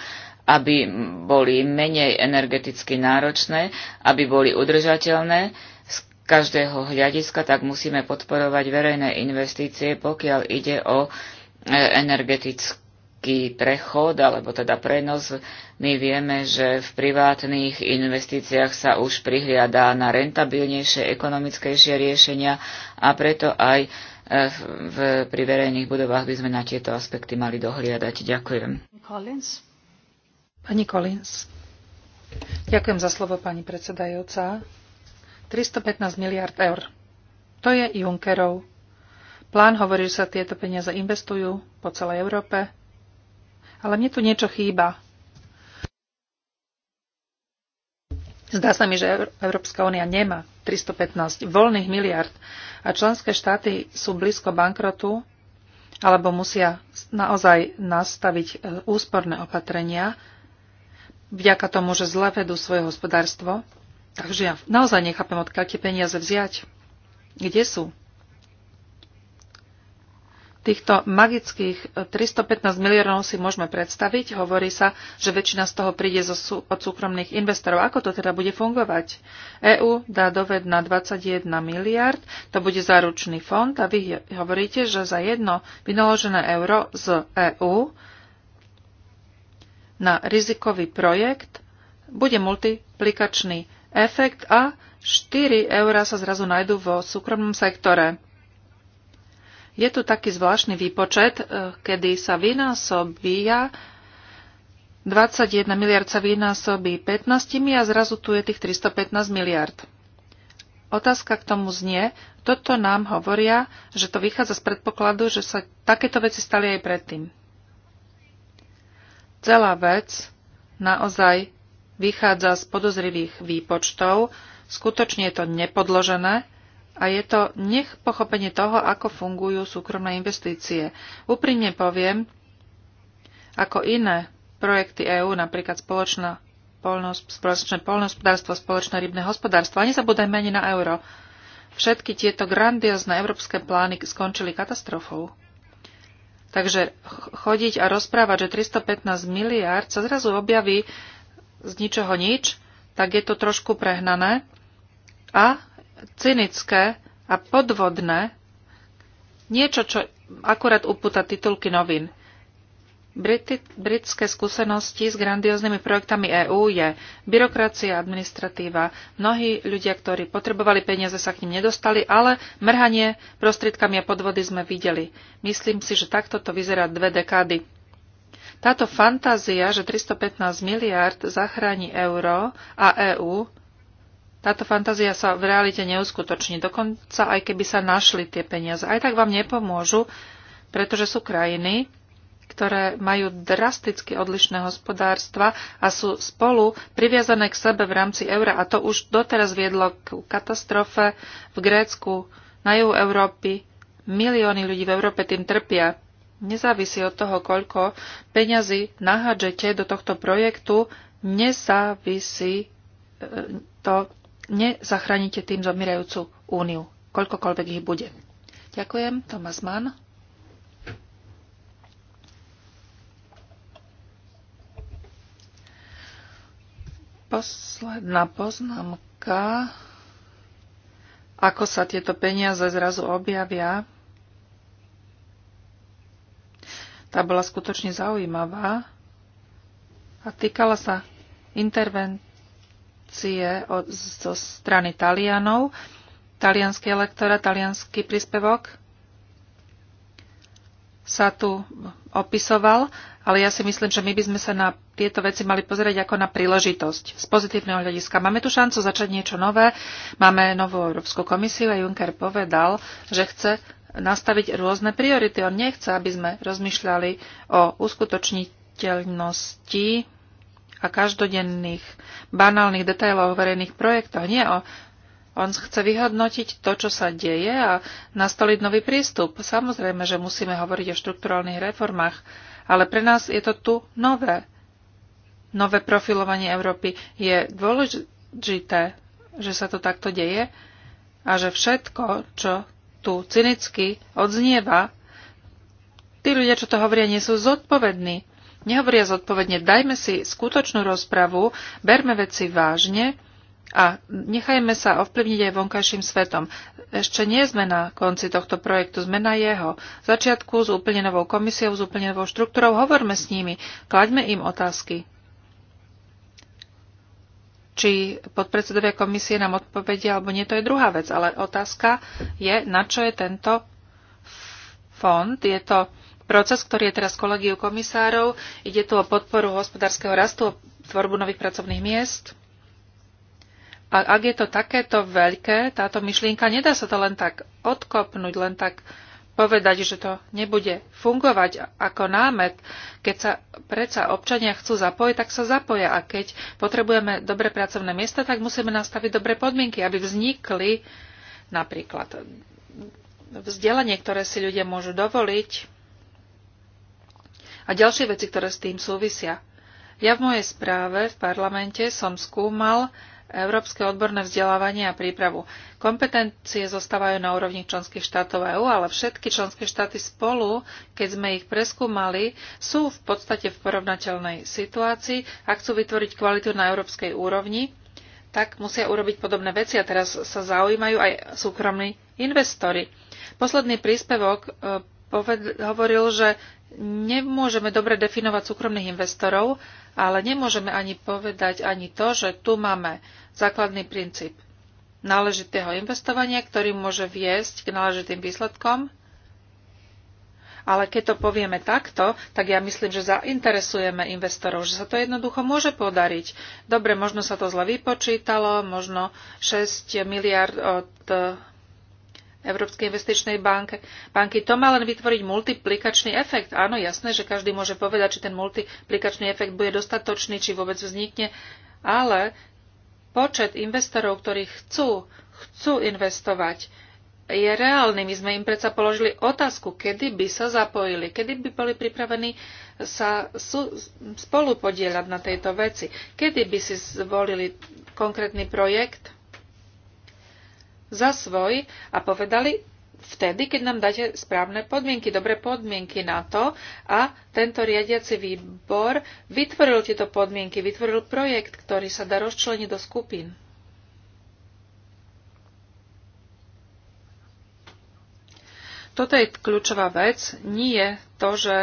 aby boli menej energeticky náročné, aby boli udržateľné z každého hľadiska, tak musíme podporovať verejné investície, pokiaľ ide o e, energetický prechod alebo teda prenos. My vieme, že v privátnych investíciách sa už prihliadá na rentabilnejšie, ekonomickejšie riešenia a preto aj e, v, pri verejných budovách by sme na tieto aspekty mali dohliadať. Ďakujem. Collins. Pani Collins. Ďakujem za slovo, pani predsedajúca. 315 miliard eur. To je Junckerov. Plán hovorí, že sa tieto peniaze investujú po celej Európe. Ale mne tu niečo chýba. Zdá sa mi, že Európska únia nemá 315 voľných miliard a členské štáty sú blízko bankrotu alebo musia naozaj nastaviť e, úsporné opatrenia, vďaka tomu, že zle vedú svoje hospodárstvo. Takže ja naozaj nechápem, odkiaľ tie peniaze vziať. Kde sú? Týchto magických 315 eh, miliónov si môžeme predstaviť. Hovorí sa, že väčšina z toho príde zo, od súkromných investorov. Ako to teda bude fungovať? EÚ dá doved na 21 miliard, to bude záručný fond a vy hovoríte, že za jedno vynaložené euro z EÚ na rizikový projekt, bude multiplikačný efekt a 4 eurá sa zrazu nájdú vo súkromnom sektore. Je tu taký zvláštny výpočet, eh, kedy sa vynásobia 21 miliard sa vynásobí 15 a zrazu tu je tých 315 miliard. Otázka k tomu znie, toto nám hovoria, že to vychádza z predpokladu, že sa takéto veci stali aj predtým. Celá vec naozaj vychádza z podozrivých výpočtov, skutočne je to nepodložené a je to nech pochopenie toho, ako fungujú súkromné investície. Úprimne poviem, ako iné projekty EÚ, napríklad spoločná spoločné polnohospodárstvo, spoločné rybné hospodárstvo. A nezabúdajme ani na euro. Všetky tieto grandiózne európske plány skončili katastrofou. Takže chodiť a rozprávať, že 315 miliárd sa zrazu objaví z ničoho nič, tak je to trošku prehnané a cynické a podvodné. Niečo, čo akurát upúta titulky novín britské skúsenosti s grandióznymi projektami EÚ je byrokracia, administratíva. Mnohí ľudia, ktorí potrebovali peniaze, sa k ním nedostali, ale mrhanie prostriedkami a podvody sme videli. Myslím si, že takto to vyzerá dve dekády. Táto fantázia, že 315 miliárd zachráni euro a EÚ, táto fantázia sa v realite neuskutoční. Dokonca aj keby sa našli tie peniaze, aj tak vám nepomôžu, pretože sú krajiny, ktoré majú drasticky odlišné hospodárstva a sú spolu priviazané k sebe v rámci eura. A to už doteraz viedlo k katastrofe v Grécku, na juhu Európy. Milióny ľudí v Európe tým trpia. Nezávisí od toho, koľko peňazí nahádžete do tohto projektu, nezávisí e, to, nezachránite tým zomierajúcu úniu, koľkokoľvek ich bude. Ďakujem, Tomás Mann. Posledná poznámka. Ako sa tieto peniaze zrazu objavia? Tá bola skutočne zaujímavá a týkala sa intervencie od, zo strany Talianov, talianský elektora, talianský príspevok sa tu opisoval, ale ja si myslím, že my by sme sa na tieto veci mali pozrieť ako na príležitosť z pozitívneho hľadiska. Máme tu šancu začať niečo nové, máme novú Európsku komisiu a Juncker povedal, že chce nastaviť rôzne priority. On nechce, aby sme rozmýšľali o uskutočniteľnosti a každodenných banálnych detailov verejných projektoch. Nie o on chce vyhodnotiť to, čo sa deje a nastoliť nový prístup. Samozrejme, že musíme hovoriť o štrukturálnych reformách, ale pre nás je to tu nové nové profilovanie Európy. Je dôležité, že sa to takto deje a že všetko, čo tu cynicky odznieva, tí ľudia, čo to hovoria, nie sú zodpovední. Nehovoria zodpovedne, dajme si skutočnú rozpravu, berme veci vážne a nechajme sa ovplyvniť aj vonkajším svetom. Ešte nie sme na konci tohto projektu, sme na jeho začiatku s úplne novou komisiou, s úplne novou štruktúrou, hovorme s nimi, klaďme im otázky či podpredsedovia komisie nám odpovedia alebo nie, to je druhá vec. Ale otázka je, na čo je tento fond. Je to proces, ktorý je teraz kolegiu komisárov. Ide tu o podporu hospodárskeho rastu, o tvorbu nových pracovných miest. A ak je to takéto veľké, táto myšlienka, nedá sa to len tak odkopnúť, len tak povedať, že to nebude fungovať ako námet, keď sa predsa občania chcú zapojiť, tak sa zapoja. A keď potrebujeme dobre pracovné miesta, tak musíme nastaviť dobre podmienky, aby vznikli napríklad vzdelanie, ktoré si ľudia môžu dovoliť a ďalšie veci, ktoré s tým súvisia. Ja v mojej správe v parlamente som skúmal európske odborné vzdelávanie a prípravu. Kompetencie zostávajú na úrovni členských štátov EÚ, ale všetky členské štáty spolu, keď sme ich preskúmali, sú v podstate v porovnateľnej situácii. Ak chcú vytvoriť kvalitu na európskej úrovni, tak musia urobiť podobné veci a teraz sa zaujímajú aj súkromní investori. Posledný príspevok e, hovoril, že nemôžeme dobre definovať súkromných investorov, ale nemôžeme ani povedať ani to, že tu máme základný princíp náležitého investovania, ktorý môže viesť k náležitým výsledkom. Ale keď to povieme takto, tak ja myslím, že zainteresujeme investorov, že sa to jednoducho môže podariť. Dobre, možno sa to zle vypočítalo, možno 6 miliard od Európskej investičnej banke, banky. To má len vytvoriť multiplikačný efekt. Áno, jasné, že každý môže povedať, či ten multiplikačný efekt bude dostatočný, či vôbec vznikne, ale počet investorov, ktorí chcú, chcú investovať, je reálny. My sme im predsa položili otázku, kedy by sa zapojili, kedy by boli pripravení sa spolupodielať na tejto veci, kedy by si zvolili konkrétny projekt za svoj a povedali, vtedy, keď nám dáte správne podmienky, dobré podmienky na to a tento riadiaci výbor vytvoril tieto podmienky, vytvoril projekt, ktorý sa dá rozčleniť do skupín. Toto je kľúčová vec. Nie je to, že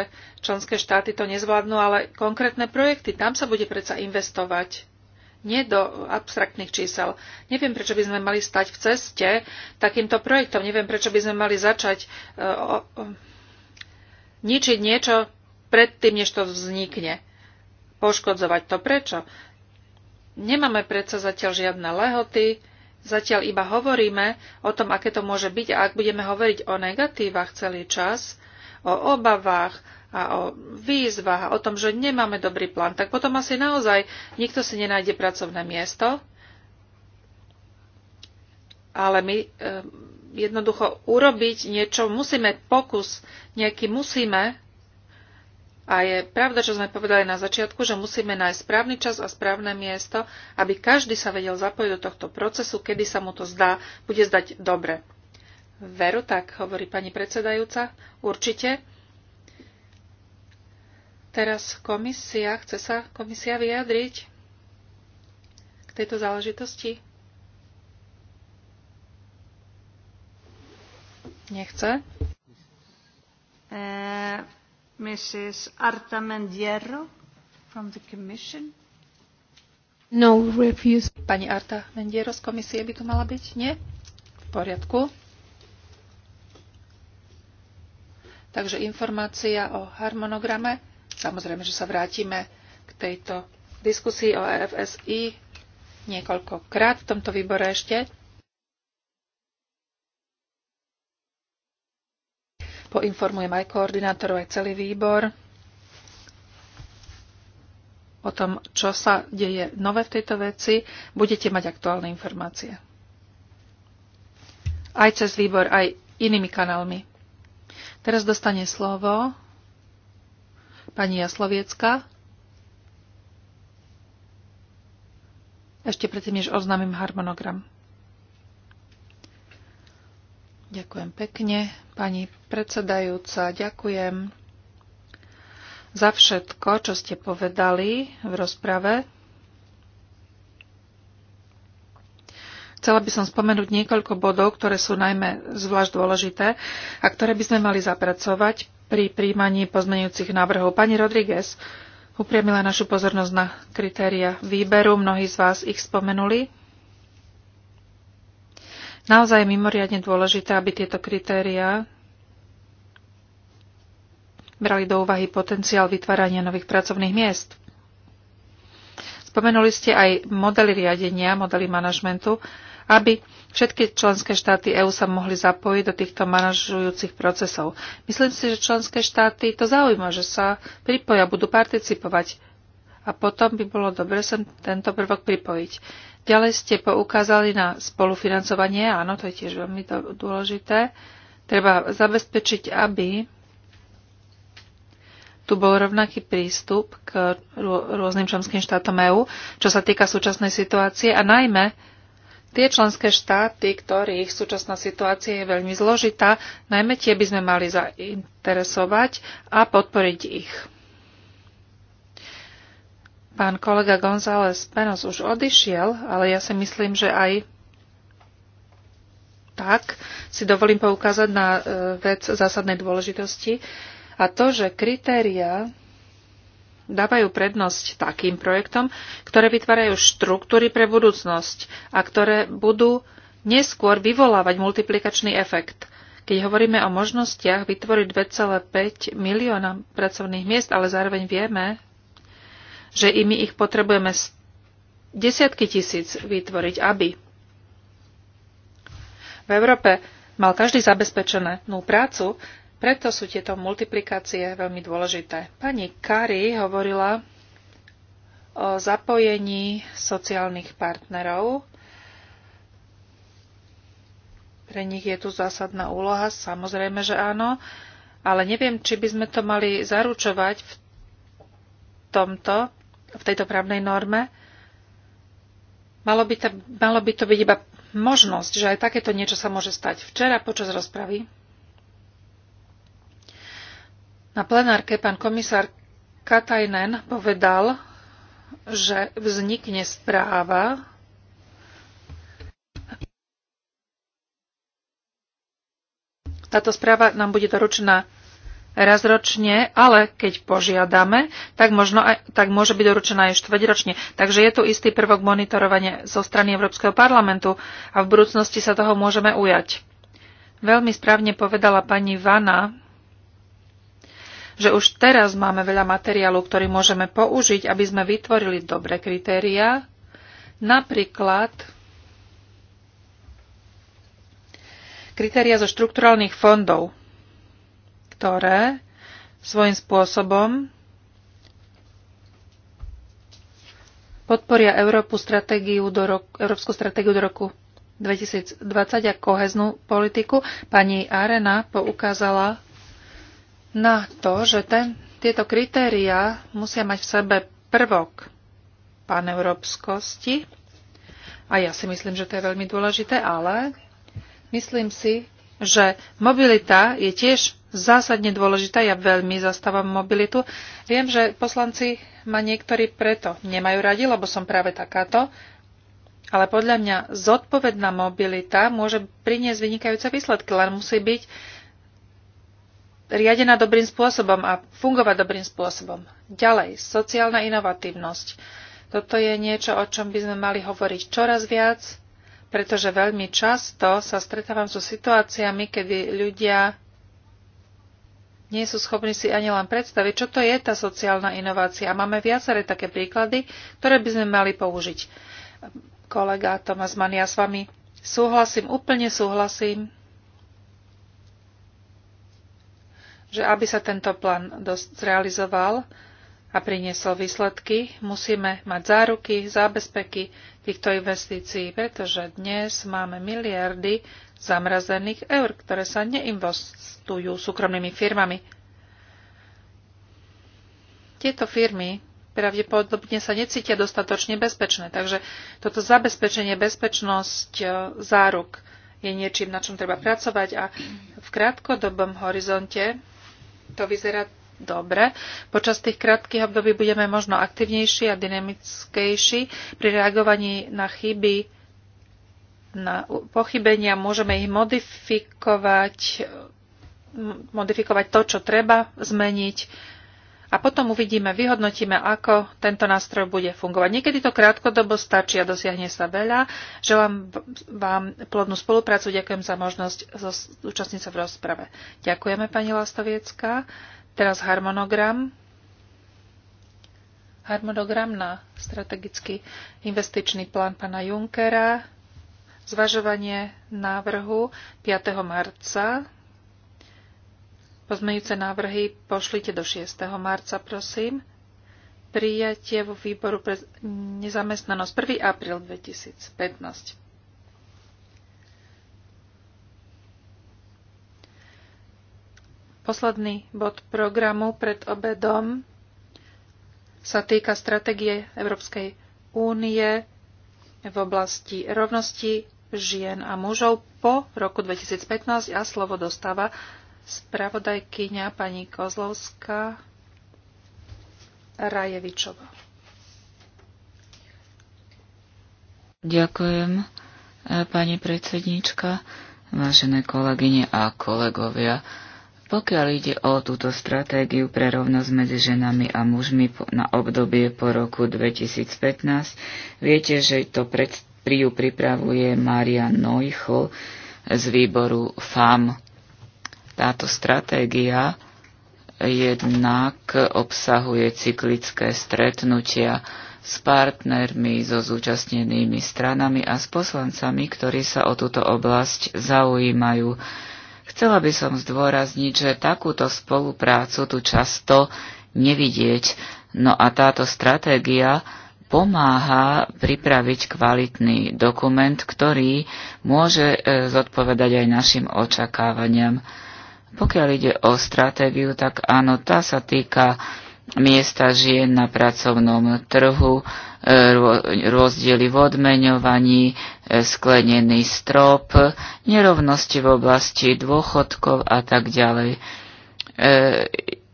členské štáty to nezvládnu, ale konkrétne projekty. Tam sa bude predsa investovať nie do abstraktných čísel. Neviem, prečo by sme mali stať v ceste takýmto projektom. Neviem, prečo by sme mali začať uh, uh, ničiť niečo predtým, než to vznikne. Poškodzovať to prečo? Nemáme predsa zatiaľ žiadne lehoty, zatiaľ iba hovoríme o tom, aké to môže byť a ak budeme hovoriť o negatívach celý čas, o obavách, a o výzvach o tom, že nemáme dobrý plán, tak potom asi naozaj nikto si nenájde pracovné miesto. Ale my e, jednoducho urobiť niečo musíme, pokus nejaký musíme. A je pravda, čo sme povedali na začiatku, že musíme nájsť správny čas a správne miesto, aby každý sa vedel zapojiť do tohto procesu, kedy sa mu to zdá, bude zdať dobre. Veru, tak hovorí pani predsedajúca, určite Teraz komisia, chce sa komisia vyjadriť k tejto záležitosti? Nechce? Uh, Mrs. Artamendiero from the Commission. No, refuse. Pani Arta Mendiero z komisie by tu mala byť? Nie? V poriadku. Takže informácia o harmonograme Samozrejme, že sa vrátime k tejto diskusii o EFSI niekoľkokrát v tomto výbore ešte. Poinformujem aj koordinátorov, aj celý výbor o tom, čo sa deje nové v tejto veci. Budete mať aktuálne informácie. Aj cez výbor, aj inými kanálmi. Teraz dostane slovo Pani Jasloviecka. Ešte predtým, než oznámim harmonogram. Ďakujem pekne. Pani predsedajúca, ďakujem za všetko, čo ste povedali v rozprave. Chcela by som spomenúť niekoľko bodov, ktoré sú najmä zvlášť dôležité a ktoré by sme mali zapracovať pri príjmaní pozmeňujúcich návrhov. Pani Rodriguez upriamila našu pozornosť na kritéria výberu. Mnohí z vás ich spomenuli. Naozaj je mimoriadne dôležité, aby tieto kritéria brali do úvahy potenciál vytvárania nových pracovných miest. Spomenuli ste aj modely riadenia, modely manažmentu, aby všetky členské štáty EÚ sa mohli zapojiť do týchto manažujúcich procesov. Myslím si, že členské štáty to zaujíma, že sa pripoja, budú participovať a potom by bolo dobre sem tento prvok pripojiť. Ďalej ste poukázali na spolufinancovanie, áno, to je tiež veľmi dôležité. Treba zabezpečiť, aby tu bol rovnaký prístup k rôznym členským štátom EÚ, čo sa týka súčasnej situácie a najmä Tie členské štáty, ktorých súčasná situácia je veľmi zložitá, najmä tie by sme mali zainteresovať a podporiť ich. Pán kolega González Penos už odišiel, ale ja si myslím, že aj tak si dovolím poukázať na e, vec zásadnej dôležitosti a to, že kritéria dávajú prednosť takým projektom, ktoré vytvárajú štruktúry pre budúcnosť a ktoré budú neskôr vyvolávať multiplikačný efekt. Keď hovoríme o možnostiach vytvoriť 2,5 milióna pracovných miest, ale zároveň vieme, že i my ich potrebujeme desiatky tisíc vytvoriť, aby v Európe mal každý zabezpečenú prácu, preto sú tieto multiplikácie veľmi dôležité. Pani Kari hovorila o zapojení sociálnych partnerov. Pre nich je tu zásadná úloha, samozrejme, že áno, ale neviem, či by sme to mali zaručovať v tomto, v tejto právnej norme. Malo by, to, malo by to byť iba možnosť, že aj takéto niečo sa môže stať. Včera počas rozpravy na plenárke pán komisár Katajnen povedal, že vznikne správa Táto správa nám bude doručená raz ročne, ale keď požiadame, tak, možno aj, tak môže byť doručená aj štvrťročne. Takže je tu istý prvok monitorovania zo strany Európskeho parlamentu a v budúcnosti sa toho môžeme ujať. Veľmi správne povedala pani Vana, že už teraz máme veľa materiálu, ktorý môžeme použiť, aby sme vytvorili dobré kritériá. Napríklad kritéria zo štrukturálnych fondov, ktoré svojím spôsobom podporia Európu stratégiu do roku, Európsku stratégiu do roku 2020 a koheznú politiku. Pani Arena poukázala na to, že ten, tieto kritéria musia mať v sebe prvok paneurópskosti. A ja si myslím, že to je veľmi dôležité, ale myslím si, že mobilita je tiež zásadne dôležitá. Ja veľmi zastávam mobilitu. Viem, že poslanci ma niektorí preto nemajú radi, lebo som práve takáto. Ale podľa mňa zodpovedná mobilita môže priniesť vynikajúce výsledky, len musí byť riadená dobrým spôsobom a fungovať dobrým spôsobom. Ďalej, sociálna inovatívnosť. Toto je niečo, o čom by sme mali hovoriť čoraz viac, pretože veľmi často sa stretávam so situáciami, kedy ľudia nie sú schopní si ani len predstaviť, čo to je tá sociálna inovácia. A máme viaceré také príklady, ktoré by sme mali použiť. Kolega Tomas Mania ja s vami súhlasím, úplne súhlasím. že aby sa tento plán dosť zrealizoval a priniesol výsledky, musíme mať záruky, zábezpeky týchto investícií, pretože dnes máme miliardy zamrazených eur, ktoré sa neinvestujú súkromnými firmami. Tieto firmy pravdepodobne sa necítia dostatočne bezpečné. Takže toto zabezpečenie, bezpečnosť e, záruk je niečím, na čom treba pracovať a v krátkodobom horizonte to vyzerá dobre. Počas tých krátkých období budeme možno aktivnejší a dynamickejší pri reagovaní na chyby, na pochybenia. Môžeme ich modifikovať, modifikovať to, čo treba zmeniť a potom uvidíme, vyhodnotíme, ako tento nástroj bude fungovať. Niekedy to krátkodobo stačí a dosiahne sa veľa. Želám vám plodnú spoluprácu. Ďakujem za možnosť zúčastniť sa v rozprave. Ďakujeme, pani Lastoviecka. Teraz harmonogram. Harmonogram na strategický investičný plán pana Junkera. Zvažovanie návrhu 5. marca Pozmejúce návrhy pošlite do 6. marca, prosím. Prijatie vo výboru pre nezamestnanosť 1. apríl 2015. Posledný bod programu pred obedom sa týka stratégie Európskej únie v oblasti rovnosti žien a mužov po roku 2015 a slovo dostáva spravodajkyňa pani Kozlovská Rajevičová. Ďakujem, pani predsednička, vážené kolegyne a kolegovia. Pokiaľ ide o túto stratégiu pre rovnosť medzi ženami a mužmi na obdobie po roku 2015, viete, že to pred, pri ju pripravuje Maria Neuchl z výboru FAM. Táto stratégia jednak obsahuje cyklické stretnutia s partnermi, so zúčastnenými stranami a s poslancami, ktorí sa o túto oblasť zaujímajú. Chcela by som zdôrazniť, že takúto spoluprácu tu často nevidieť, no a táto stratégia pomáha pripraviť kvalitný dokument, ktorý môže e, zodpovedať aj našim očakávaniam. Pokiaľ ide o stratégiu, tak áno, tá sa týka miesta žien na pracovnom trhu, e, rozdiely v odmeňovaní, e, sklenený strop, nerovnosti v oblasti dôchodkov a tak ďalej. E,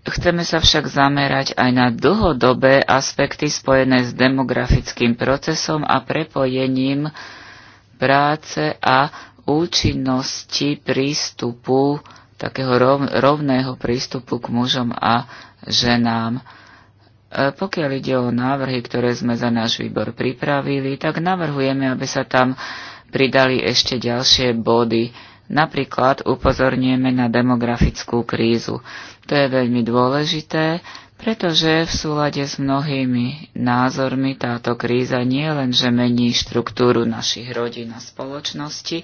chceme sa však zamerať aj na dlhodobé aspekty spojené s demografickým procesom a prepojením práce a účinnosti prístupu takého rovného prístupu k mužom a ženám. E, pokiaľ ide o návrhy, ktoré sme za náš výbor pripravili, tak navrhujeme, aby sa tam pridali ešte ďalšie body. Napríklad upozornieme na demografickú krízu. To je veľmi dôležité, pretože v súlade s mnohými názormi táto kríza nie len, že mení štruktúru našich rodín a spoločnosti,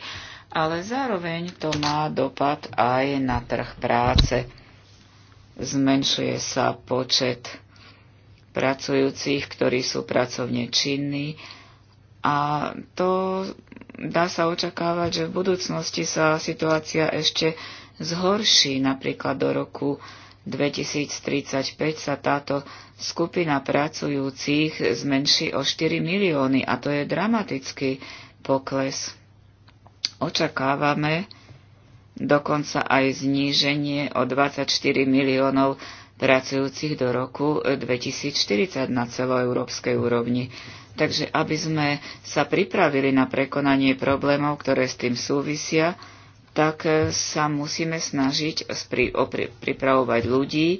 ale zároveň to má dopad aj na trh práce. Zmenšuje sa počet pracujúcich, ktorí sú pracovne činní a to dá sa očakávať, že v budúcnosti sa situácia ešte zhorší. Napríklad do roku 2035 sa táto skupina pracujúcich zmenší o 4 milióny a to je dramatický pokles. Očakávame dokonca aj zníženie o 24 miliónov pracujúcich do roku 2040 na celoeurópskej úrovni. Takže aby sme sa pripravili na prekonanie problémov, ktoré s tým súvisia, tak e, sa musíme snažiť pripravovať ľudí e,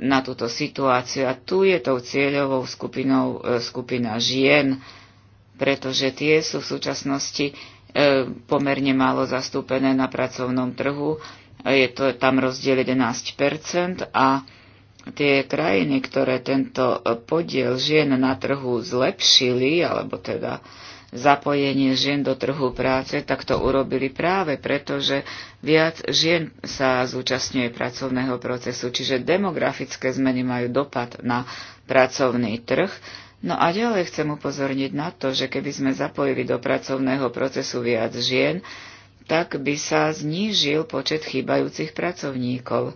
na túto situáciu. A tu je tou cieľovou skupinou e, skupina žien, pretože tie sú v súčasnosti E, pomerne málo zastúpené na pracovnom trhu. Je to tam rozdiel 11 a tie krajiny, ktoré tento podiel žien na trhu zlepšili, alebo teda zapojenie žien do trhu práce, tak to urobili práve preto, že viac žien sa zúčastňuje pracovného procesu, čiže demografické zmeny majú dopad na pracovný trh No a ďalej chcem upozorniť na to, že keby sme zapojili do pracovného procesu viac žien, tak by sa znížil počet chýbajúcich pracovníkov.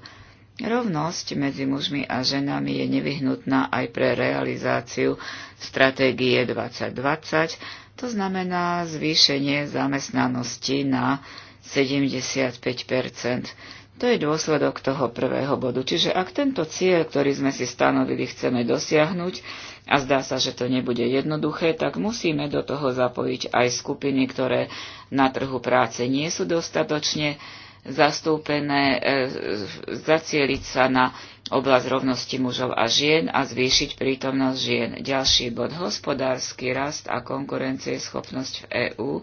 Rovnosť medzi mužmi a ženami je nevyhnutná aj pre realizáciu stratégie 2020, to znamená zvýšenie zamestnanosti na 75 to je dôsledok toho prvého bodu. Čiže ak tento cieľ, ktorý sme si stanovili, chceme dosiahnuť, a zdá sa, že to nebude jednoduché, tak musíme do toho zapojiť aj skupiny, ktoré na trhu práce nie sú dostatočne zastúpené, e, zacieliť sa na oblasť rovnosti mužov a žien a zvýšiť prítomnosť žien. Ďalší bod hospodársky rast a konkurencieschopnosť v EÚ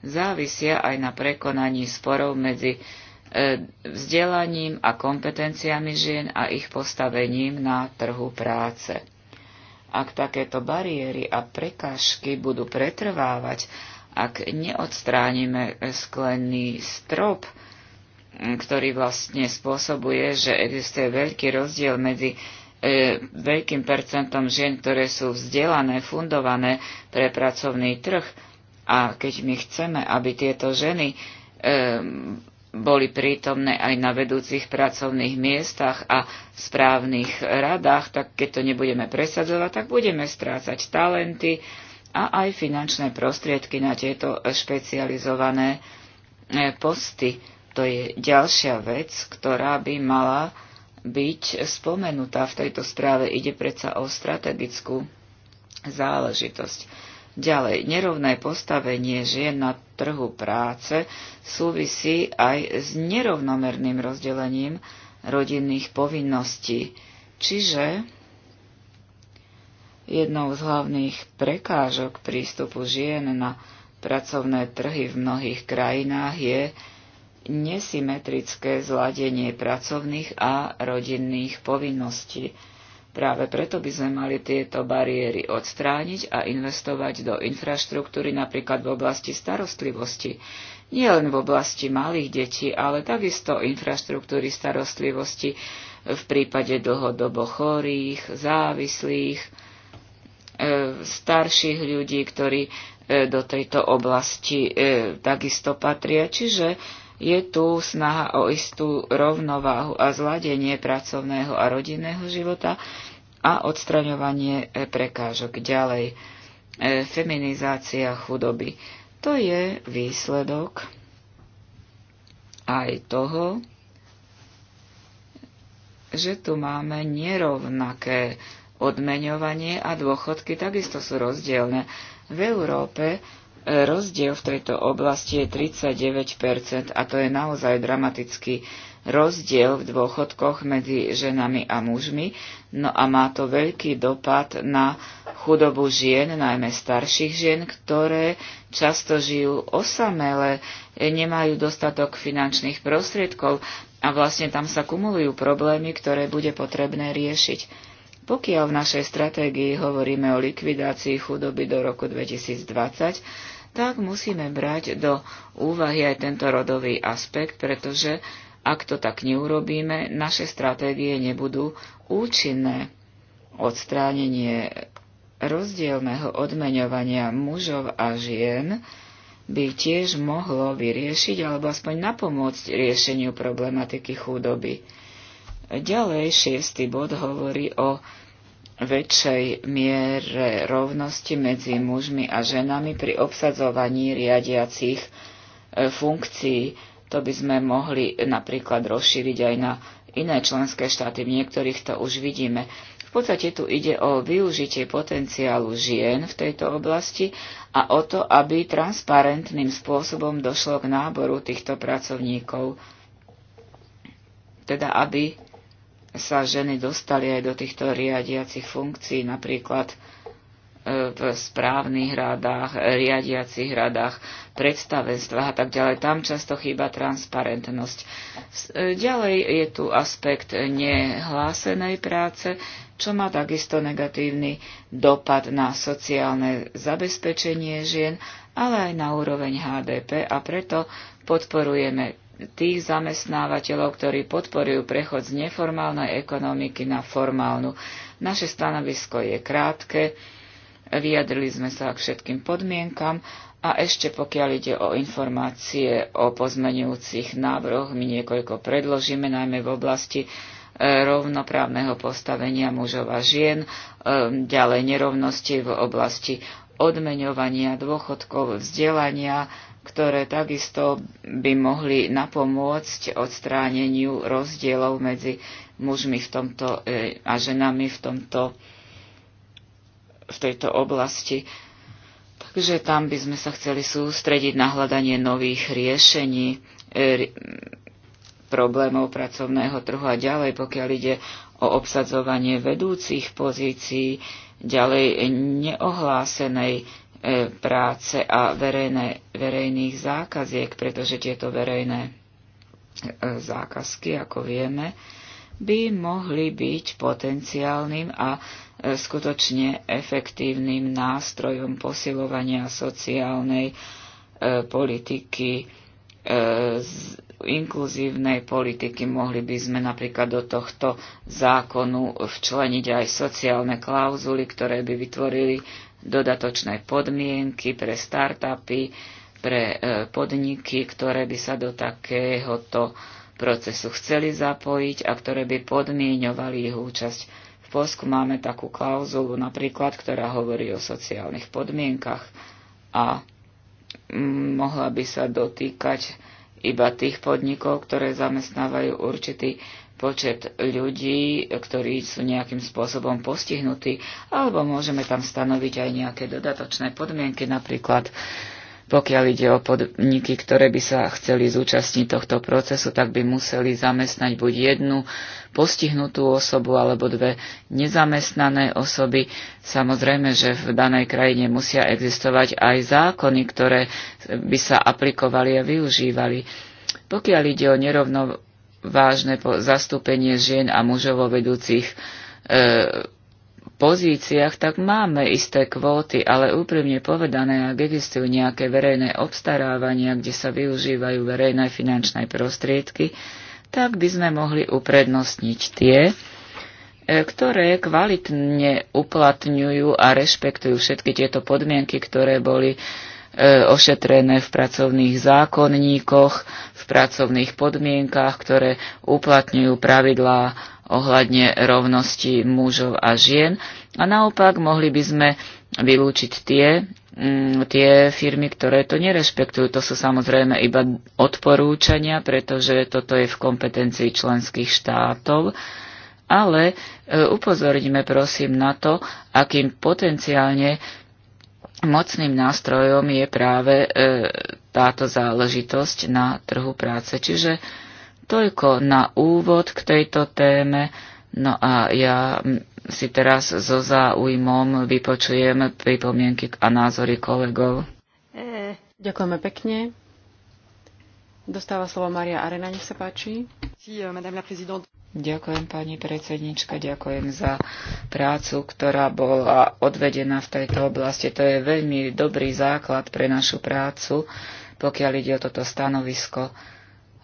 závisia aj na prekonaní sporov medzi E, vzdelaním a kompetenciami žien a ich postavením na trhu práce. Ak takéto bariéry a prekážky budú pretrvávať, ak neodstránime sklený strop, ktorý vlastne spôsobuje, že existuje veľký rozdiel medzi e, veľkým percentom žien, ktoré sú vzdelané, fundované pre pracovný trh. A keď my chceme, aby tieto ženy e, boli prítomné aj na vedúcich pracovných miestach a správnych radách, tak keď to nebudeme presadzovať, tak budeme strácať talenty a aj finančné prostriedky na tieto špecializované e, posty. To je ďalšia vec, ktorá by mala byť spomenutá v tejto správe. Ide predsa o strategickú záležitosť. Ďalej, nerovné postavenie žien na trhu práce súvisí aj s nerovnomerným rozdelením rodinných povinností. Čiže jednou z hlavných prekážok prístupu žien na pracovné trhy v mnohých krajinách je nesymetrické zladenie pracovných a rodinných povinností. Práve preto by sme mali tieto bariéry odstrániť a investovať do infraštruktúry napríklad v oblasti starostlivosti. Nie len v oblasti malých detí, ale takisto infraštruktúry starostlivosti v prípade dlhodobo chorých, závislých, e, starších ľudí, ktorí e, do tejto oblasti e, takisto patria. Čiže je tu snaha o istú rovnováhu a zladenie pracovného a rodinného života, a odstraňovanie e, prekážok ďalej. E, feminizácia chudoby. To je výsledok aj toho, že tu máme nerovnaké odmeňovanie a dôchodky takisto sú rozdielne. V Európe e, rozdiel v tejto oblasti je 39% a to je naozaj dramatický rozdiel v dôchodkoch medzi ženami a mužmi, no a má to veľký dopad na chudobu žien, najmä starších žien, ktoré často žijú osamele, nemajú dostatok finančných prostriedkov a vlastne tam sa kumulujú problémy, ktoré bude potrebné riešiť. Pokiaľ v našej stratégii hovoríme o likvidácii chudoby do roku 2020, tak musíme brať do úvahy aj tento rodový aspekt, pretože ak to tak neurobíme, naše stratégie nebudú účinné. Odstránenie rozdielného odmeňovania mužov a žien by tiež mohlo vyriešiť alebo aspoň napomôcť riešeniu problematiky chudoby. Ďalej šiestý bod hovorí o väčšej miere rovnosti medzi mužmi a ženami pri obsadzovaní riadiacich e, funkcií. To by sme mohli napríklad rozšíriť aj na iné členské štáty, v niektorých to už vidíme. V podstate tu ide o využitie potenciálu žien v tejto oblasti a o to, aby transparentným spôsobom došlo k náboru týchto pracovníkov. Teda aby sa ženy dostali aj do týchto riadiacich funkcií, napríklad v správnych radách, riadiacich radách, predstavenstvách a tak ďalej. Tam často chýba transparentnosť. E, ďalej je tu aspekt nehlásenej práce, čo má takisto negatívny dopad na sociálne zabezpečenie žien, ale aj na úroveň HDP a preto podporujeme tých zamestnávateľov, ktorí podporujú prechod z neformálnej ekonomiky na formálnu. Naše stanovisko je krátke vyjadrili sme sa k všetkým podmienkam a ešte pokiaľ ide o informácie o pozmenujúcich návrhoch, my niekoľko predložíme, najmä v oblasti e, rovnoprávneho postavenia mužov a žien, e, ďalej nerovnosti v oblasti odmeňovania dôchodkov, vzdelania, ktoré takisto by mohli napomôcť odstráneniu rozdielov medzi mužmi v tomto e, a ženami v tomto v tejto oblasti. Takže tam by sme sa chceli sústrediť na hľadanie nových riešení e, problémov pracovného trhu a ďalej, pokiaľ ide o obsadzovanie vedúcich pozícií, ďalej neohlásenej e, práce a verejné, verejných zákaziek, pretože tieto verejné e, zákazky, ako vieme, by mohli byť potenciálnym a e, skutočne efektívnym nástrojom posilovania sociálnej e, politiky, e, z, inkluzívnej politiky. Mohli by sme napríklad do tohto zákonu včleniť aj sociálne klauzuly, ktoré by vytvorili dodatočné podmienky pre startupy, pre e, podniky, ktoré by sa do takéhoto procesu chceli zapojiť a ktoré by podmienovali ich účasť. V Polsku máme takú klauzulu napríklad, ktorá hovorí o sociálnych podmienkach a mm, mohla by sa dotýkať iba tých podnikov, ktoré zamestnávajú určitý počet ľudí, ktorí sú nejakým spôsobom postihnutí, alebo môžeme tam stanoviť aj nejaké dodatočné podmienky, napríklad pokiaľ ide o podniky, ktoré by sa chceli zúčastniť tohto procesu, tak by museli zamestnať buď jednu postihnutú osobu alebo dve nezamestnané osoby. Samozrejme, že v danej krajine musia existovať aj zákony, ktoré by sa aplikovali a využívali. Pokiaľ ide o nerovnovážne zastúpenie žien a mužov vo vedúcich e, pozíciách, tak máme isté kvóty, ale úprimne povedané, ak existujú nejaké verejné obstarávania, kde sa využívajú verejné finančné prostriedky, tak by sme mohli uprednostniť tie, e, ktoré kvalitne uplatňujú a rešpektujú všetky tieto podmienky, ktoré boli e, ošetrené v pracovných zákonníkoch, v pracovných podmienkach, ktoré uplatňujú pravidlá ohľadne rovnosti mužov a žien a naopak mohli by sme vylúčiť tie, mm, tie firmy, ktoré to nerešpektujú. To sú samozrejme iba odporúčania, pretože toto je v kompetencii členských štátov, ale e, upozorníme prosím na to, akým potenciálne mocným nástrojom je práve e, táto záležitosť na trhu práce. Čiže Toľko na úvod k tejto téme. No a ja si teraz so záujmom vypočujem pripomienky a názory kolegov. E, ďakujeme pekne. Dostáva slovo Maria Arena, nech sa páči. E, ďakujem pani predsednička, ďakujem za prácu, ktorá bola odvedená v tejto oblasti. To je veľmi dobrý základ pre našu prácu, pokiaľ ide o toto stanovisko.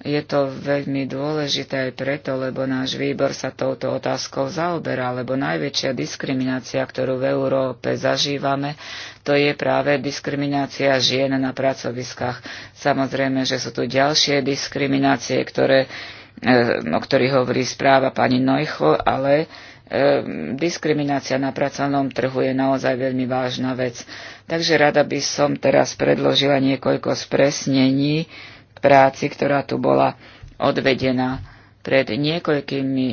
Je to veľmi dôležité aj preto, lebo náš výbor sa touto otázkou zaoberá, lebo najväčšia diskriminácia, ktorú v Európe zažívame, to je práve diskriminácia žien na pracoviskách. Samozrejme, že sú tu ďalšie diskriminácie, ktoré, eh, o ktorých hovorí správa pani Neuchl, ale eh, diskriminácia na pracovnom trhu je naozaj veľmi vážna vec. Takže rada by som teraz predložila niekoľko spresnení, práci, ktorá tu bola odvedená. Pred niekoľkými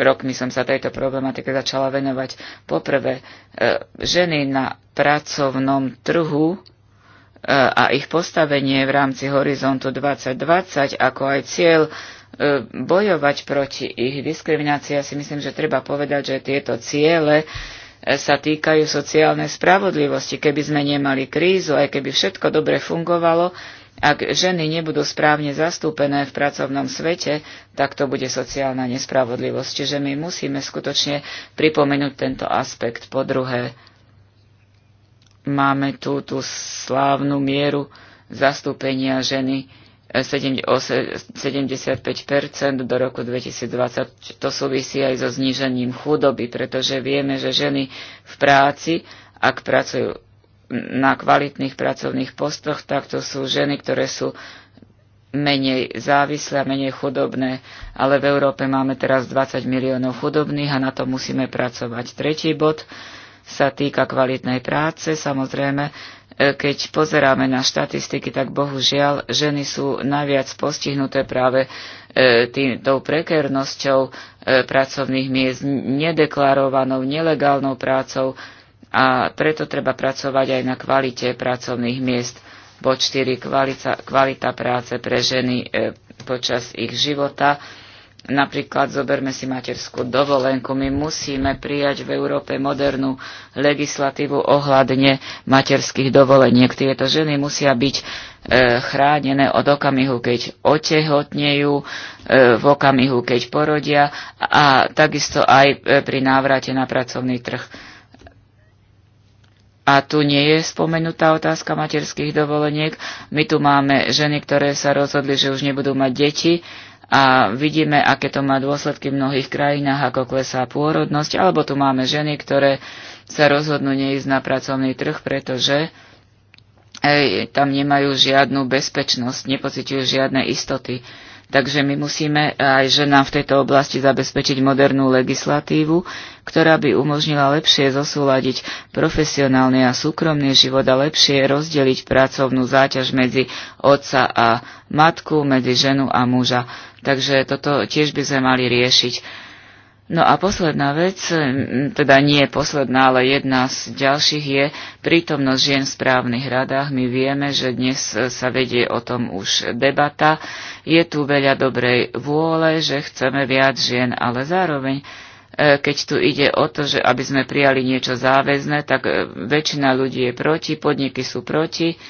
rokmi som sa tejto problematike začala venovať. Poprvé, e, ženy na pracovnom trhu e, a ich postavenie v rámci horizontu 2020, ako aj cieľ e, bojovať proti ich diskriminácii. Ja si myslím, že treba povedať, že tieto ciele sa týkajú sociálnej spravodlivosti. Keby sme nemali krízu, aj keby všetko dobre fungovalo, ak ženy nebudú správne zastúpené v pracovnom svete, tak to bude sociálna nespravodlivosť. Čiže my musíme skutočne pripomenúť tento aspekt. Po druhé, máme tú, tú slávnu mieru zastúpenia ženy 75 eh, do roku 2020. To súvisí aj so znížením chudoby, pretože vieme, že ženy v práci, ak pracujú na kvalitných pracovných postoch, tak to sú ženy, ktoré sú menej závislé a menej chudobné, ale v Európe máme teraz 20 miliónov chudobných a na to musíme pracovať. Tretí bod sa týka kvalitnej práce. Samozrejme, e, keď pozeráme na štatistiky, tak bohužiaľ ženy sú najviac postihnuté práve e, tým, tou prekernosťou e, pracovných miest, nedeklarovanou, nelegálnou prácou, a preto treba pracovať aj na kvalite pracovných miest. Bo 4. Kvalita, kvalita práce pre ženy e, počas ich života. Napríklad zoberme si materskú dovolenku. My musíme prijať v Európe modernú legislatívu ohľadne materských dovoleniek. Tieto ženy musia byť e, chránené od okamihu, keď otehotnejú, e, v okamihu, keď porodia a takisto aj e, pri návrate na pracovný trh a tu nie je spomenutá otázka materských dovoleniek. My tu máme ženy, ktoré sa rozhodli, že už nebudú mať deti a vidíme, aké to má dôsledky v mnohých krajinách, ako klesá pôrodnosť, alebo tu máme ženy, ktoré sa rozhodnú neísť na pracovný trh, pretože ej, tam nemajú žiadnu bezpečnosť, nepociťujú žiadne istoty. Takže my musíme aj ženám v tejto oblasti zabezpečiť modernú legislatívu, ktorá by umožnila lepšie zosúľadiť profesionálny a súkromný život a lepšie rozdeliť pracovnú záťaž medzi otca a matku, medzi ženu a muža. Takže toto tiež by sme mali riešiť. No a posledná vec, teda nie posledná, ale jedna z ďalších je prítomnosť žien v správnych radách. My vieme, že dnes e, sa vedie o tom už debata. Je tu veľa dobrej vôle, že chceme viac žien, ale zároveň e, keď tu ide o to, že aby sme prijali niečo záväzné, tak e, väčšina ľudí je proti, podniky sú proti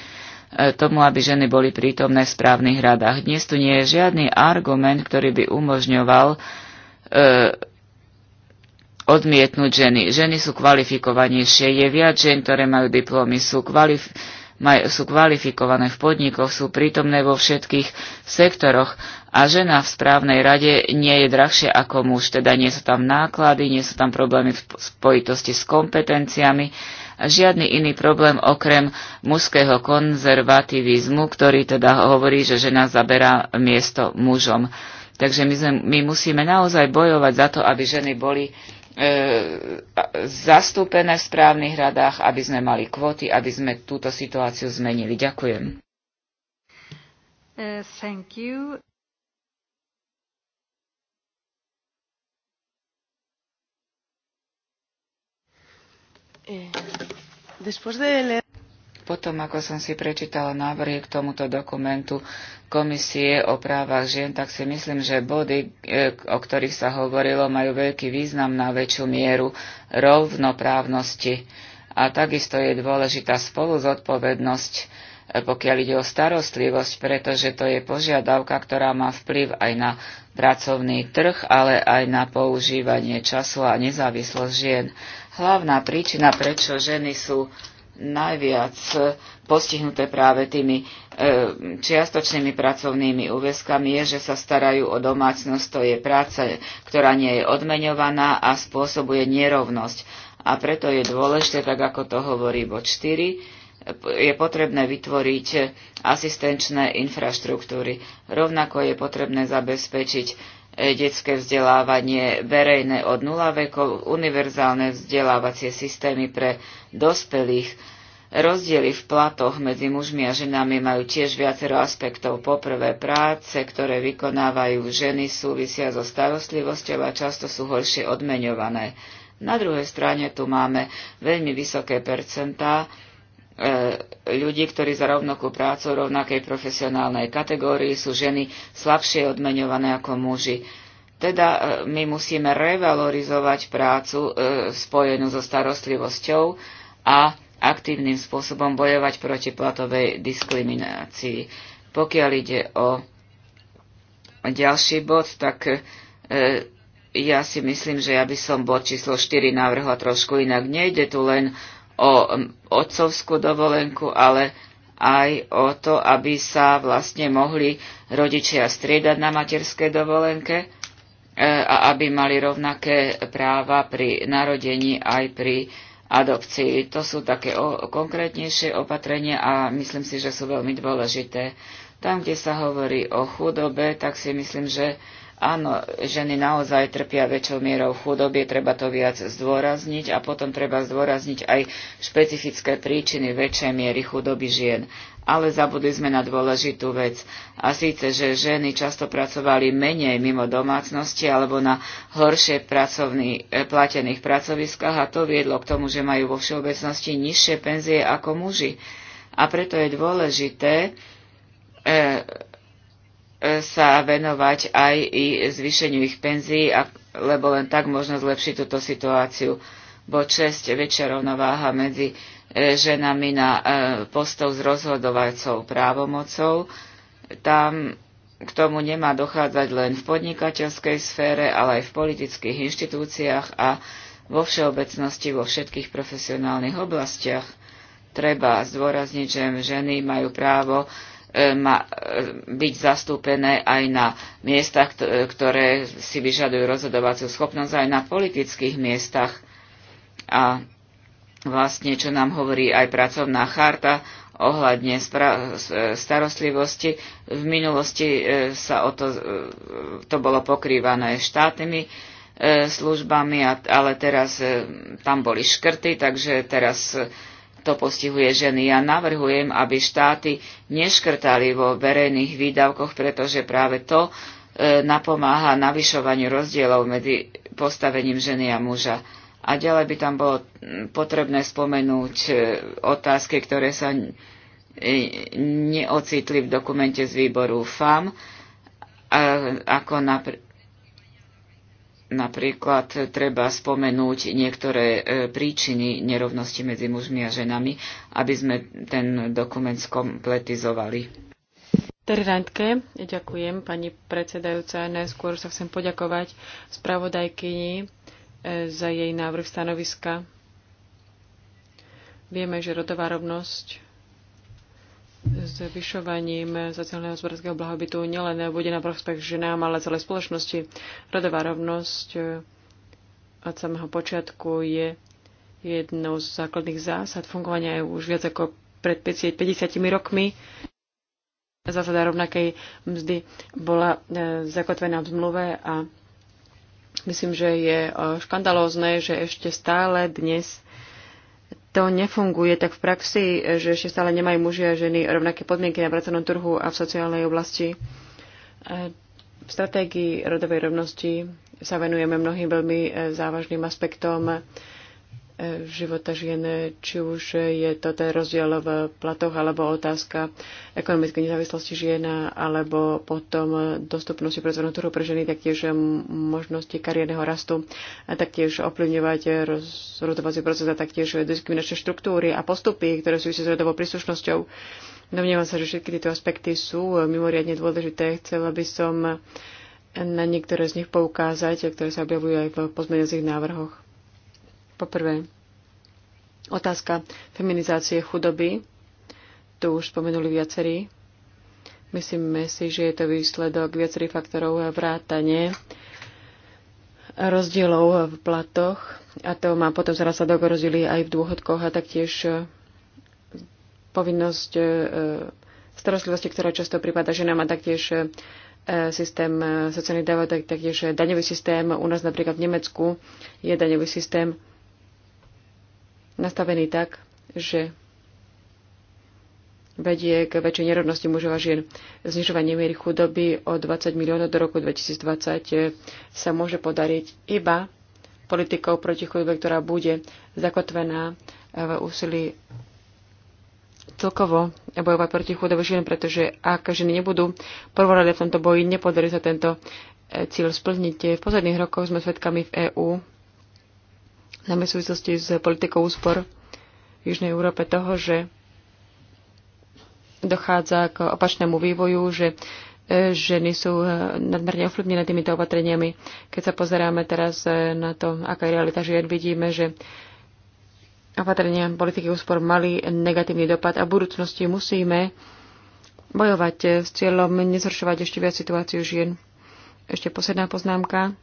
tomu, aby ženy boli prítomné v správnych radách. Dnes tu nie je žiadny argument, ktorý by umožňoval odmietnúť ženy. Ženy sú kvalifikovanejšie. Je viac žen, ktoré majú diplomy, sú, kvalif- maj- sú kvalifikované v podnikoch, sú prítomné vo všetkých sektoroch a žena v správnej rade nie je drahšia ako muž. Teda nie sú tam náklady, nie sú tam problémy v spojitosti s kompetenciami a žiadny iný problém okrem mužského konzervativizmu, ktorý teda hovorí, že žena zaberá miesto mužom. Takže my, sme, my musíme naozaj bojovať za to, aby ženy boli E, zastúpené v správnych radách, aby sme mali kvóty, aby sme túto situáciu zmenili. Ďakujem. Uh, thank you. Eh, después de leer... Potom, ako som si prečítala návrhy k tomuto dokumentu Komisie o právach žien, tak si myslím, že body, e, o ktorých sa hovorilo, majú veľký význam na väčšiu mieru rovnoprávnosti. A takisto je dôležitá spoluzodpovednosť, e, pokiaľ ide o starostlivosť, pretože to je požiadavka, ktorá má vplyv aj na pracovný trh, ale aj na používanie času a nezávislosť žien. Hlavná príčina, prečo ženy sú najviac eh, postihnuté práve tými eh, čiastočnými pracovnými úväzkami je, že sa starajú o domácnosť, to je práca, ktorá nie je odmeňovaná a spôsobuje nerovnosť. A preto je dôležité, tak ako to hovorí bod 4, eh, je potrebné vytvoriť asistenčné infraštruktúry. Rovnako je potrebné zabezpečiť detské vzdelávanie verejné od nula vekov, univerzálne vzdelávacie systémy pre dospelých. Rozdiely v platoch medzi mužmi a ženami majú tiež viacero aspektov. Poprvé, práce, ktoré vykonávajú ženy, súvisia so starostlivosťou a často sú horšie odmeňované. Na druhej strane tu máme veľmi vysoké percentá e, ľudí, ktorí za rovnakú prácu v rovnakej profesionálnej kategórii sú ženy slabšie odmeňované ako muži. Teda e, my musíme revalorizovať prácu e, spojenú so starostlivosťou, a aktívnym spôsobom bojovať proti platovej diskriminácii. Pokiaľ ide o ďalší bod, tak e, ja si myslím, že ja by som bod číslo 4 navrhla trošku inak. Nejde tu len o otcovskú dovolenku, ale aj o to, aby sa vlastne mohli rodičia striedať na materskej dovolenke e, a aby mali rovnaké práva pri narodení aj pri adopcii. To sú také o, konkrétnejšie opatrenia a myslím si, že sú veľmi dôležité. Tam, kde sa hovorí o chudobe, tak si myslím, že Áno, ženy naozaj trpia väčšou mierou chudoby, treba to viac zdôrazniť a potom treba zdôrazniť aj špecifické príčiny väčšej miery chudoby žien. Ale zabudli sme na dôležitú vec. A síce, že ženy často pracovali menej mimo domácnosti alebo na horšie pracovný, eh, platených pracoviskách a to viedlo k tomu, že majú vo všeobecnosti nižšie penzie ako muži. A preto je dôležité, e, sa venovať aj i zvýšeniu ich penzií, lebo len tak možno zlepšiť túto situáciu. Bod 6. Väčšia rovnováha medzi e, ženami na e, postov s rozhodovacou právomocou. Tam k tomu nemá dochádzať len v podnikateľskej sfére, ale aj v politických inštitúciách a vo všeobecnosti vo všetkých profesionálnych oblastiach. Treba zdôrazniť, že ženy majú právo E, ma, e, byť zastúpené aj na miestach, e, ktoré si vyžadujú rozhodovaciu schopnosť, aj na politických miestach. A vlastne, čo nám hovorí aj pracovná charta ohľadne starostlivosti. V minulosti sa o to, to bolo pokrývané štátnymi službami, ale teraz tam boli škrty, takže teraz to postihuje ženy. Ja navrhujem, aby štáty neškrtali vo verejných výdavkoch, pretože práve to e, napomáha navyšovaniu rozdielov medzi postavením ženy a muža. A ďalej by tam bolo potrebné spomenúť e, otázky, ktoré sa e, neocitli v dokumente z výboru FAM, ako napríklad Napríklad e, treba spomenúť niektoré e, príčiny nerovnosti medzi mužmi a ženami, aby sme ten dokument skompletizovali. Terry ďakujem pani predsedajúca. Najskôr sa chcem poďakovať spravodajkyni e, za jej návrh stanoviska. Vieme, že rodová rovnosť zvyšovaním sociálneho hospodárskeho blahobytu nielen bude na prospech ženám, ale celej spoločnosti. Rodová rovnosť eh, od samého počiatku je jednou z základných zásad fungovania je už viac ako pred 50 rokmi. Zásada rovnakej mzdy bola eh, zakotvená v zmluve a myslím, že je eh, škandalózne, že ešte stále dnes to nefunguje tak v praxi, že ešte stále nemajú muži a ženy rovnaké podmienky na pracovnom trhu a v sociálnej oblasti. V stratégii rodovej rovnosti sa venujeme mnohým veľmi e, závažným aspektom života žien, či už je to ten rozdiel v platoch, alebo otázka ekonomickej nezávislosti žien, alebo potom dostupnosti pracovného trhu pre ženy, taktiež možnosti kariérneho rastu, a taktiež ovplyvňovať rozhodovací proces a taktiež diskriminačné štruktúry a postupy, ktoré súvisia s rodovou príslušnosťou. Domnievam sa, že všetky tieto aspekty sú mimoriadne dôležité. Chcela by som na niektoré z nich poukázať, ktoré sa objavujú aj v pozmeniacich návrhoch. Poprvé, otázka feminizácie chudoby. Tu už spomenuli viacerí. Myslíme si, že je to výsledok viacerých faktorov a vrátane rozdielov v platoch a to má potom zraz sa dogorozili aj v dôchodkoch a taktiež e, povinnosť e, starostlivosti, ktorá často prípada ženám a taktiež e, systém sociálnych dávok, taktiež daňový systém. U nás napríklad v Nemecku je daňový systém nastavený tak, že vedie k väčšej nerovnosti mužov a žien. Znižovanie miery chudoby o 20 miliónov do roku 2020 eh, sa môže podariť iba politikou proti chudobe, ktorá bude zakotvená eh, v úsilí celkovo bojovať proti chudobe žien, pretože ak ženy nebudú prvorade v tomto boji, nepodarí sa tento eh, cieľ splniť. V posledných rokoch sme svedkami v EÚ najmä v súvislosti s politikou úspor v Južnej Európe toho, že dochádza k opačnému vývoju, že e, ženy sú e, nadmerne ovplyvnené týmito opatreniami. Keď sa pozeráme teraz e, na to, aká je realita žien, vidíme, že opatrenia politiky úspor mali negatívny dopad a v budúcnosti musíme bojovať s cieľom nezhoršovať ešte viac situáciu žien. Ešte posledná poznámka.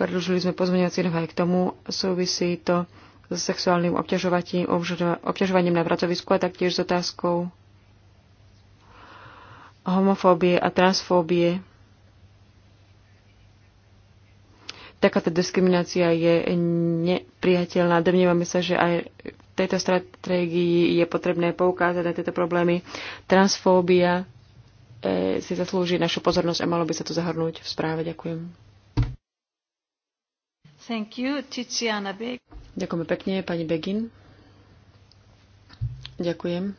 Predlžili sme pozmeňovací aj k tomu. Súvisí to s sexuálnym obťažovaním na pracovisku a taktiež s otázkou homofóbie a transfóbie. Takáto diskriminácia je nepriateľná. Domnievame sa, že aj v tejto stratégii je potrebné poukázať na tieto problémy. Transfóbia e, si zaslúži našu pozornosť a malo by sa to zahrnúť v správe. Ďakujem. Thank you, Tiziana Beg. Ďakujem pekne, pani Begin. Ďakujem.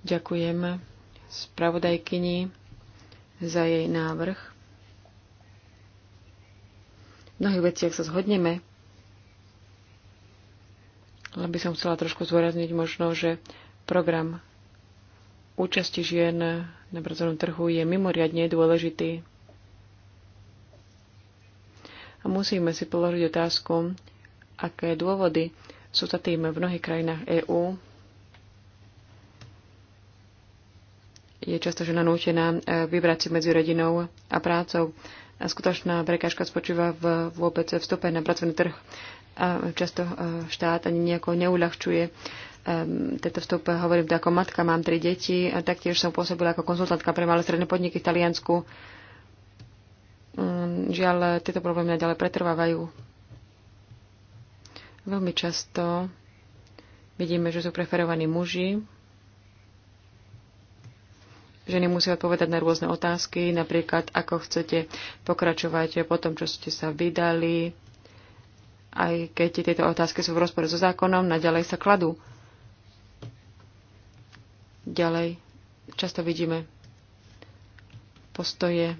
Ďakujem spravodajkyni za jej návrh. V mnohých veciach sa zhodneme, ale by som chcela trošku zvorazniť možno, že program účasti žien na pracovnom trhu je mimoriadne dôležitý. A musíme si položiť otázku, aké dôvody sú za tým v mnohých krajinách EÚ. Je často žena nútená e, vybrať si medzi rodinou a prácou. A skutočná prekážka spočíva v vôbec vstupe na pracovný trh. A často e, štát ani nejako neuľahčuje e, tento vstup. Hovorím to ako matka, mám tri deti a taktiež som pôsobila ako konzultantka pre malé stredné podniky v Taliansku. Mm, žiaľ, tieto problémy ďalej pretrvávajú. Veľmi často vidíme, že sú preferovaní muži. Ženy musia odpovedať na rôzne otázky, napríklad ako chcete pokračovať po tom, čo ste sa vydali, aj keď tieto otázky sú v rozpore so zákonom, naďalej sa kladú. Ďalej často vidíme postoje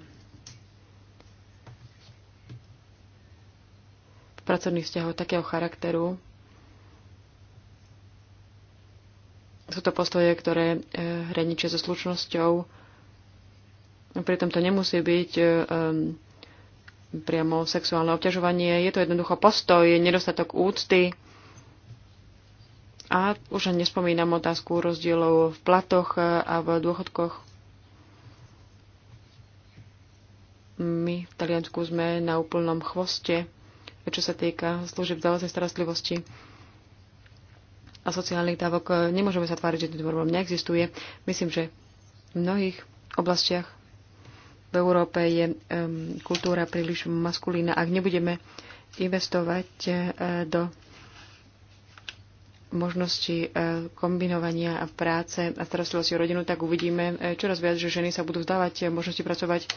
pracovných vzťahov takého charakteru. Sú to postoje, ktoré e, hraničia so slušnosťou. Pritom to nemusí byť e, priamo sexuálne obťažovanie. Je to jednoducho postoj, nedostatok úcty. A už nespomínam otázku rozdielov v platoch e, a v dôchodkoch. My v Taliansku sme na úplnom chvoste čo sa týka služieb zdravotnej starostlivosti a sociálnych dávok. Nemôžeme sa tváriť, že tento problém neexistuje. Myslím, že v mnohých oblastiach v Európe je um, kultúra príliš maskulína. Ak nebudeme investovať uh, do možnosti e, kombinovania práce a starostlivosti o rodinu, tak uvidíme e, čoraz viac, že ženy sa budú vzdávať možnosti pracovať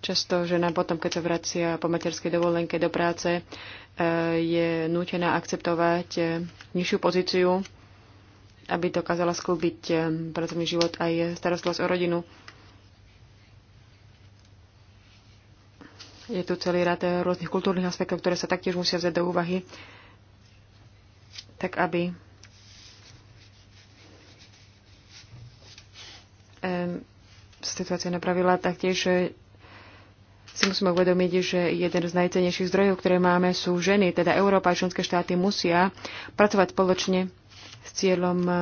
Často žena potom, keď sa vracia po materskej dovolenke do práce, e, je nútená akceptovať e, nižšiu pozíciu, aby dokázala sklúbiť e, pracovný život aj starostlosť o rodinu. Je tu celý rad rôznych kultúrnych aspektov, ktoré sa taktiež musia vziať do úvahy, tak aby situácia napravila taktiež si musíme uvedomiť, že jeden z najcenejších zdrojov, ktoré máme, sú ženy. Teda Európa a členské štáty musia pracovať spoločne s cieľom eh,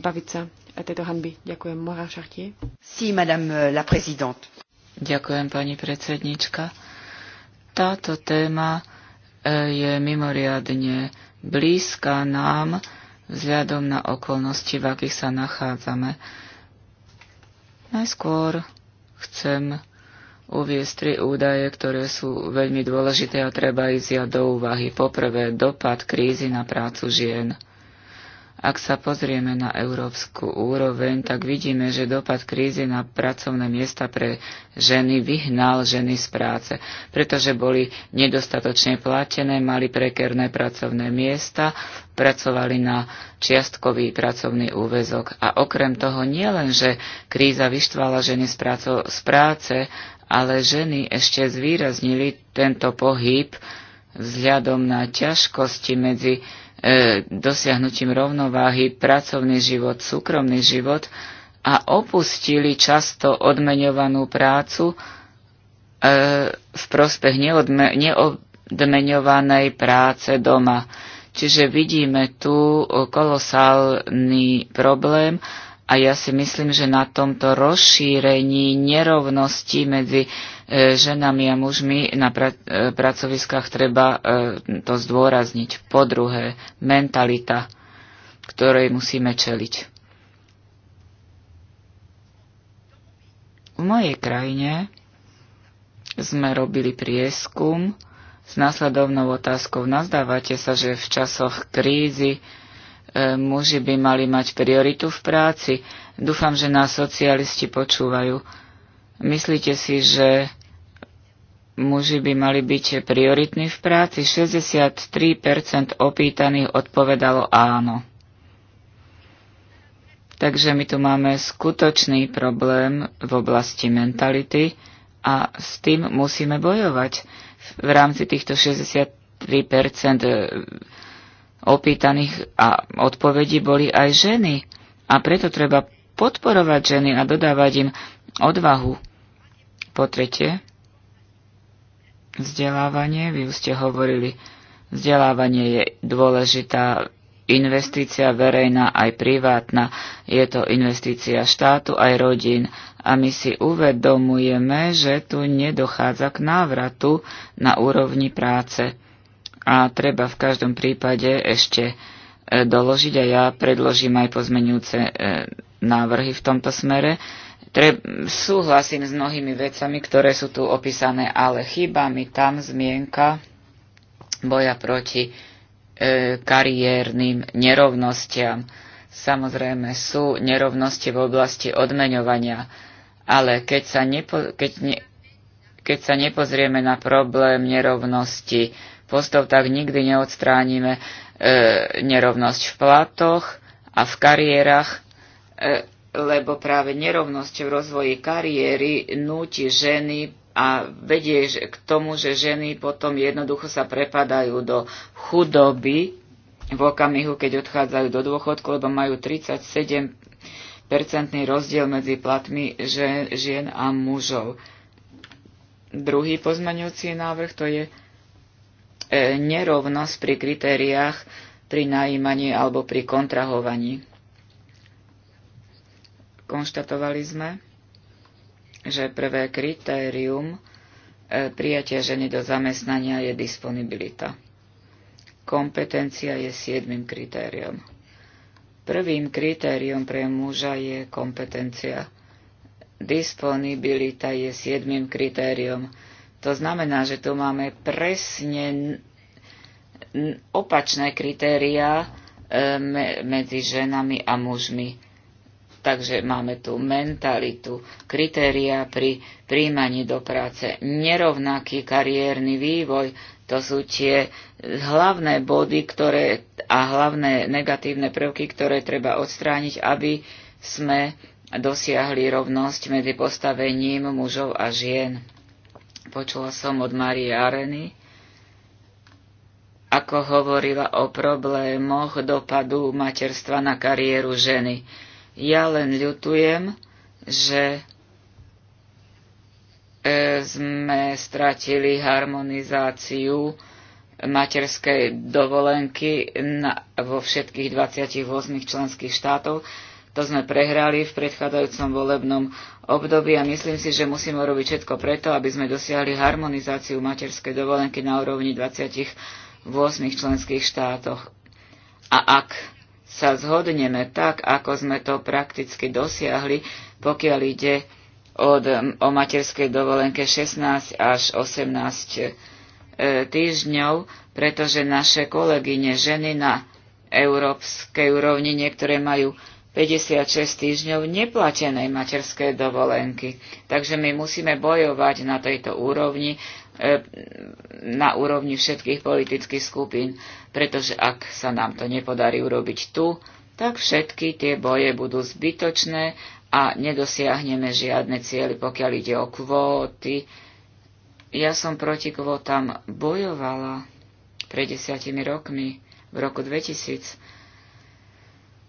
baviť sa tejto hanby. Ďakujem. Mora Šartie. Si, madame eh, la présidente. Ďakujem, pani predsednička. Táto téma eh, je mimoriadne blízka nám vzhľadom na okolnosti, v akých sa nachádzame. Najskôr chcem uviesť tri údaje, ktoré sú veľmi dôležité a treba ísť ja do úvahy. Poprvé, dopad krízy na prácu žien. Ak sa pozrieme na európsku úroveň, tak vidíme, že dopad krízy na pracovné miesta pre ženy vyhnal ženy z práce, pretože boli nedostatočne platené, mali prekerné pracovné miesta, pracovali na čiastkový pracovný úvezok. A okrem toho nie len, že kríza vyštvala ženy z práce ale ženy ešte zvýraznili tento pohyb vzhľadom na ťažkosti medzi e, dosiahnutím rovnováhy pracovný život, súkromný život a opustili často odmeňovanú prácu e, v prospech neodme, neodmeňovanej práce doma. Čiže vidíme tu kolosálny problém a ja si myslím, že na tomto rozšírení nerovnosti medzi e, ženami a mužmi na pra- e, pracoviskách treba e, to zdôrazniť. Po druhé, mentalita, ktorej musíme čeliť. V mojej krajine sme robili prieskum s následovnou otázkou. Nazdávate sa, že v časoch krízy E, muži by mali mať prioritu v práci. Dúfam, že nás socialisti počúvajú. Myslíte si, že muži by mali byť prioritní v práci? 63% opýtaných odpovedalo áno. Takže my tu máme skutočný problém v oblasti mentality a s tým musíme bojovať. V rámci týchto 63% opýtaných a odpovedí boli aj ženy. A preto treba podporovať ženy a dodávať im odvahu. Po tretie, vzdelávanie, vy už ste hovorili, vzdelávanie je dôležitá investícia verejná aj privátna, je to investícia štátu aj rodín a my si uvedomujeme, že tu nedochádza k návratu na úrovni práce a treba v každom prípade ešte e, doložiť a ja predložím aj pozmenujúce e, návrhy v tomto smere. Treb, súhlasím s mnohými vecami, ktoré sú tu opísané, ale chýba mi tam zmienka boja proti e, kariérnym nerovnostiam. Samozrejme sú nerovnosti v oblasti odmeňovania, ale keď sa, nepo, keď ne, keď sa nepozrieme na problém nerovnosti, postov, tak nikdy neodstránime e, nerovnosť v platoch a v kariérach, e, lebo práve nerovnosť v rozvoji kariéry núti ženy a vedie k tomu, že ženy potom jednoducho sa prepadajú do chudoby v okamihu, keď odchádzajú do dôchodku, lebo majú 37 percentný rozdiel medzi platmi žien a mužov. Druhý pozmaňujúci návrh to je E, nerovnosť pri kritériách pri najímaní alebo pri kontrahovaní. Konštatovali sme, že prvé kritérium e, prijatia ženy do zamestnania je disponibilita. Kompetencia je siedmým kritériom. Prvým kritériom pre muža je kompetencia. Disponibilita je siedmým kritériom. To znamená, že tu máme presne opačné kritériá e, medzi ženami a mužmi. Takže máme tu mentalitu, kritéria pri príjmaní do práce, nerovnaký kariérny vývoj, to sú tie hlavné body ktoré, a hlavné negatívne prvky, ktoré treba odstrániť, aby sme dosiahli rovnosť medzi postavením mužov a žien. Počula som od Marie Areny, ako hovorila o problémoch dopadu materstva na kariéru ženy. Ja len ľutujem, že e, sme stratili harmonizáciu materskej dovolenky na, vo všetkých 28 členských štátov to sme prehrali v predchádzajúcom volebnom období a myslím si, že musíme robiť všetko preto, aby sme dosiahli harmonizáciu materskej dovolenky na úrovni 28 členských štátoch. A ak sa zhodneme tak, ako sme to prakticky dosiahli, pokiaľ ide od, o materskej dovolenke 16 až 18 e, týždňov, pretože naše kolegyne ženy na európskej úrovni niektoré majú 56 týždňov neplatenej materskej dovolenky. Takže my musíme bojovať na tejto úrovni, e, na úrovni všetkých politických skupín, pretože ak sa nám to nepodarí urobiť tu, tak všetky tie boje budú zbytočné a nedosiahneme žiadne cieľy, pokiaľ ide o kvóty. Ja som proti kvótam bojovala pred desiatimi rokmi, v roku 2000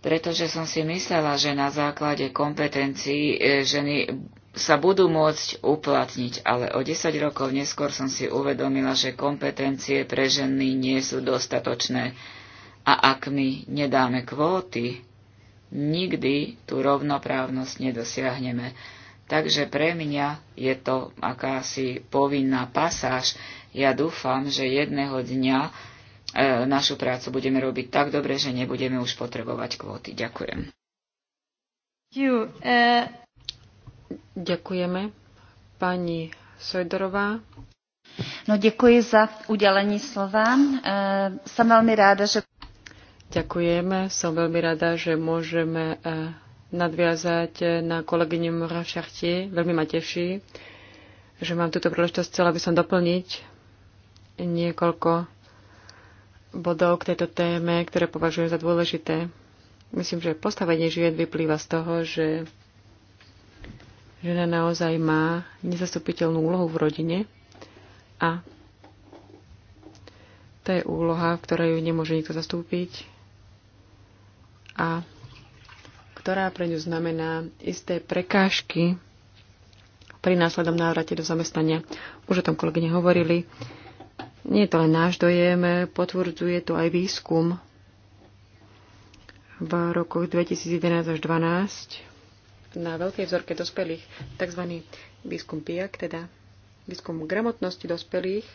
pretože som si myslela, že na základe kompetencií e, ženy sa budú môcť uplatniť, ale o 10 rokov neskôr som si uvedomila, že kompetencie pre ženy nie sú dostatočné. A ak my nedáme kvóty, nikdy tú rovnoprávnosť nedosiahneme. Takže pre mňa je to akási povinná pasáž. Ja dúfam, že jedného dňa E, našu prácu budeme robiť tak dobre, že nebudeme už potrebovať kvóty. Ďakujem. E, Ďakujeme. Pani Sojdorová. No děkuji za udělení slova. E, jsem velmi ráda, že... Ďakujem. Som veľmi rada, že môžeme nadviazať na kolegyňu Mora Šachti. Veľmi ma teší, že mám túto príležitosť. Chcela by som doplniť niekoľko bodov k tejto téme, ktoré považujem za dôležité. Myslím, že postavenie žien vyplýva z toho, že žena naozaj má nezastupiteľnú úlohu v rodine a to je úloha, v ktorej ju nemôže nikto zastúpiť a ktorá pre ňu znamená isté prekážky pri následnom návrate do zamestnania. Už o tom kolegyne hovorili. Nie je to len náš dojem, potvrdzuje to aj výskum v rokoch 2011 až 2012 na veľkej vzorke dospelých, tzv. výskum PIAC, teda výskum gramotnosti dospelých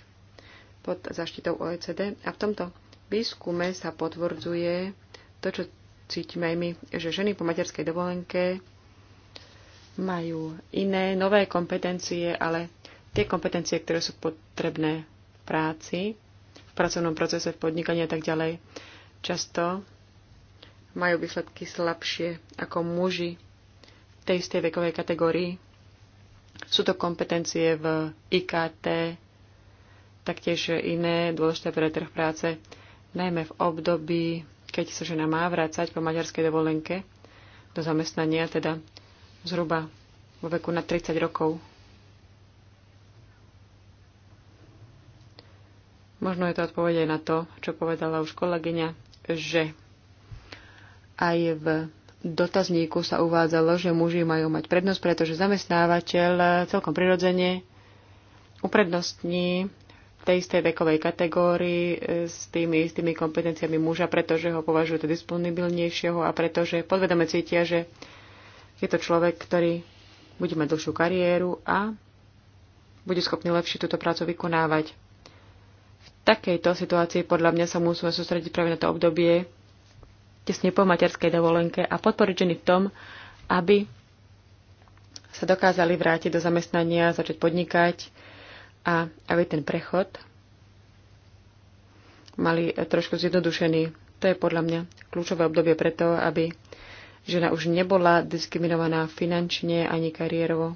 pod zaštitou OECD. A v tomto výskume sa potvrdzuje to, čo cítime aj my, že ženy po materskej dovolenke majú iné, nové kompetencie, ale tie kompetencie, ktoré sú potrebné práci, v pracovnom procese, v podnikaní a tak ďalej. Často majú výsledky slabšie ako muži v tej istej vekovej kategórii. Sú to kompetencie v IKT, taktiež iné dôležité pre trh práce, najmä v období, keď sa žena má vrácať po maďarskej dovolenke do zamestnania, teda zhruba vo veku na 30 rokov. Možno je to odpoveď aj na to, čo povedala už kolegyňa, že aj v dotazníku sa uvádzalo, že muži majú mať prednosť, pretože zamestnávateľ celkom prirodzene uprednostní v tej istej vekovej kategórii e, s tými istými kompetenciami muža, pretože ho považujú za disponibilnejšieho a pretože podvedome cítia, že je to človek, ktorý bude mať dlhšiu kariéru a bude schopný lepšie túto prácu vykonávať takejto situácii podľa mňa sa musíme sústrediť práve na to obdobie tesne po materskej dovolenke a podporiť ženy v tom, aby sa dokázali vrátiť do zamestnania, začať podnikať a aby ten prechod mali trošku zjednodušený. To je podľa mňa kľúčové obdobie preto, aby žena už nebola diskriminovaná finančne ani kariérovo.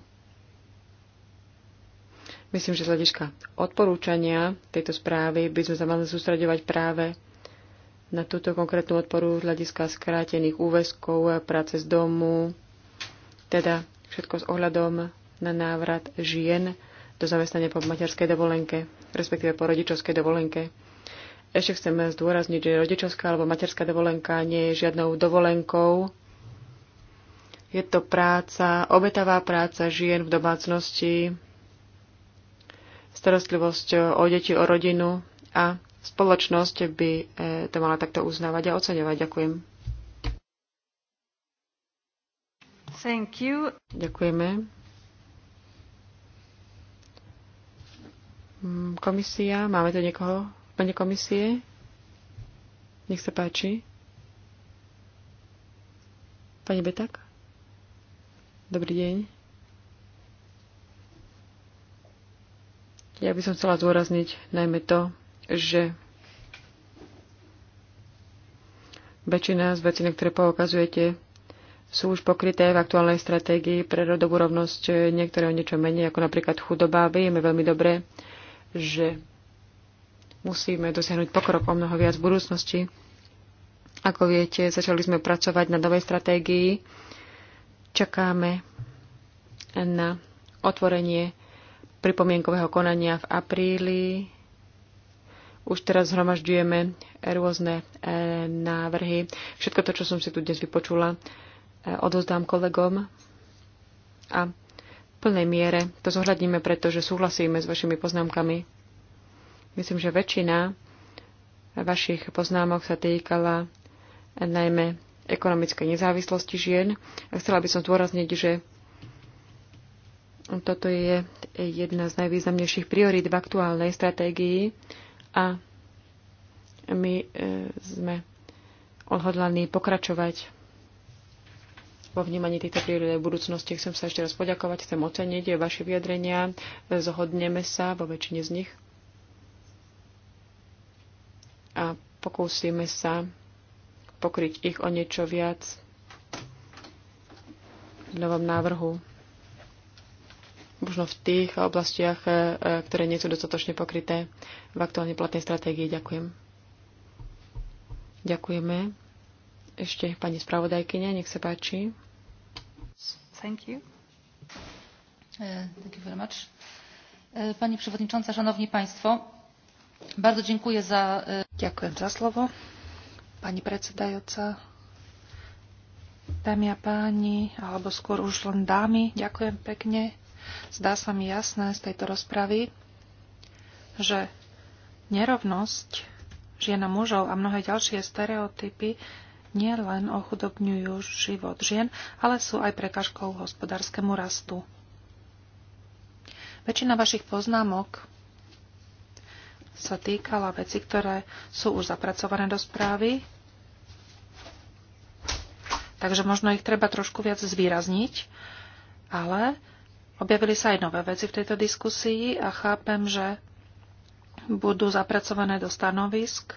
Myslím, že z hľadiska odporúčania tejto správy by sme sa mali sústredovať práve na túto konkrétnu odporu z hľadiska skrátených úväzkov, práce z domu, teda všetko s ohľadom na návrat žien do zamestnania po materskej dovolenke, respektíve po rodičovskej dovolenke. Ešte chceme zdôrazniť, že rodičovská alebo materská dovolenka nie je žiadnou dovolenkou, je to práca, obetavá práca žien v domácnosti, starostlivosť o deti, o rodinu a spoločnosť by e, to mala takto uznávať a oceňovať. Ďakujem. Thank you. Ďakujeme. Mm, komisia, máme tu niekoho? Pane komisie? Nech sa páči. Pani Betak? Dobrý deň. Ja by som chcela zdôrazniť najmä to, že väčšina z vecí, na ktoré poukazujete, sú už pokryté v aktuálnej stratégii pre rodovú rovnosť, niektoré o niečo menej, ako napríklad chudoba. Vieme veľmi dobre, že musíme dosiahnuť pokrok o mnoho viac v budúcnosti. Ako viete, začali sme pracovať na novej stratégii. Čakáme na otvorenie pripomienkového konania v apríli. Už teraz zhromažďujeme rôzne e, návrhy. Všetko to, čo som si tu dnes vypočula, e, odozdám kolegom a v plnej miere to zohľadníme, pretože súhlasíme s vašimi poznámkami. Myslím, že väčšina vašich poznámok sa týkala najmä ekonomickej nezávislosti žien. a Chcela by som zdôrazniť, že toto je jedna z najvýznamnejších priorít v aktuálnej stratégii a my e, sme odhodlaní pokračovať vo vnímaní týchto prírody v budúcnosti. Chcem sa ešte raz poďakovať, chcem oceniť vaše vyjadrenia, zhodneme sa vo väčšine z nich a pokúsime sa pokryť ich o niečo viac v novom návrhu možno v tých oblastiach, e, ktoré nie sú dostatočne pokryté v aktuálne platnej stratégii. Ďakujem. Ďakujeme. Ešte pani spravodajkyňa, nech sa páči. Thank you. E, thank you very much. E, pani przewodnicząca, szanowni państwo, bardzo dziękuję za... Ďakujem za slovo. Pani predsedajúca, dámy a páni, alebo skôr už len dámy, ďakujem pekne Zdá sa mi jasné z tejto rozpravy, že nerovnosť žien a mužov a mnohé ďalšie stereotypy nielen ochudobňujú život žien, ale sú aj prekažkou hospodárskemu rastu. Väčšina vašich poznámok sa týkala veci, ktoré sú už zapracované do správy, takže možno ich treba trošku viac zvýrazniť, ale Objavili sa aj nové veci v tejto diskusii a chápem, že budú zapracované do stanovisk,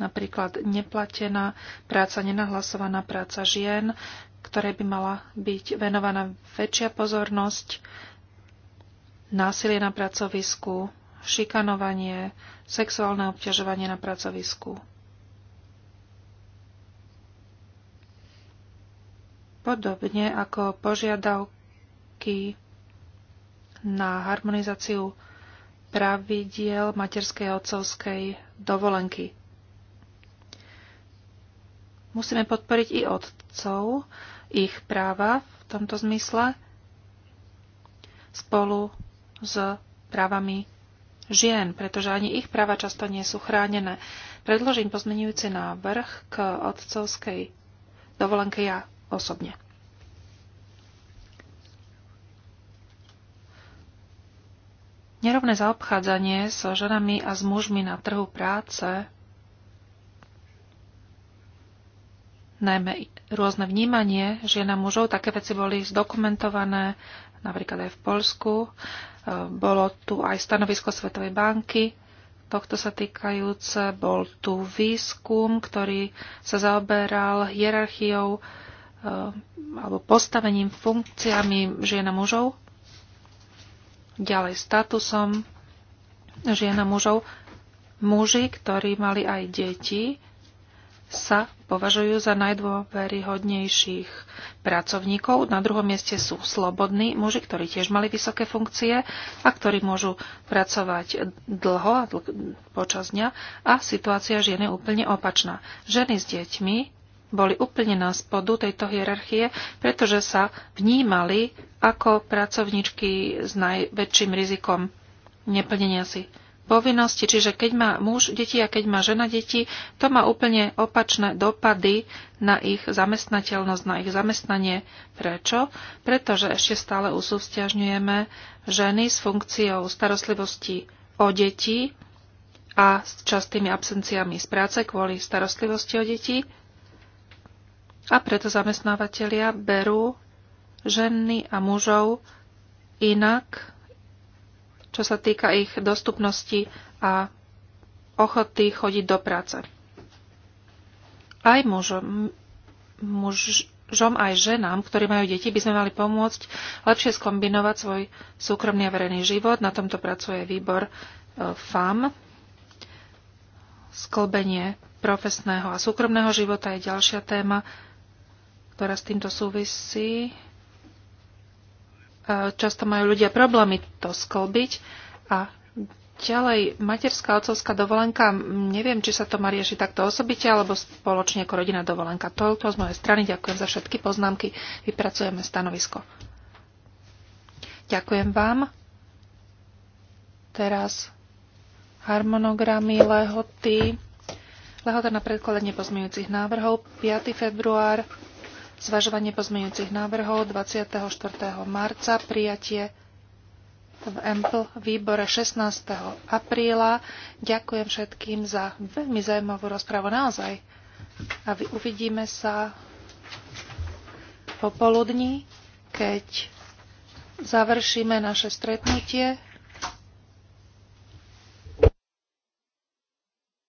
napríklad neplatená práca, nenahlasovaná práca žien, ktoré by mala byť venovaná väčšia pozornosť, násilie na pracovisku, šikanovanie, sexuálne obťažovanie na pracovisku. Podobne ako požiadavky kroky na harmonizáciu pravidiel materskej a otcovskej dovolenky. Musíme podporiť i otcov, ich práva v tomto zmysle spolu s právami žien, pretože ani ich práva často nie sú chránené. Predložím pozmenujúci návrh k otcovskej dovolenke ja osobne. Nerovné zaobchádzanie so ženami a s mužmi na trhu práce, najmä rôzne vnímanie žien a mužov, také veci boli zdokumentované napríklad aj v Polsku. E, bolo tu aj stanovisko Svetovej banky, tohto sa týkajúce. Bol tu výskum, ktorý sa zaoberal hierarchiou e, alebo postavením funkciami žien a mužov ďalej statusom žien a mužov. Muži, ktorí mali aj deti, sa považujú za najdôveryhodnejších pracovníkov. Na druhom mieste sú slobodní muži, ktorí tiež mali vysoké funkcie a ktorí môžu pracovať dlho a dl- počas dňa. A situácia žien je úplne opačná. Ženy s deťmi boli úplne na spodu tejto hierarchie, pretože sa vnímali ako pracovničky s najväčším rizikom neplnenia si povinnosti, čiže keď má muž deti a keď má žena deti, to má úplne opačné dopady na ich zamestnateľnosť, na ich zamestnanie. Prečo? Pretože ešte stále usúvzťažňujeme ženy s funkciou starostlivosti o deti a s častými absenciami z práce kvôli starostlivosti o deti a preto zamestnávateľia berú ženy a mužov inak, čo sa týka ich dostupnosti a ochoty chodiť do práce. Aj mužom, mužom aj ženám, ktorí majú deti, by sme mali pomôcť lepšie skombinovať svoj súkromný a verejný život. Na tomto pracuje výbor e, FAM. Sklbenie profesného a súkromného života je ďalšia téma, ktorá s týmto súvisí. E, často majú ľudia problémy to sklbiť a ďalej materská otcovská dovolenka, neviem, či sa to má riešiť takto osobite alebo spoločne ako rodina dovolenka. Toľko z mojej strany, ďakujem za všetky poznámky, vypracujeme stanovisko. Ďakujem vám. Teraz harmonogramy lehoty. Lehota na predkladanie pozmeňujúcich návrhov 5. február Zvažovanie pozmeňujúcich návrhov 24. marca, prijatie v EMPL výbore 16. apríla. Ďakujem všetkým za veľmi zaujímavú rozprávu naozaj. A uvidíme sa popoludní, keď završíme naše stretnutie.